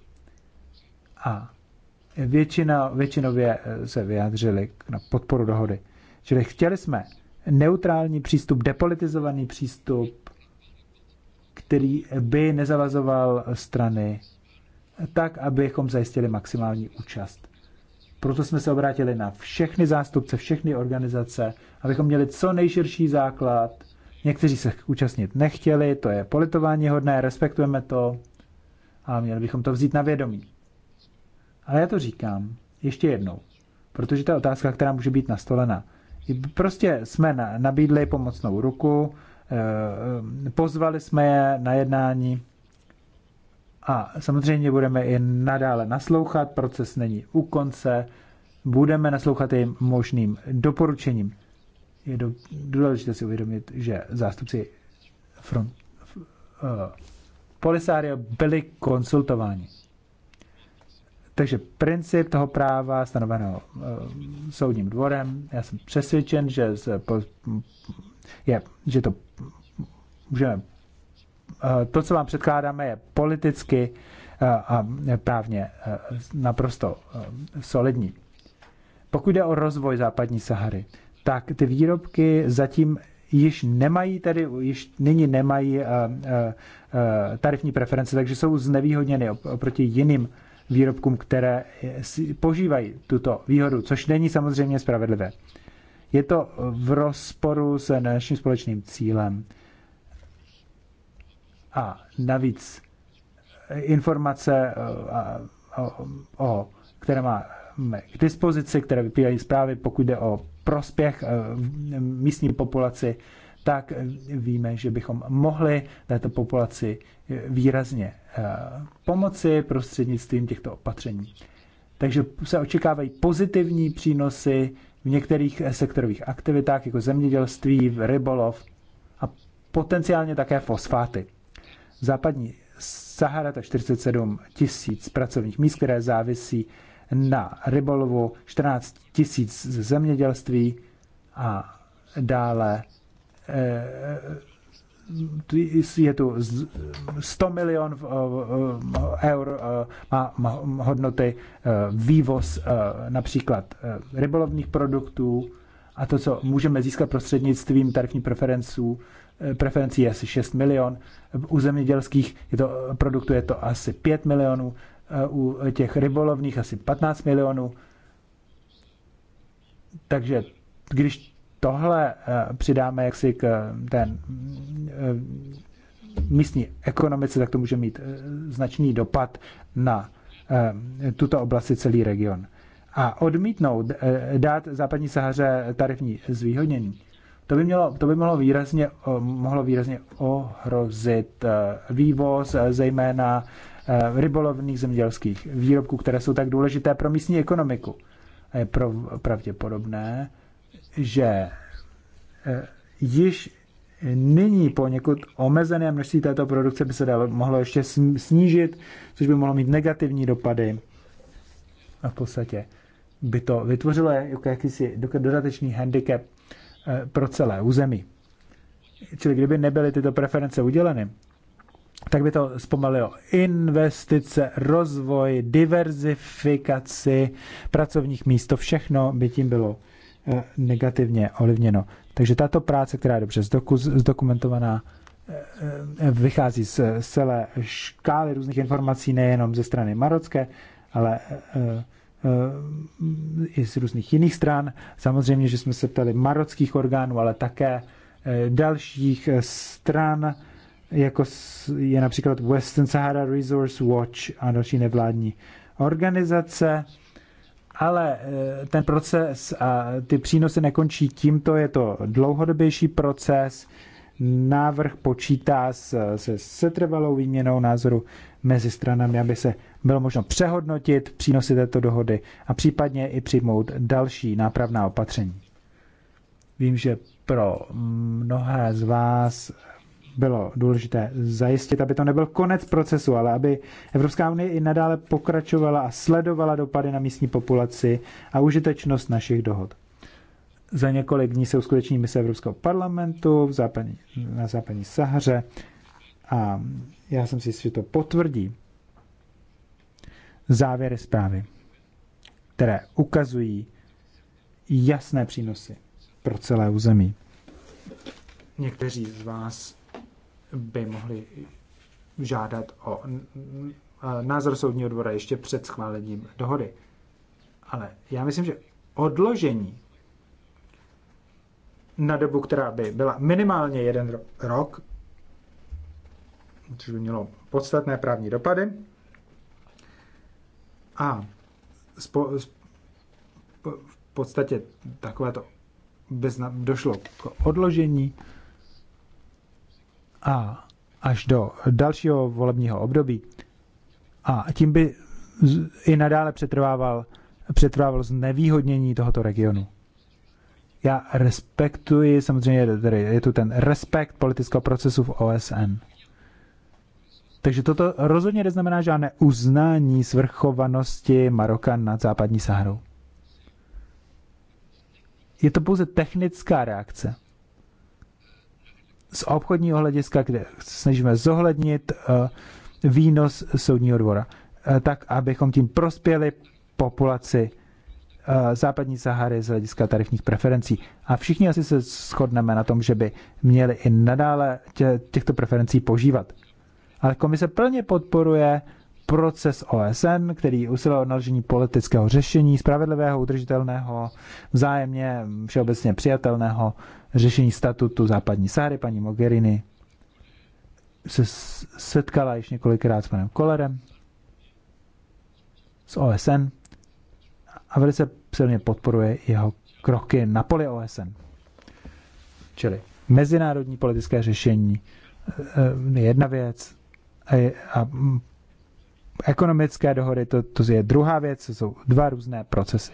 A většina, většinově se vyjádřili na podporu dohody. Čili chtěli jsme neutrální přístup, depolitizovaný přístup, který by nezavazoval strany tak, abychom zajistili maximální účast. Proto jsme se obrátili na všechny zástupce, všechny organizace, abychom měli co nejširší základ. Někteří se účastnit nechtěli, to je politování hodné, respektujeme to a měli bychom to vzít na vědomí. Ale já to říkám ještě jednou, protože ta otázka, která může být nastolena, Prostě jsme nabídli pomocnou ruku, eh, eh, pozvali jsme je na jednání a samozřejmě budeme i nadále naslouchat, proces není u konce, budeme naslouchat jejím možným doporučením. Je důležité si uvědomit, že zástupci front, uh, byli konsultováni. Takže princip toho práva stanoveného eh, soudním dvorem, já jsem přesvědčen, že, je, že to můžeme, eh, to, co vám předkládáme, je politicky eh, a právně naprosto solidní. Pokud jde o rozvoj západní Sahary, tak ty výrobky zatím již nemají tedy, již nyní nemají tarifní preference, takže jsou znevýhodněny oproti jiným výrobkům, které požívají tuto výhodu, což není samozřejmě spravedlivé. Je to v rozporu se naším společným cílem. A navíc eh, informace, eh, o, o, které máme k dispozici, které vypírají zprávy, pokud jde o prospěch eh, místní populaci, tak víme, že bychom mohli této populaci výrazně Eh, pomoci prostřednictvím těchto opatření. Takže se očekávají pozitivní přínosy v některých eh, sektorových aktivitách, jako zemědělství, rybolov a potenciálně také fosfáty. Západní Sahara, to 47 tisíc pracovních míst, které závisí na rybolovu, 14 tisíc zemědělství a dále eh, je tu 100 milion eur eh, má hodnoty eh, vývoz eh, například rybolovných produktů a to, co můžeme získat prostřednictvím tarifních preferenců, preferencí je asi 6 milion, u zemědělských je to, produktů je to asi 5 milionů, u těch rybolovných asi 15 milionů. Takže když tohle eh, přidáme jaksi k eh, ten eh, místní ekonomice, tak to může mít značný dopad na tuto oblasti celý region. A odmítnout dát západní Sahaře tarifní zvýhodnění, to by, mělo, to by mohlo, výrazně, mohlo výrazně ohrozit vývoz, zejména rybolovných zemědělských výrobků, které jsou tak důležité pro místní ekonomiku. A je pravděpodobné, že eh, již nyní poněkud omezené množství této produkce by se dalo, mohlo ještě snížit, což by mohlo mít negativní dopady. A v podstatě by to vytvořilo jako jakýsi dodatečný handicap eh, pro celé území. Čili kdyby nebyly tyto preference uděleny, tak by to zpomalilo investice, rozvoj, diverzifikaci pracovních míst, to všechno by tím bylo Eh, negativně ovlivněno. Takže tato práce, která je dobře zdokumentovaná, eh, eh, vychází z celé škály různých informací, nejenom ze strany marocké, ale i z různých jiných stran. Samozřejmě, že jsme se ptali marockých orgánů, ale také dalších stran, jako je například Western Sahara Resource Watch a další nevládní organizace. Ale eh, ten proces a ty přínosy nekončí tímto, je to dlouhodobější proces. Návrh počítá se setrvalou výměnou názoru mezi stranami, aby se bylo možno přehodnotit přínosy této dohody a případně i přijmout další nápravná opatření. Vím, že pro mnohé z vás bylo důležité zajistit, aby to nebyl konec procesu, ale aby Evropská unie i nadále pokračovala a sledovala dopady na místní populaci a užitečnost našich dohod. Za několik dní se uskuteční mise Evropského parlamentu v západní, na západní Sahře a já jsem si že to potvrdí závěry zprávy, které ukazují jasné přínosy pro celé území. Někteří z vás by mohli žádat o názor soudního dvora ještě před schválením dohody. Ale já myslím, že odložení na dobu, která by byla minimálně jeden rok, což by mělo podstatné právní dopady, a spo, v podstatě takovéto bez, došlo k odložení a až do dalšího volebního období. A tím by i nadále přetrvával, přetrvával znevýhodnění tohoto regionu. Já respektuji, samozřejmě tady je tu ten respekt politického procesu v OSN. Takže toto rozhodně neznamená žádné uznání svrchovanosti Maroka nad západní Saharou. Je to pouze technická reakce z obchodního hlediska, kde snažíme zohlednit eh, výnos soudního dvora, eh, tak abychom tím prospěli populaci eh, západní Sahary z hlediska tarifních preferencí. A všichni asi se shodneme na tom, že by měli i nadále tě, těchto preferencí požívat. Ale komise plně podporuje proces OSN, který usiluje o naložení politického řešení, spravedlivého, udržitelného, vzájemně všeobecně přijatelného řešení statutu západní Sáry, paní Mogherini se setkala již několikrát s panem Kolerem z OSN a velice silně podporuje jeho kroky na poli OSN. Čili mezinárodní politické řešení eh, je jedna věc a, a ekonomické dohody to, to je druhá věc, jsou dva různé procesy.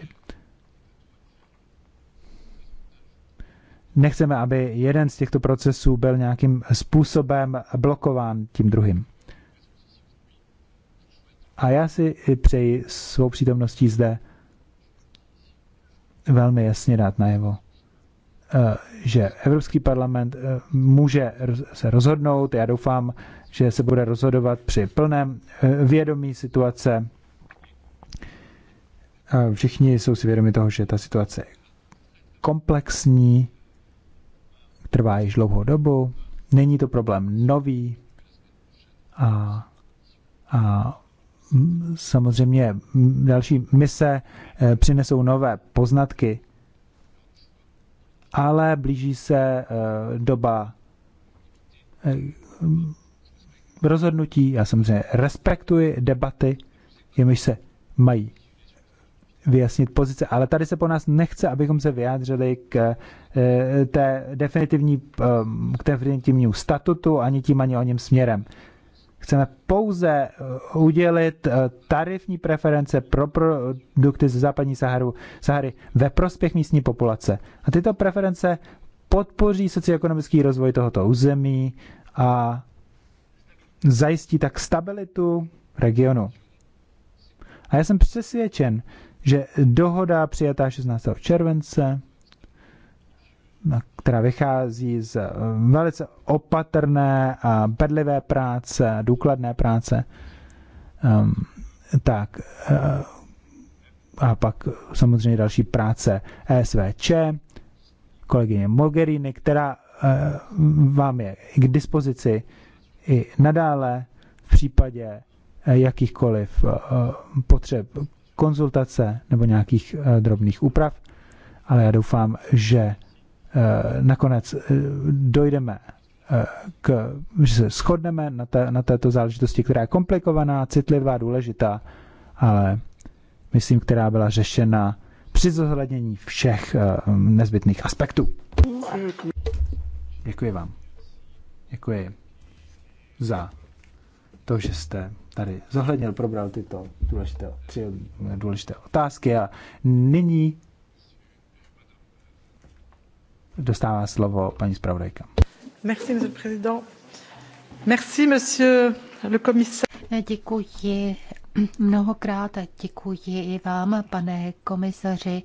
nechceme, aby jeden z těchto procesů byl nějakým způsobem blokován tím druhým. A já si přeji svou přítomností zde velmi jasně dát najevo, eh, že Evropský parlament eh, může se rozhodnout. Já doufám, že se bude rozhodovat při plném eh, vědomí situace. Všichni jsou si vědomi toho, že ta situace je komplexní, trvá již dlouhou dobu, není to problém nový a, a samozřejmě další mise eh, přinesou nové poznatky, ale blíží se eh, doba eh, rozhodnutí, já samozřejmě respektuji debaty, jimiž se mají vyjasnit pozice. Ale tady se po nás nechce, abychom se vyjádřili k eh, té definitivní, eh, k definitivnímu statutu ani tím, ani o něm směrem. Chceme pouze eh, udělit tarifní preference pro produkty ze západní Saharu, Sahary ve prospěch místní populace. A tyto preference podpoří socioekonomický rozvoj tohoto území a zajistí tak stabilitu regionu. A já jsem přesvědčen, že dohoda přijatá 16. července, která vychází z eh, velice opatrné a bedlivé práce, důkladné práce, ehm, tak eh, a pak samozřejmě další práce e SVČ kolegyně Mogherini, která eh, vám je k dispozici i nadále v případě jakýchkoliv potřeb konzultace nebo nějakých eh, drobných úprav, ale já doufám, že eh, nakonec eh, dojdeme k, že se shodneme na, té, na této záležitosti, která je komplikovaná, citlivá, důležitá, ale myslím, která byla řešena při zohlednění všech nezbytných aspektů. Děkuji vám. Děkuji za to, že jste tady zohlednil, probral tyto důležité, tři důležité otázky a nyní dostává slovo paní zpravodajka. Merci, monsieur président. Merci, monsieur le commissaire. Děkuji mnohokrát a děkuji i vám, pane komisaři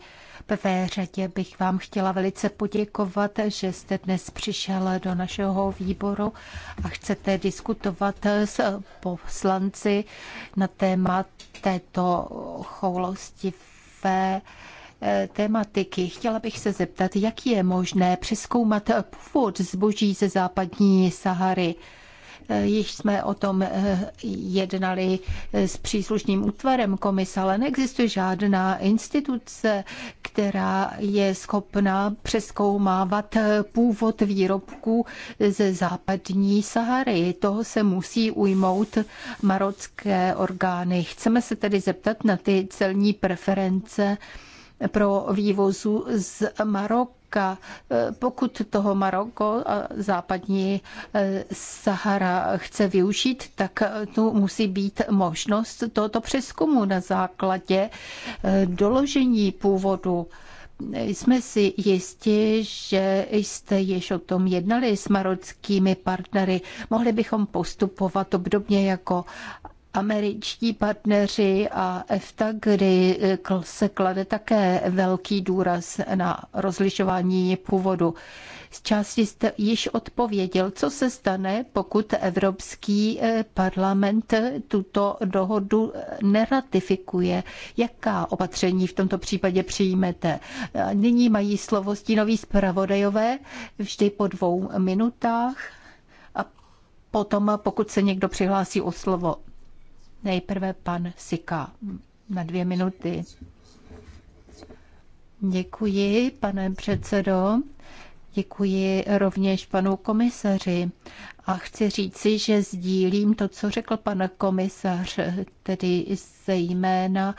prvé řadě bych vám chtěla velice poděkovat, že jste dnes přišel do našeho výboru a chcete diskutovat s poslanci na téma této choulostivé eh, tématiky. Chtěla bych se zeptat, jak je možné přeskoumat původ zboží ze západní Sahary. Eh, již jsme o tom eh, jednali eh, s příslušným útvarem komise, ale neexistuje žádná instituce, která je schopná přeskoumávat původ výrobků ze západní Sahary. Toho se musí ujmout marocké orgány. Chceme se tedy zeptat na ty celní preference pro vývozu z Marok Maroka. Eh, pokud toho Maroko a západní eh, Sahara chce využít, tak eh, tu musí být možnost tohoto přeskumu na základě doložení původu. Jsme si jistí, že jste již o tom jednali s marockými partnery. Mohli bychom postupovat obdobně jako američtí partneři a EFTA, kdy eh, se klade také velký důraz na rozlišování původu. Z části jste již odpověděl, co se stane, pokud Evropský eh, parlament eh, tuto dohodu neratifikuje. Jaká opatření v tomto případě přijmete? Nyní mají slovo stínoví zpravodajové vždy po dvou minutách. a Potom, pokud se někdo přihlásí o slovo Nejprve pan Sika na dvě minuty. Děkuji, pane předsedo. Děkuji rovněž panu komisaři a chci říci, že sdílím to, co řekl pan komisař, tedy zejména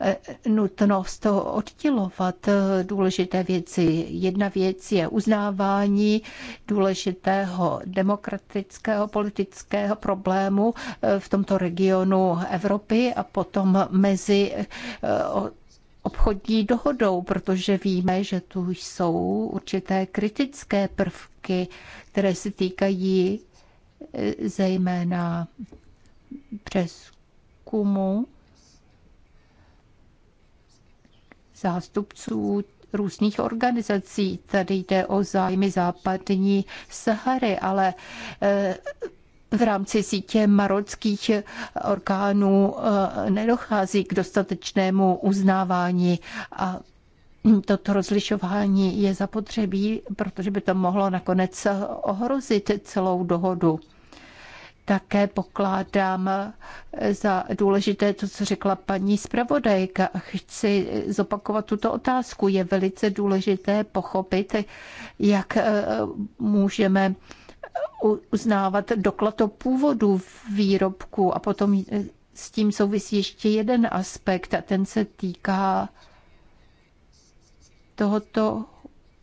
Eh, nutnost oddělovat eh, důležité věci. Jedna věc je uznávání důležitého demokratického politického problému eh, v tomto regionu Evropy a potom mezi obchodní dohodou, protože víme, že tu jsou určité kritické prvky, které se týkají zejména kumu zástupců různých organizací. Tady jde o zájmy západní Sahary, ale e, v rámci sítě marockých orgánů e, nedochází k dostatečnému uznávání a toto rozlišování je zapotřebí, protože by to mohlo nakonec ohrozit celou dohodu. Také pokládám za důležité to, co řekla paní zpravodajka. Chci zopakovat tuto otázku. Je velice důležité pochopit, jak eh, můžeme uznávat doklad o původu výrobku a potom eh, s tím souvisí ještě jeden aspekt a ten se týká tohoto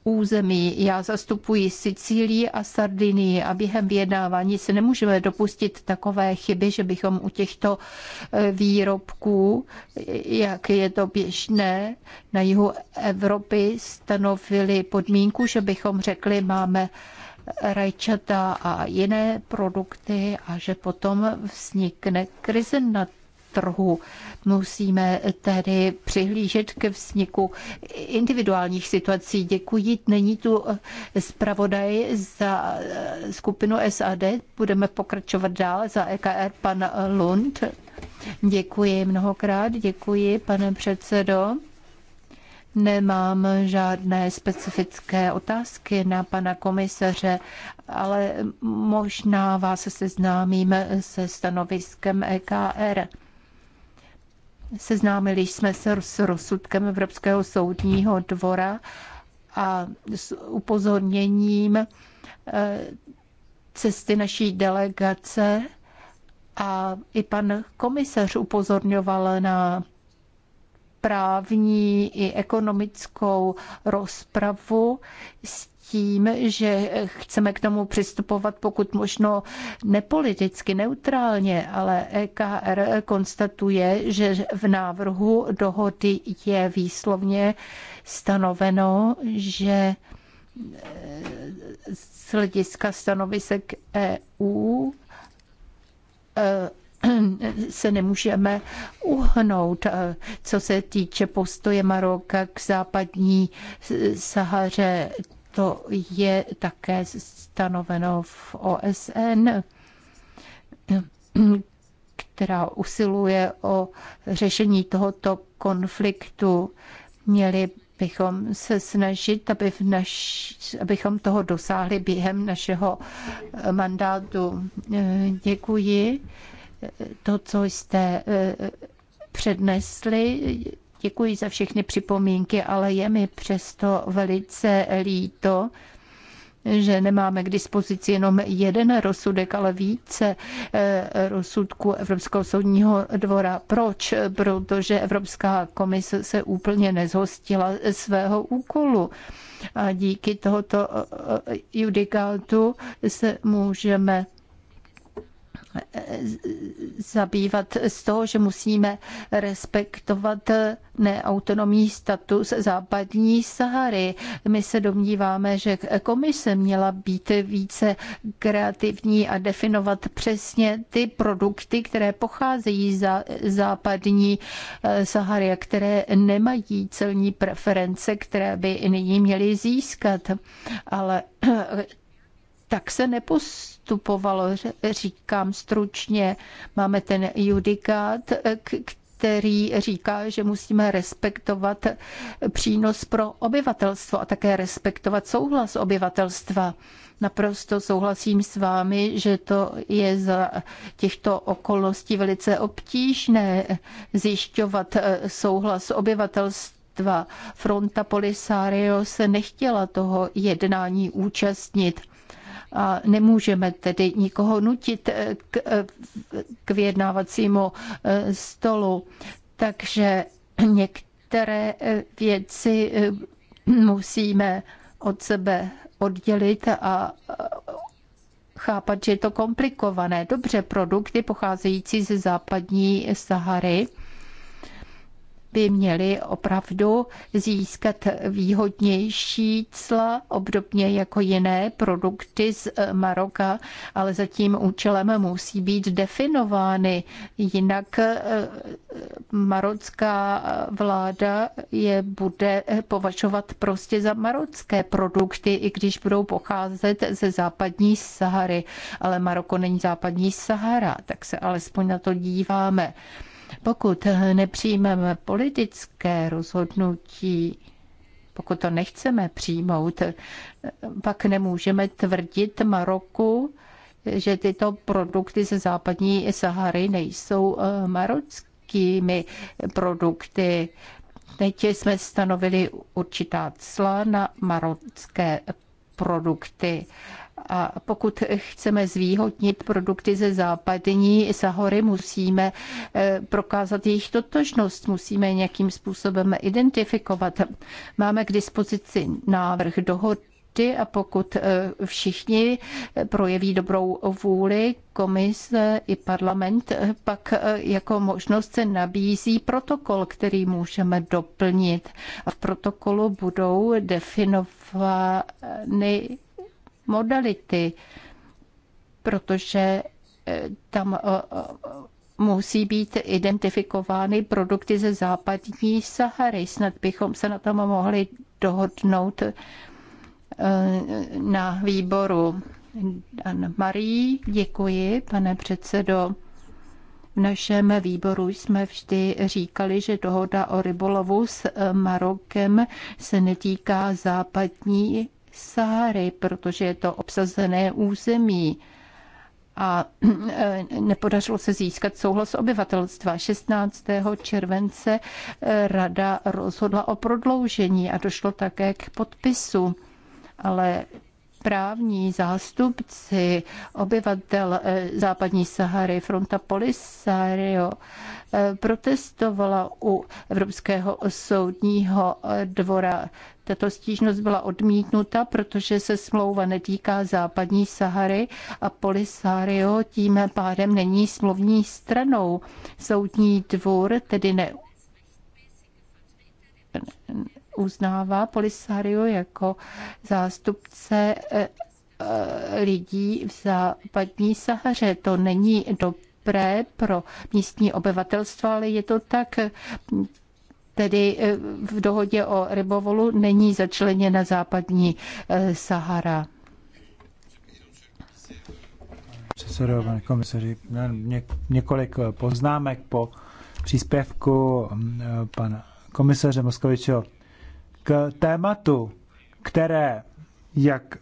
území. Já zastupuji Sicílii a Sardinii a během vyjednávání se nemůžeme dopustit takové chyby, že bychom u těchto e, výrobků, jak je to běžné, na jihu Evropy stanovili podmínku, že bychom řekli, máme rajčata a jiné produkty a že potom vznikne krize na trhu. Musíme tedy přihlížet ke vzniku individuálních situací. Děkuji, není tu eh, zpravodaj za eh, skupinu SAD. Budeme pokračovat dál za EKR pan Lund. Děkuji mnohokrát, děkuji pane předsedo. Nemám žádné specifické otázky na pana komisaře, ale možná vás seznámím se stanoviskem EKR. Seznámili jsme se s rozsudkem Evropského soudního dvora a s upozorněním eh, cesty naší delegace a i pan komisař upozorňoval na právní i ekonomickou rozpravu s tím, že chceme k tomu přistupovat pokud možno nepoliticky, neutrálně, ale EKR konstatuje, že v návrhu dohody je výslovně stanoveno, že eh, z hlediska stanovisek EU eh, [clears throat] se nemůžeme uhnout, eh, co se týče postoje Maroka k západní Sahaře to je také stanoveno v OSN, která usiluje o řešení tohoto konfliktu. Měli bychom se snažit, aby v naš, abychom toho dosáhli během našeho eh, mandátu. Eh, děkuji. Eh, to, co jste přednesli, Děkuji za všechny připomínky, ale je mi přesto velice líto, že nemáme k dispozici jenom jeden rozsudek, ale více eh, rozsudků Evropského soudního dvora. Proč? Protože Evropská komise se úplně nezhostila svého úkolu. A díky tohoto eh, eh, judikátu se můžeme zabývat z toho, že musíme respektovat neautonomní status západní Sahary. My se domníváme, že komise měla být více kreativní a definovat přesně ty produkty, které pocházejí z západní eh, Sahary a které nemají celní preference, které by nyní měly získat. Ale tak se nepostupovalo, říkám stručně. Máme ten judikát, který říká, že musíme respektovat přínos pro obyvatelstvo a také respektovat souhlas obyvatelstva. Naprosto souhlasím s vámi, že to je za těchto okolností velice obtížné zjišťovat eh, souhlas obyvatelstva. Fronta Polisario se nechtěla toho jednání účastnit a nemůžeme tedy nikoho nutit eh, k, eh, k vyjednávacímu eh, stolu. Takže některé věci musíme od sebe oddělit a chápat, že je to komplikované. Dobře, produkty pocházející ze západní Sahary by měly opravdu získat výhodnější cla, obdobně jako jiné produkty z eh, Maroka, ale za tím účelem musí být definovány. Jinak eh, marocká eh, vláda je bude považovat prostě za marocké produkty, i když budou pocházet ze západní Sahary. Ale Maroko není západní Sahara, tak se alespoň na to díváme. Pokud nepřijmeme politické rozhodnutí, pokud to nechceme přijmout, pak nemůžeme tvrdit Maroku, že tyto produkty ze západní Sahary nejsou eh, marockými produkty. Teď jsme stanovili určitá cla na marocké produkty a pokud chceme zvýhodnit produkty ze západní Sahory, musíme eh, prokázat jejich totožnost, musíme nějakým způsobem identifikovat. Máme k dispozici návrh dohod a pokud eh, všichni eh, projeví dobrou vůli, komise i parlament, pak jako možnost se nabízí protokol, který můžeme doplnit. A v protokolu budou definovány modality, protože eh, tam eh, eh, musí být identifikovány produkty ze západní Sahary. Snad bychom se na tom mohli dohodnout na výboru. Dan Marí, děkuji, pane předsedo. V našem výboru jsme vždy říkali, že dohoda o rybolovu s Marokem se netýká západní Sáry, protože je to obsazené území a eh, nepodařilo se získat souhlas obyvatelstva. 16. července eh, rada rozhodla o prodloužení a došlo také k podpisu. Ale právní zástupci obyvatel eh, západní Sahary, Fronta Polisario, protestovala u Evropského soudního dvora tato stížnost byla odmítnuta, protože se smlouva netýká západní Sahary a Polisario tím pádem není smluvní stranou. Soudní dvůr tedy ne uznává Polisario jako zástupce eh, eh, lidí v západní Sahaře. To není dobré pro místní obyvatelstvo, ale je to tak tedy eh, v dohodě o rybovolu není začleněna západní eh, Sahara. Předsedové, komisaři, několik eh, poznámek po příspěvku mm, pana komisaře Moskovičeho k tématu, které, jak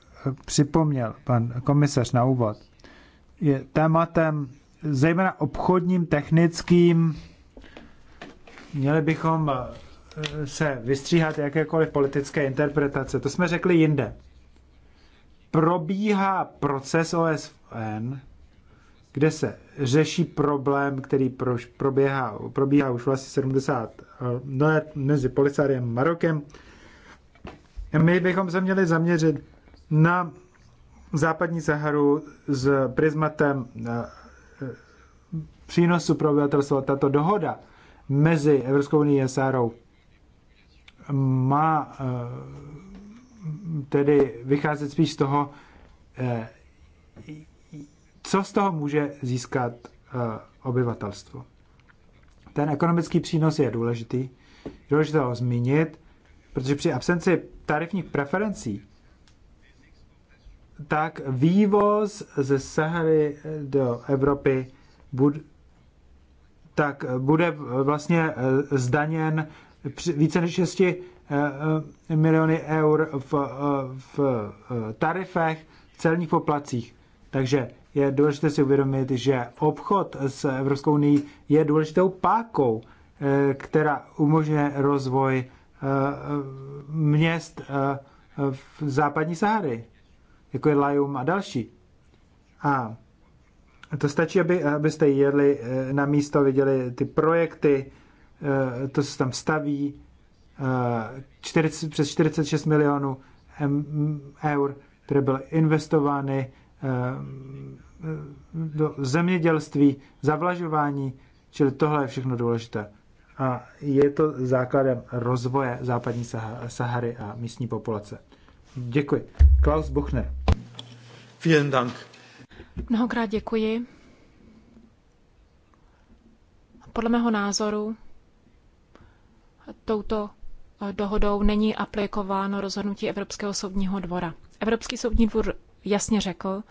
připomněl pan komisař na úvod, je tématem zejména obchodním, technickým, Měli bychom eh, se vystříhat jakékoliv politické interpretace. To jsme řekli jinde. Probíhá proces OSN, kde se řeší problém, který proš, proběhá, probíhá už vlastně 70 let eh, no, mezi Polisariem a Marokem. My bychom se měli zaměřit na západní Saharu s prismatem eh, přínosu pro obyvatelstvo. Tato dohoda mezi Evropskou unii a SRO má eh, tedy vycházet spíš z toho, eh, co z toho může získat eh, obyvatelstvo. Ten ekonomický přínos je důležitý, důležité ho zmínit, protože při absenci tarifních preferencí tak vývoz ze Sahary do Evropy tak eh, bude eh, vlastně eh, zdaněn více než 6 miliony eur v, v tarifech, v celních poplacích. Takže je důležité si uvědomit, že obchod s Evropskou unii je důležitou pákou, která umožňuje rozvoj měst v západní Sahary, jako je Lajum a další. A to stačí, aby, abyste jeli eh, na místo, viděli ty projekty, eh, to se tam staví, 40, eh, přes 46 milionů eur, které byly investovány do zemědělství, zavlažování, čili tohle je všechno důležité. A je to základem rozvoje západní Sahary a místní populace. Děkuji. Klaus Buchner. Vielen Dank. Mnohokrát děkuji. Podle mého názoru touto eh, dohodou není aplikováno rozhodnutí Evropského soudního dvora. Evropský soudní dvůr jasně řekl,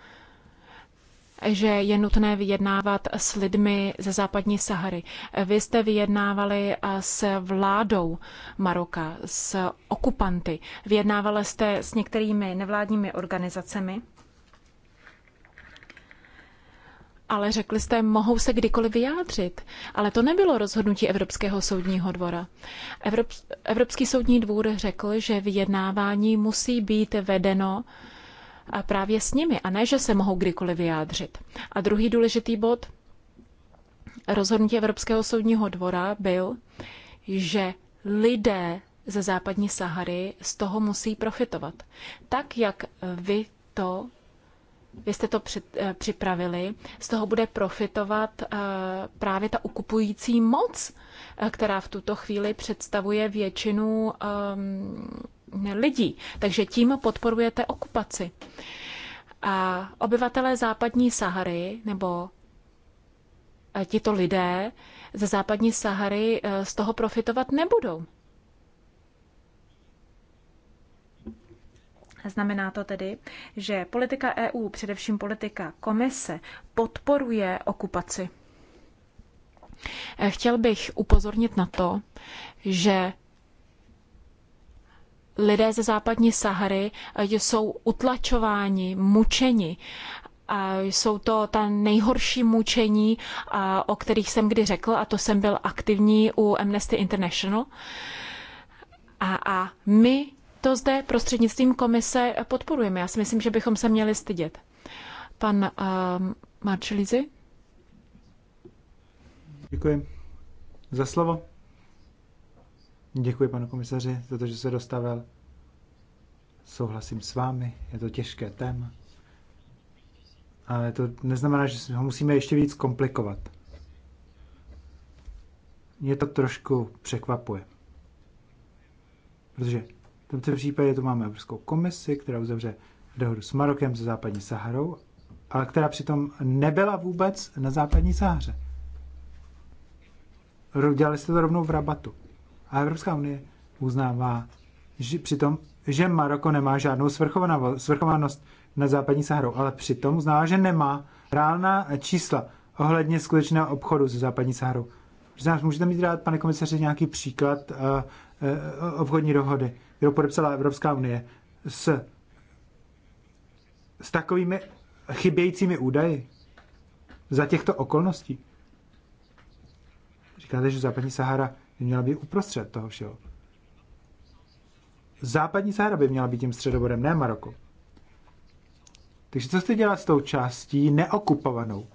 že je nutné vyjednávat s lidmi ze západní Sahary. Vy jste vyjednávali eh, s vládou Maroka, s okupanty. Vyjednávali jste s některými nevládními organizacemi ale řekli jste, mohou se kdykoliv vyjádřit. Ale to nebylo rozhodnutí Evropského soudního dvora. Evropský soudní dvůr řekl, že vyjednávání musí být vedeno právě s nimi a ne, že se mohou kdykoliv vyjádřit. A druhý důležitý bod rozhodnutí Evropského soudního dvora byl, že lidé ze západní Sahary z toho musí profitovat. Tak, jak vy to vy jste to eh, připravili, z toho bude profitovat eh, právě ta ukupující moc, eh, která v tuto chvíli představuje většinu ehm, lidí. Takže tím podporujete okupaci. A obyvatelé západní Sahary nebo tito lidé ze západní Sahary z toho profitovat nebudou. Znamená to tedy, že politika EU, především politika komise, podporuje okupaci. Chtěl bych upozornit na to, že lidé ze západní Sahary eh, jsou utlačováni, mučeni. A jsou to ta nejhorší mučení, eh, o kterých jsem kdy řekl, a to jsem byl aktivní u Amnesty International. A, a my to zde prostřednictvím komise podporujeme. Já si myslím, že bychom se měli stydět. Pan uh, ehm, Marčelizi? Děkuji za slovo. Děkuji panu komisaři za to, že se dostavil. Souhlasím s vámi, je to těžké téma. Ale to neznamená, že ho musíme ještě víc komplikovat. Mě to trošku překvapuje. Protože v tomto případě tu máme Evropskou komisi, která uzavře dohodu s Marokem ze západní Saharou, ale která přitom nebyla vůbec na západní Sahaře. Dělali jste to rovnou v Rabatu. A Evropská unie uznává že přitom, že Maroko nemá žádnou svrchovanost na západní Saharou, ale přitom uznává, že nemá reálná čísla ohledně skutečného obchodu se západní Saharou. můžete mi dát, pane komisaře nějaký příklad uh, uh, obchodní dohody, kterou podepsala Evropská unie, s, s takovými chybějícími údaji za těchto okolností. Říkáte, že západní Sahara by měla být uprostřed toho všeho. Západní Sahara by měla být tím středobodem, ne Maroko. Takže co jste dělat s tou částí neokupovanou?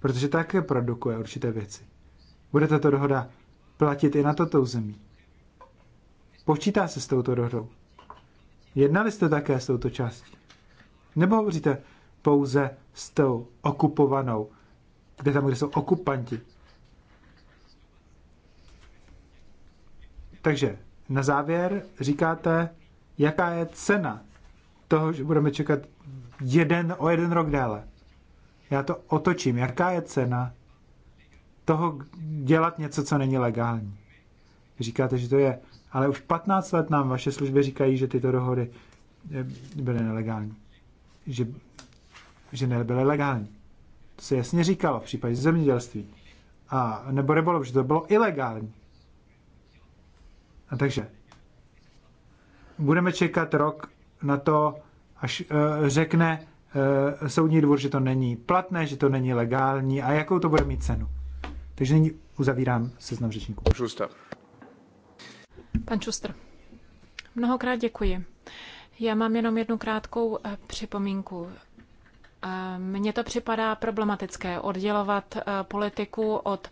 Protože také produkuje určité věci. Bude tato dohoda platit i na toto zemí. Počítá se s touto dohodou? Jednali jste také s touto částí? Nebo hovoříte pouze s tou okupovanou, kde tam, kde jsou okupanti? Takže na závěr říkáte, jaká je cena toho, že budeme čekat jeden o jeden rok déle. Já to otočím. Jaká je cena toho dělat něco, co není legální? Říkáte, že to je ale už 15 let nám vaše služby říkají, že tyto dohody eh, byly nelegální. Že, že nebyly legální. To se jasně říkalo v případě zemědělství. A, nebo rybolov, že to bylo ilegální. A takže budeme čekat rok na to, až uh, řekne uh, soudní dvůr, že to není platné, že to není legální a jakou to bude mít cenu. Takže nyní uzavírám seznam řečníků. Šustav. Pan Čustr. Mnohokrát děkuji. Já mám jenom jednu krátkou eh, připomínku. Eh, mně to připadá problematické oddělovat eh, politiku od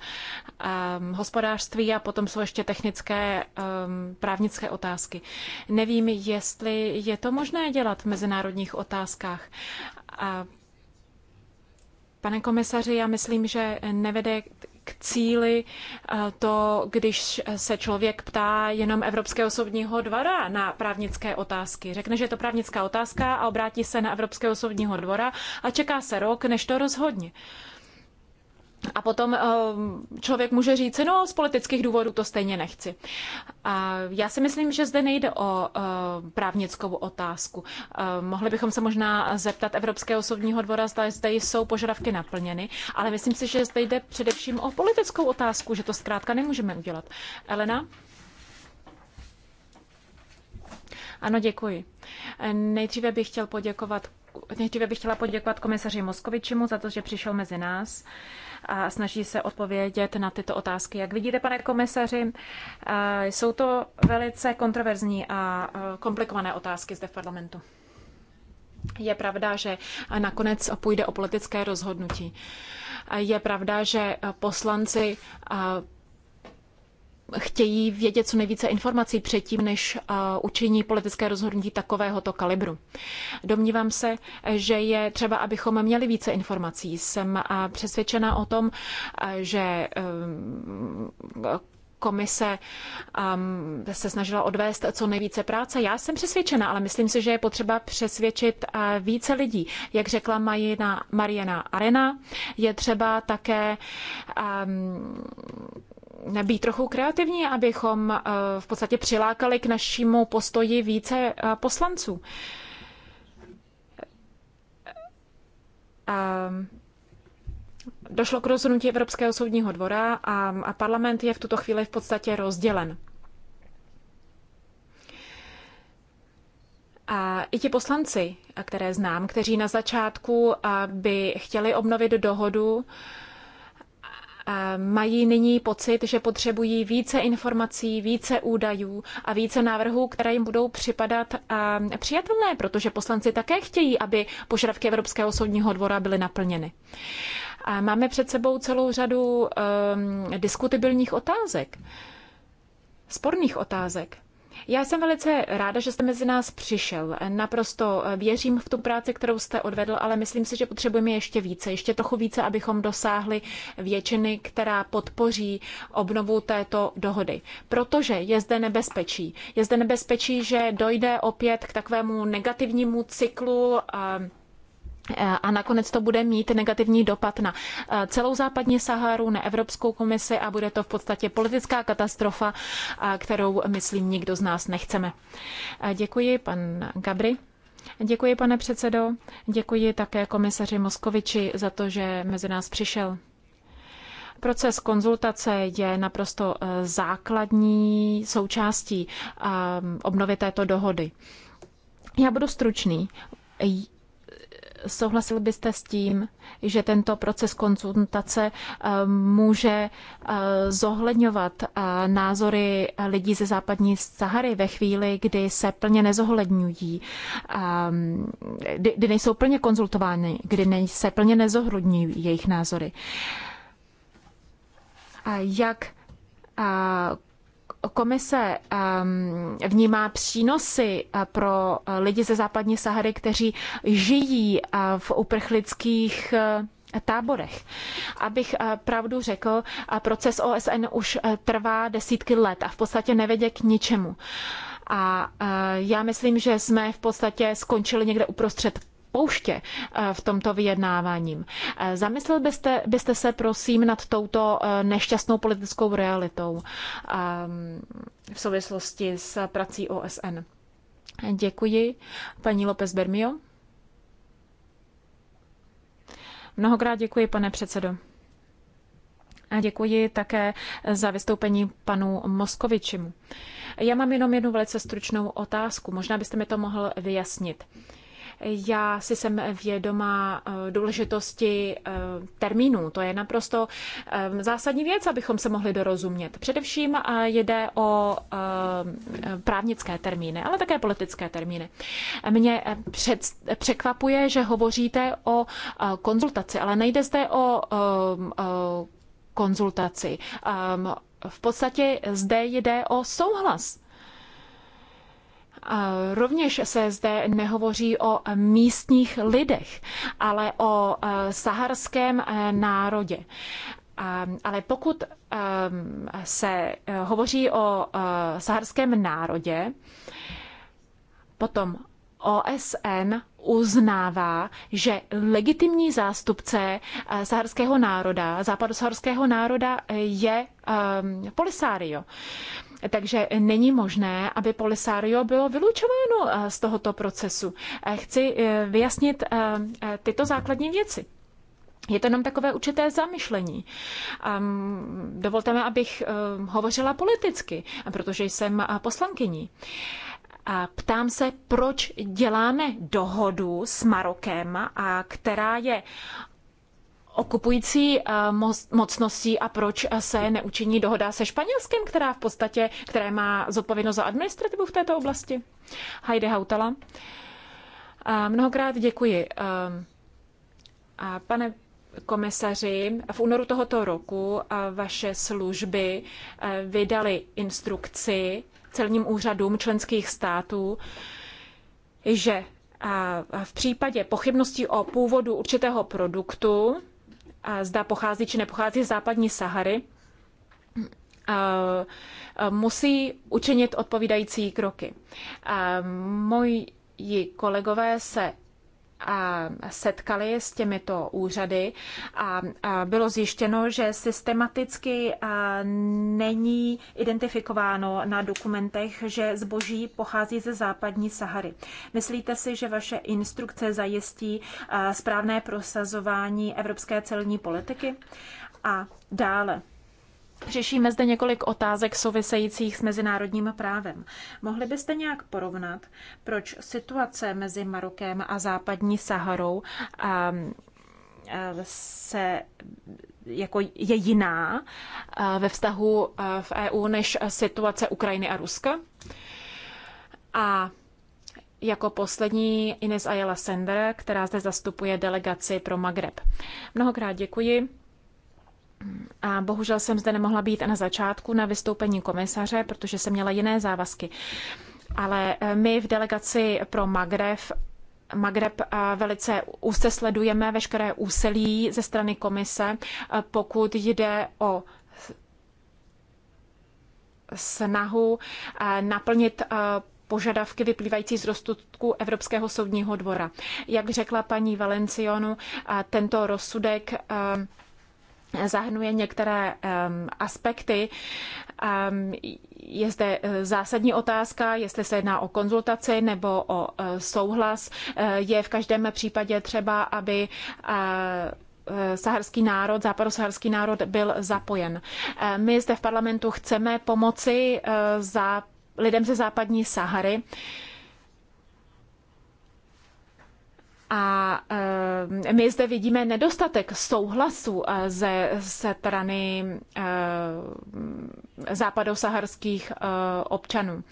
ehm, hospodářství a potom jsou ještě technické ehm, právnické otázky. Nevím, jestli je to možné dělat v mezinárodních otázkách. Pane komisaři, já myslím, že nevede k cíli eh, to, když se člověk ptá jenom Evropského soudního dvora na právnické otázky. Řekne, že je to právnická otázka a obrátí se na Evropského soudního dvora a čeká se rok, než to rozhodně. A potom eh, člověk může říct, no z politických důvodů to stejně nechci. A já si myslím, že zde nejde o eh, právnickou otázku. Eh, mohli bychom se možná zeptat Evropského soudního dvora, zda zde jsou požadavky naplněny, ale myslím si, že zde jde především o politickou otázku, že to zkrátka nemůžeme udělat. Elena? Ano, děkuji. Nejdříve bych chtěl poděkovat Nejdříve bych chtěla poděkovat komisaři Moskovičimu za to, že přišel mezi nás a snaží se odpovědět na tyto otázky. Jak vidíte, pane komisaři, jsou to velice kontroverzní a komplikované otázky zde v parlamentu. Je pravda, že nakonec půjde o politické rozhodnutí. Je pravda, že poslanci chtějí vědět co nejvíce informací předtím, než učiní politické rozhodnutí takovéhoto kalibru. Domnívám se, že je třeba, abychom měli více informací. Jsem přesvědčena o tom, že um, komise um, se snažila odvést co nejvíce práce. Já jsem přesvědčena, ale myslím si, že je potřeba přesvědčit uh, více lidí. Jak řekla Majina, Mariana Arena, je třeba také um, být trochu kreativní, abychom eh, v podstatě přilákali k našemu postoji více eh, poslanců. A ehm, došlo k rozhodnutí Evropského soudního dvora a parlament je v tuto chvíli v podstatě rozdělen. A i ti poslanci, které znám, kteří na začátku eh, by chtěli obnovit dohodu, mají nyní pocit, že potřebují více informací, více údajů a více návrhů, které jim budou připadat přijatelné, protože poslanci také chtějí, aby požadavky Evropského soudního dvora byly naplněny. A máme před sebou celou řadu um, otázek, sporných otázek. Já jsem velice ráda, že jste mezi nás přišel. Naprosto věřím v tu práci, kterou jste odvedl, ale myslím si, že potřebujeme ještě více, ještě trochu více, abychom dosáhli většiny, která podpoří obnovu této dohody. Protože je zde nebezpečí. Je zde nebezpečí, že dojde opět k takovému negativnímu cyklu. Eh, a nakonec to bude mít negativní dopad na eh, celou západní Saharu, na Evropskou komisi a bude to v podstatě politická katastrofa, eh, kterou, myslím, nikdo z nás nechceme. Eh, děkuji, pan Gabry. Děkuji, pane předsedo. Děkuji také komisaři Moskoviči za to, že mezi nás přišel. Proces konzultace je naprosto základní součástí obnovy této dohody. Já budu stručný Souhlasil byste s tím, že tento proces konzultace eh, může eh, zohledňovat eh, názory lidí ze západní Sahary ve chvíli, kdy se plně nezohledňují, kdy nejsou plně konzultovány, kdy se plně nezohledňují jejich názory. Jak komise ehm, vnímá přínosy eh, pro eh, lidi ze západní Sahary, kteří žijí eh, v uprchlických táborech. Abych pravdu řekl, proces OSN už trvá desítky let a v podstatě nevedě k ničemu. A já myslím, že jsme v podstatě skončili někde uprostřed pouště eh, v tomto vyjednávání. Eh, zamyslel byste, byste se prosím nad touto eh, nešťastnou politickou realitou ehm, v souvislosti s prací OSN. Děkuji, paní López Bermio. Mnohokrát děkuji, pane předsedo. A děkuji také za vystoupení panu Moskovičimu. Já mám jenom jednu velice stručnou otázku. Možná byste mi to mohl vyjasnit. Já si jsem vědomá eh, důležitosti eh, termínů. To je naprosto eh, zásadní věc, abychom se mohli dorozumět. Především jde o právnické termíny, ale také politické termíny. Mě před, překvapuje, že hovoříte o konzultaci, ale nejde zde o, konzultaci. Ehm, v podstatě zde jde o souhlas. Rovněž se zde nehovoří o místních lidech, ale o eh, saharském eh, národě. Ale pokud ehm, se eh, hovoří o saharském národě, potom OSN uznává, že legitimní zástupce saharského národa, západosaharského národa je ehm, Polisario. Takže není možné, aby Polisario bylo vylučováno eh, z tohoto procesu. Eh, chci eh, vyjasnit tyto základní věci. Je to jenom takové určité zamyšlení. Um, dovolte mi, abych um, hovořila politicky, protože jsem poslankyní. A ptám se, proč děláme dohodu s Marokem, a která je okupující eh, mocností a proč eh, se neučiní dohoda se Španělskem, která v podstatě, které má zodpovědnost za administrativu v této oblasti? Heide Hautala. Eh, mnohokrát děkuji. Pane komisaři, v únoru tohoto roku vaše služby vydaly instrukci celním úřadům členských států, že v případě pochybností o původu určitého produktu zda pochází či nepochází z západní Sahary, musí učinit odpovídající kroky. Moji kolegové se setkali s těmito úřady a bylo zjištěno, že systematicky není identifikováno na dokumentech, že zboží pochází ze západní Sahary. Myslíte si, že vaše instrukce zajistí správné prosazování evropské celní politiky? A dále. Řešíme zde několik otázek souvisejících s mezinárodním právem. Mohli byste nějak porovnat, proč situace mezi Marokem a západní Saharou ehm, ehm, se jako je jiná eh, ve vztahu eh, v EU než situace Ukrajiny a Ruska? A jako poslední Ines Ayala Sender, která zde zastupuje delegaci pro Magreb. Mnohokrát děkuji. A bohužel jsem zde nemohla být na začátku na vystoupení komisaře, protože jsem měla jiné závazky. Ale eh, my v delegaci pro Magreb Magreb eh, velice úzce sledujeme veškeré úsilí ze strany komise, eh, pokud jde o snahu naplnit požadavky vyplývající z rozsudku Evropského soudního dvora. Jak řekla paní Valencionu, tento rozsudek zahrnuje některé um, aspekty. Um, je zde eh, zásadní otázka, jestli se jedná o konzultaci nebo o uh, souhlas. Uh, je v každém případě třeba, aby uh, saharský národ, západosaharský národ byl zapojen. My zde v parlamentu chceme pomoci za lidem ze západní Sahary. Uh, A eh, my zde vidíme nedostatek souhlasu eh, ze strany eh, západosaharských občanů.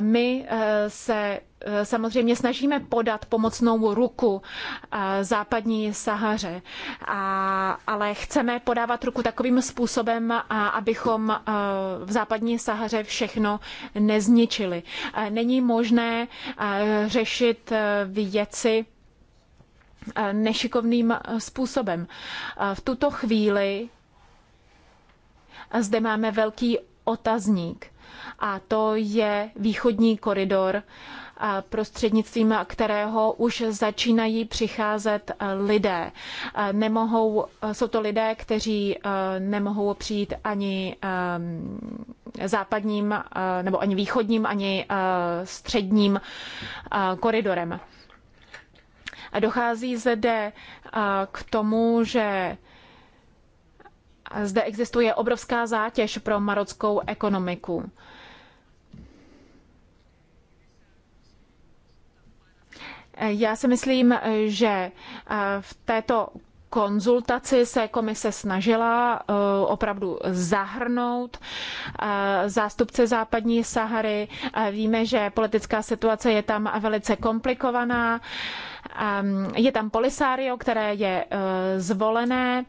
My se Eh, samozřejmě snažíme podat pomocnou ruku eh, západní Sahaře, ale chceme podávat ruku takovým způsobem, abychom eh, v západní Sahaře všechno nezničili. Není možné řešit věci nešikovným způsobem. V tuto chvíli zde máme velký otazník a to je východní koridor, prostřednictvím kterého už začínají přicházet eh, lidé. Eh, nemohou, eh, jsou to lidé, kteří nemohou přijít ani ehm, západním, nebo ani východním, ani středním koridorem. Dochází zde k tomu, že zde existuje obrovská zátěž pro marockou ekonomiku. Já si myslím, že eh, v této konzultaci se komise snažila eh, opravdu zahrnout eh, zástupce západní Sahary. Víme, že politická situace je tam velice komplikovaná. Ehm, je tam Polisario, které je zvolené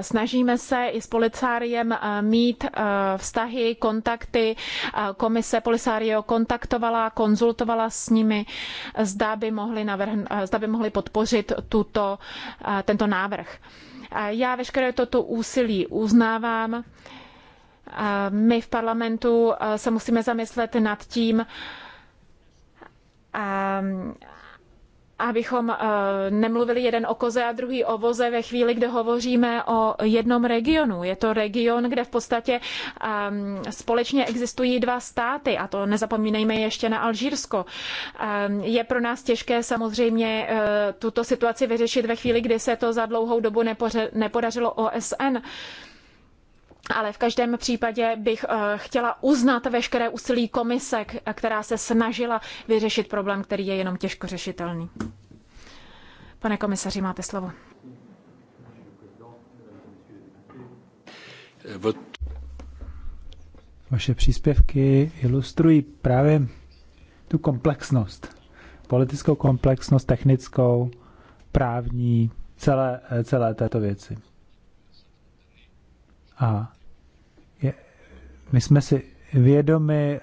Snažíme se i s Policáriem mít vztahy, kontakty. Komise Polisario kontaktovala, konzultovala s nimi, zda by mohli, navrhn- zda by mohli podpořit tuto, tento návrh. Já veškeré toto úsilí uznávám. My v parlamentu se musíme zamyslet nad tím, abychom eh, nemluvili jeden o koze a druhý o voze ve chvíli, kdy hovoříme o jednom regionu. Je to region, kde v podstatě ehm, společně existují dva státy, a to nezapomínejme ještě na Alžírsko. Ehm, je pro nás těžké samozřejmě eh, tuto situaci vyřešit ve chvíli, kdy se to za dlouhou dobu nepodařilo OSN ale v každém případě bych eh, chtěla uznat veškeré úsilí komise, která se snažila vyřešit problém, který je jenom těžko řešitelný. Pane komisaři, máte slovo. Vaše příspěvky ilustrují právě tu komplexnost, politickou komplexnost, technickou, právní, celé, eh, celé této věci. A my jsme si vědomi eh,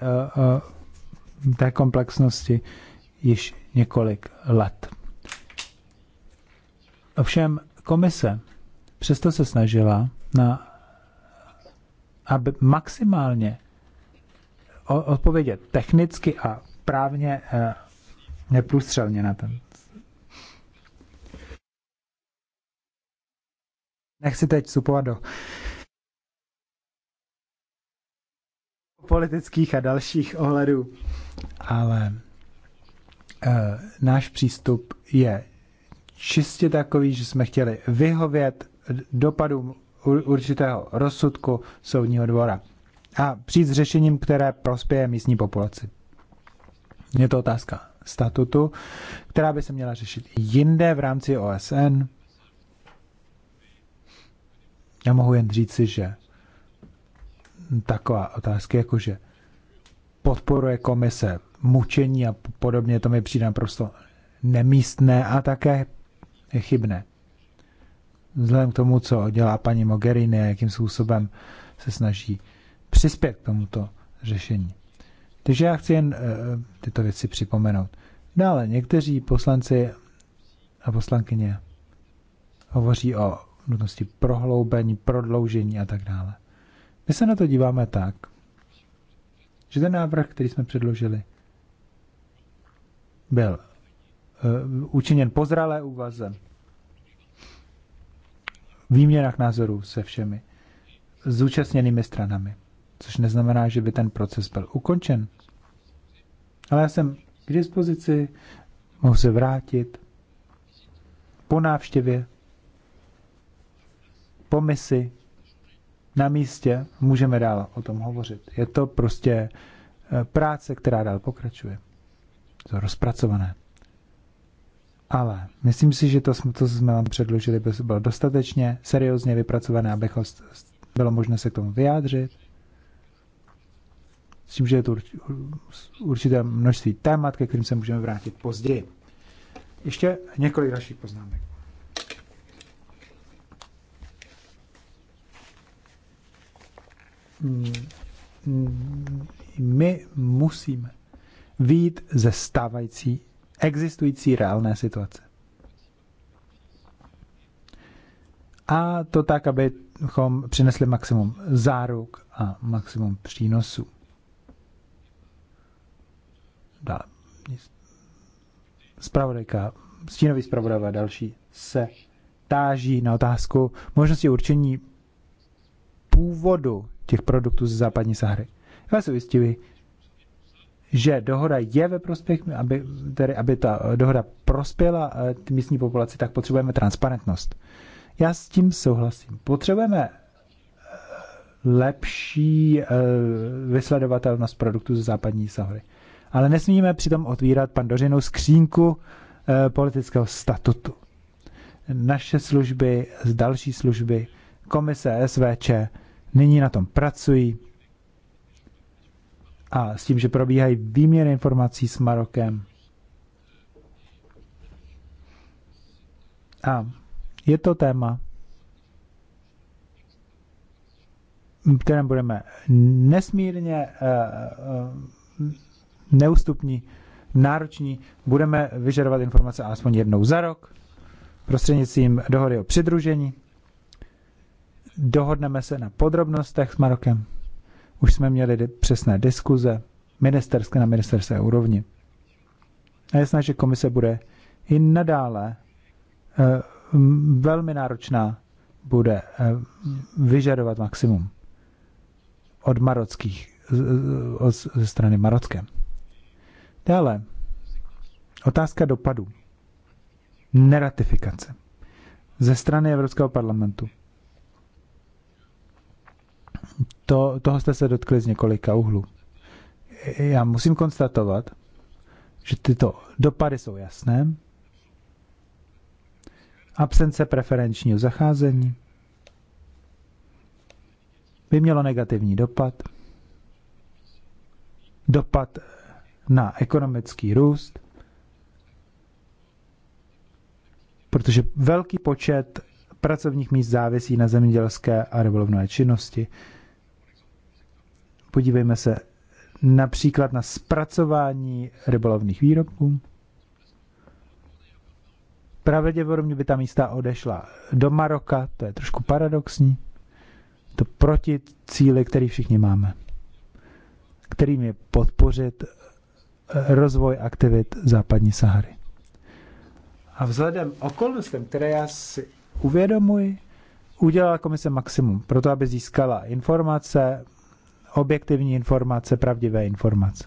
eh, té komplexnosti již několik let. Ovšem komise přesto se snažila na, aby maximálně odpovědět technicky a právně eh, neprůstřelně na ten. Nechci teď supovat do politických a dalších ohledů. Ale uh, náš přístup je čistě takový, že jsme chtěli vyhovět dopadům určitého rozsudku soudního dvora a přijít s řešením, které prospěje místní populaci. Je to otázka statutu, která by se měla řešit jinde v rámci OSN. Já mohu jen říci, že taková otázka, jakože podporuje komise mučení a podobně, to mi přijde naprosto nemístné a také chybné. Vzhledem k tomu, co dělá paní Mogherini a jakým způsobem se snaží přispět k tomuto řešení. Takže já chci jen uh, tyto věci připomenout. Dále no někteří poslanci a poslankyně hovoří o nutnosti prohloubení, prodloužení a tak dále. My se na to díváme tak, že ten návrh, který jsme předložili, byl uh, učiněn po zralé úvaze, výměnách názorů se všemi zúčastněnými stranami, což neznamená, že by ten proces byl ukončen. Ale já jsem k dispozici, mohu se vrátit po návštěvě, po misi, na místě, můžeme dál o tom hovořit. Je to prostě eh, práce, která dál pokračuje. To rozpracované. Ale myslím si, že to, co jsme vám předložili, by bylo dostatečně seriózně vypracované, aby bylo možné se k tomu vyjádřit. S tím, že je to určité množství témat, ke kterým se můžeme vrátit později. Ještě několik dalších poznámek. Mm, mm, my musíme výjít ze stávající, existující reálné situace. A to tak, abychom přinesli maximum záruk a maximum přínosů. Spravodajka, stínový spravodajka a další se táží na otázku možnosti určení původu těch produktů ze západní Sahary. Já se ujistili, že dohoda je ve prospěch, aby, tedy aby ta dohoda prospěla eh, místní populaci, tak potřebujeme transparentnost. Já s tím souhlasím. Potřebujeme eh, lepší eh, vysledovatelnost produktů ze západní Sahary. Ale nesmíme přitom otvírat pandořinou skřínku politického statutu. Naše služby, další služby, komise SVČ nyní na tom pracují a s tím, že probíhají výměny informací s Marokem. A je to téma, kterém budeme nesmírně eh, eh, neustupní, nároční. Budeme vyžadovat informace alespoň jednou za rok prostřednictvím dohody o přidružení dohodneme se na podrobnostech s Marokem. Už jsme měli přesné diskuze ministerské na ministerské úrovni. A je snad, že komise bude i nadále eh, velmi náročná, bude eh, vyžadovat maximum od marockých, ze strany Marocké. Dále, otázka dopadu. Neratifikace. Ze strany Evropského parlamentu to, toho jste se dotkli z několika uhlů. Já musím konstatovat, že tyto dopady jsou jasné. Absence preferenčního zacházení by mělo negativní dopad. Dopad na ekonomický růst, protože velký počet pracovních míst závisí na zemědělské a rybolovné činnosti. Podívejme se například na zpracování rybolovných výrobků. Pravděpodobně by ta místa odešla do Maroka, to je trošku paradoxní. To proti cíli, který všichni máme, kterým je podpořit eh, rozvoj aktivit západní Sahary. A vzhledem okolnostem, které já si uvědomuji, udělala komise maximum pro to, aby získala informace, objektivní informace, pravdivé informace.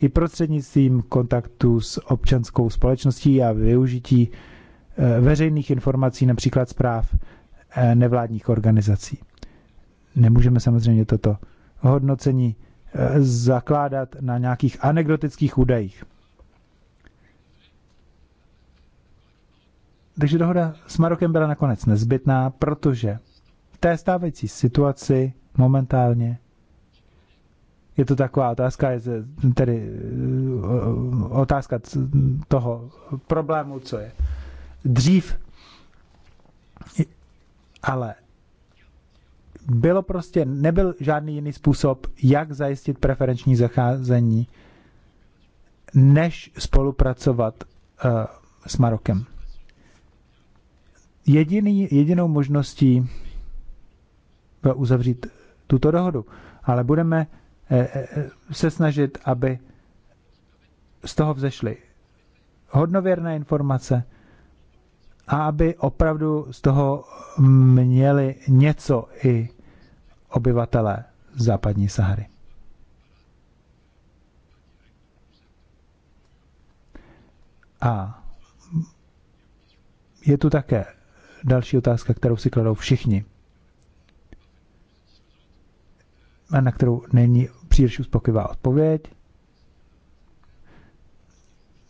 I prostřednictvím kontaktu s občanskou společností a využití eh, veřejných informací, například zpráv eh, nevládních organizací. Nemůžeme samozřejmě toto hodnocení eh, zakládat na nějakých anekdotických údajích. Takže dohoda s Marokem byla nakonec nezbytná, protože v té stávající situaci momentálně je to taková otázka, je tedy eh, otázka toho problému, co je dřív, ale bylo prostě, nebyl žádný jiný způsob, jak zajistit preferenční zacházení, než spolupracovat uh, s Marokem. Jediný, jedinou možností bylo uzavřít tuto dohodu, ale budeme Eh, eh, eh, se snažit, aby z toho vzešly hodnověrné informace a aby opravdu z toho měli něco i obyvatelé západní Sahary. A je tu také další otázka, kterou si kladou všichni. na kterou není příliš uspokojivá odpověď,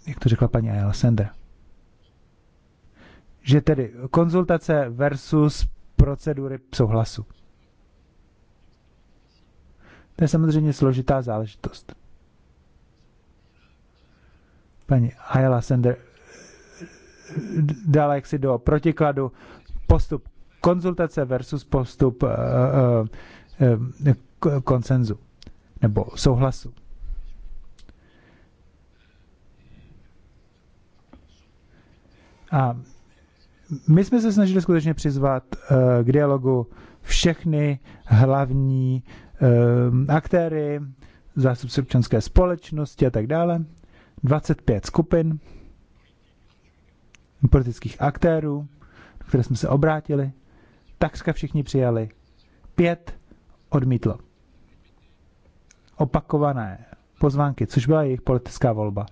jak to řekla paní Ayala Sender. Že tedy konzultace versus procedury souhlasu. To je samozřejmě složitá záležitost. Paní Ayala Sender dala jaksi do protikladu postup konzultace versus postup uh, uh, uh, konsenzu nebo souhlasu. A my jsme se snažili skutečně přizvat eh, k dialogu všechny hlavní eh, aktéry, zástupce občanské společnosti a tak dále. 25 skupin politických aktérů, které jsme se obrátili, takřka všichni přijali. Pět odmítlo opakované pozvánky, což byla jejich politická volba.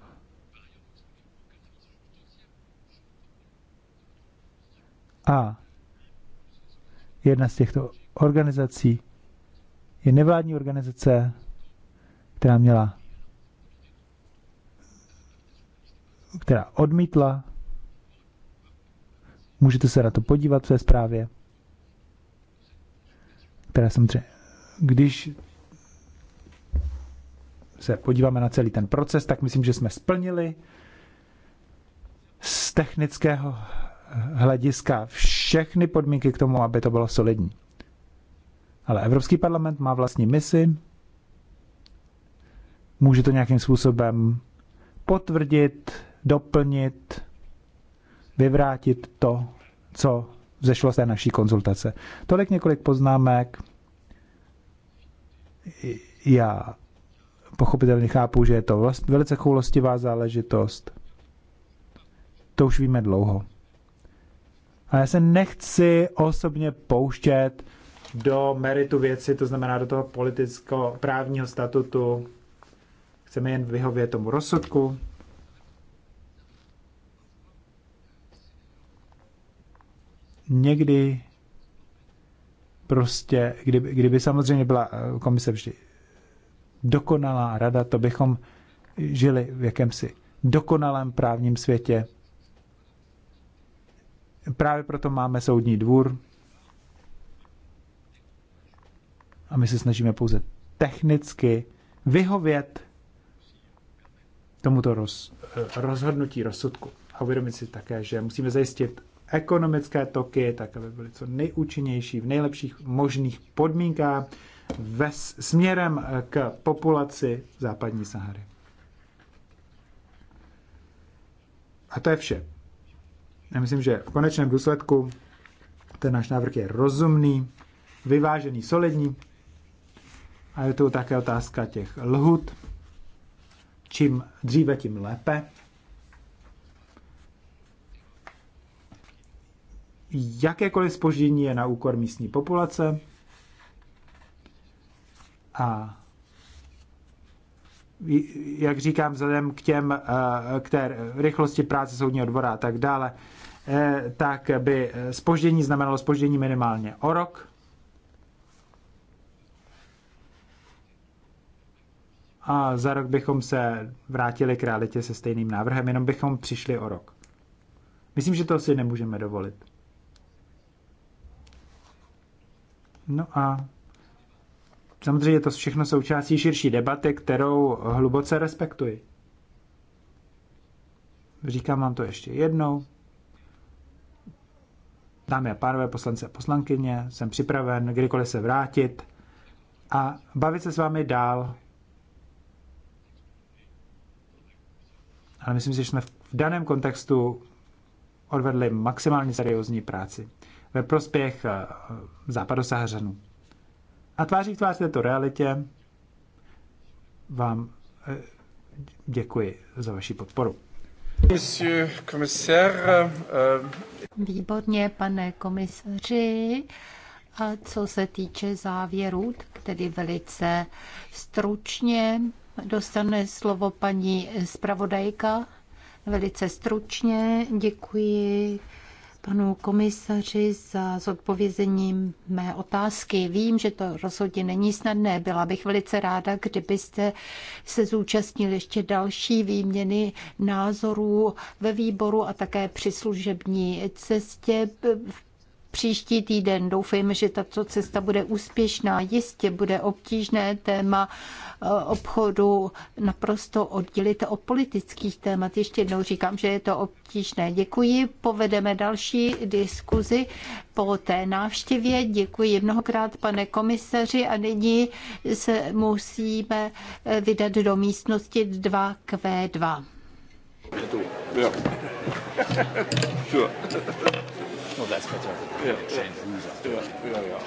A jedna z těchto organizací je nevládní organizace, která měla která odmítla. Můžete se na to podívat v té zprávě, která samozřejmě, když se podíváme na celý ten proces, tak myslím, že jsme splnili z technického hlediska všechny podmínky k tomu, aby to bylo solidní. Ale Evropský parlament má vlastní misi, může to nějakým způsobem potvrdit, doplnit, vyvrátit to, co vzešlo z té naší konzultace. Tolik několik poznámek. Já pochopitelně chápu, že je to vlast, velice choulostivá záležitost. To už víme dlouho. A já se nechci osobně pouštět do meritu věci, to znamená do toho politicko-právního statutu. Chceme jen vyhovět tomu rozsudku. Někdy prostě, kdyby, kdyby samozřejmě byla eh, komise vždy dokonalá rada, to bychom žili v jakémsi dokonalém právním světě. Právě proto máme soudní dvůr a my se snažíme pouze technicky vyhovět tomuto roz, rozhodnutí rozsudku. A uvědomit si také, že musíme zajistit ekonomické toky, tak aby byly co nejúčinnější v nejlepších možných podmínkách ve směrem eh, k populaci západní Sahary. A to je vše. Já myslím, že v konečném důsledku ten náš návrh je rozumný, vyvážený, solidní. A je tu také otázka těch lhut. Čím dříve, tím lépe. Jakékoliv spoždění je na úkor místní populace, a jak říkám, vzhledem k, těm, eh, k té rychlosti práce soudního dvora a tak dále, eh, tak by spoždění znamenalo spoždění minimálně o rok. A za rok bychom se vrátili k realitě se stejným návrhem, jenom bychom přišli o rok. Myslím, že to si nemůžeme dovolit. No a Samozřejmě to všechno součástí širší debaty, kterou hluboce respektuji. Říkám vám to ještě jednou. Dámy a pánové, poslance a poslankyně, jsem připraven kdykoliv se vrátit a bavit se s vámi dál. Ale myslím si, že jsme v daném kontextu odvedli maximálně seriózní práci ve prospěch eh, západosahařanů. A tváří v tvář této realitě vám eh, děkuji za vaši podporu. Eh, Výborně, pane komisaři. A co se týče závěrů, tedy velice stručně dostane slovo paní zpravodajka. Velice stručně děkuji panu komisaři za zodpovězení mé otázky. Vím, že to rozhodně není snadné. Byla bych velice ráda, kdybyste se zúčastnili ještě další výměny názorů ve výboru a také při služební cestě příští týden. Doufejme, že tato cesta bude úspěšná. Jistě bude obtížné téma eh, obchodu naprosto oddělit od politických témat. Ještě jednou říkám, že je to obtížné. Děkuji. Povedeme další diskuzi po té návštěvě. Děkuji mnohokrát, pane komisaři. A nyní se musíme eh, vydat do místnosti 2Q2. Jo. [laughs] No, that's better. Yeah. Change rules Yeah, yeah, yeah.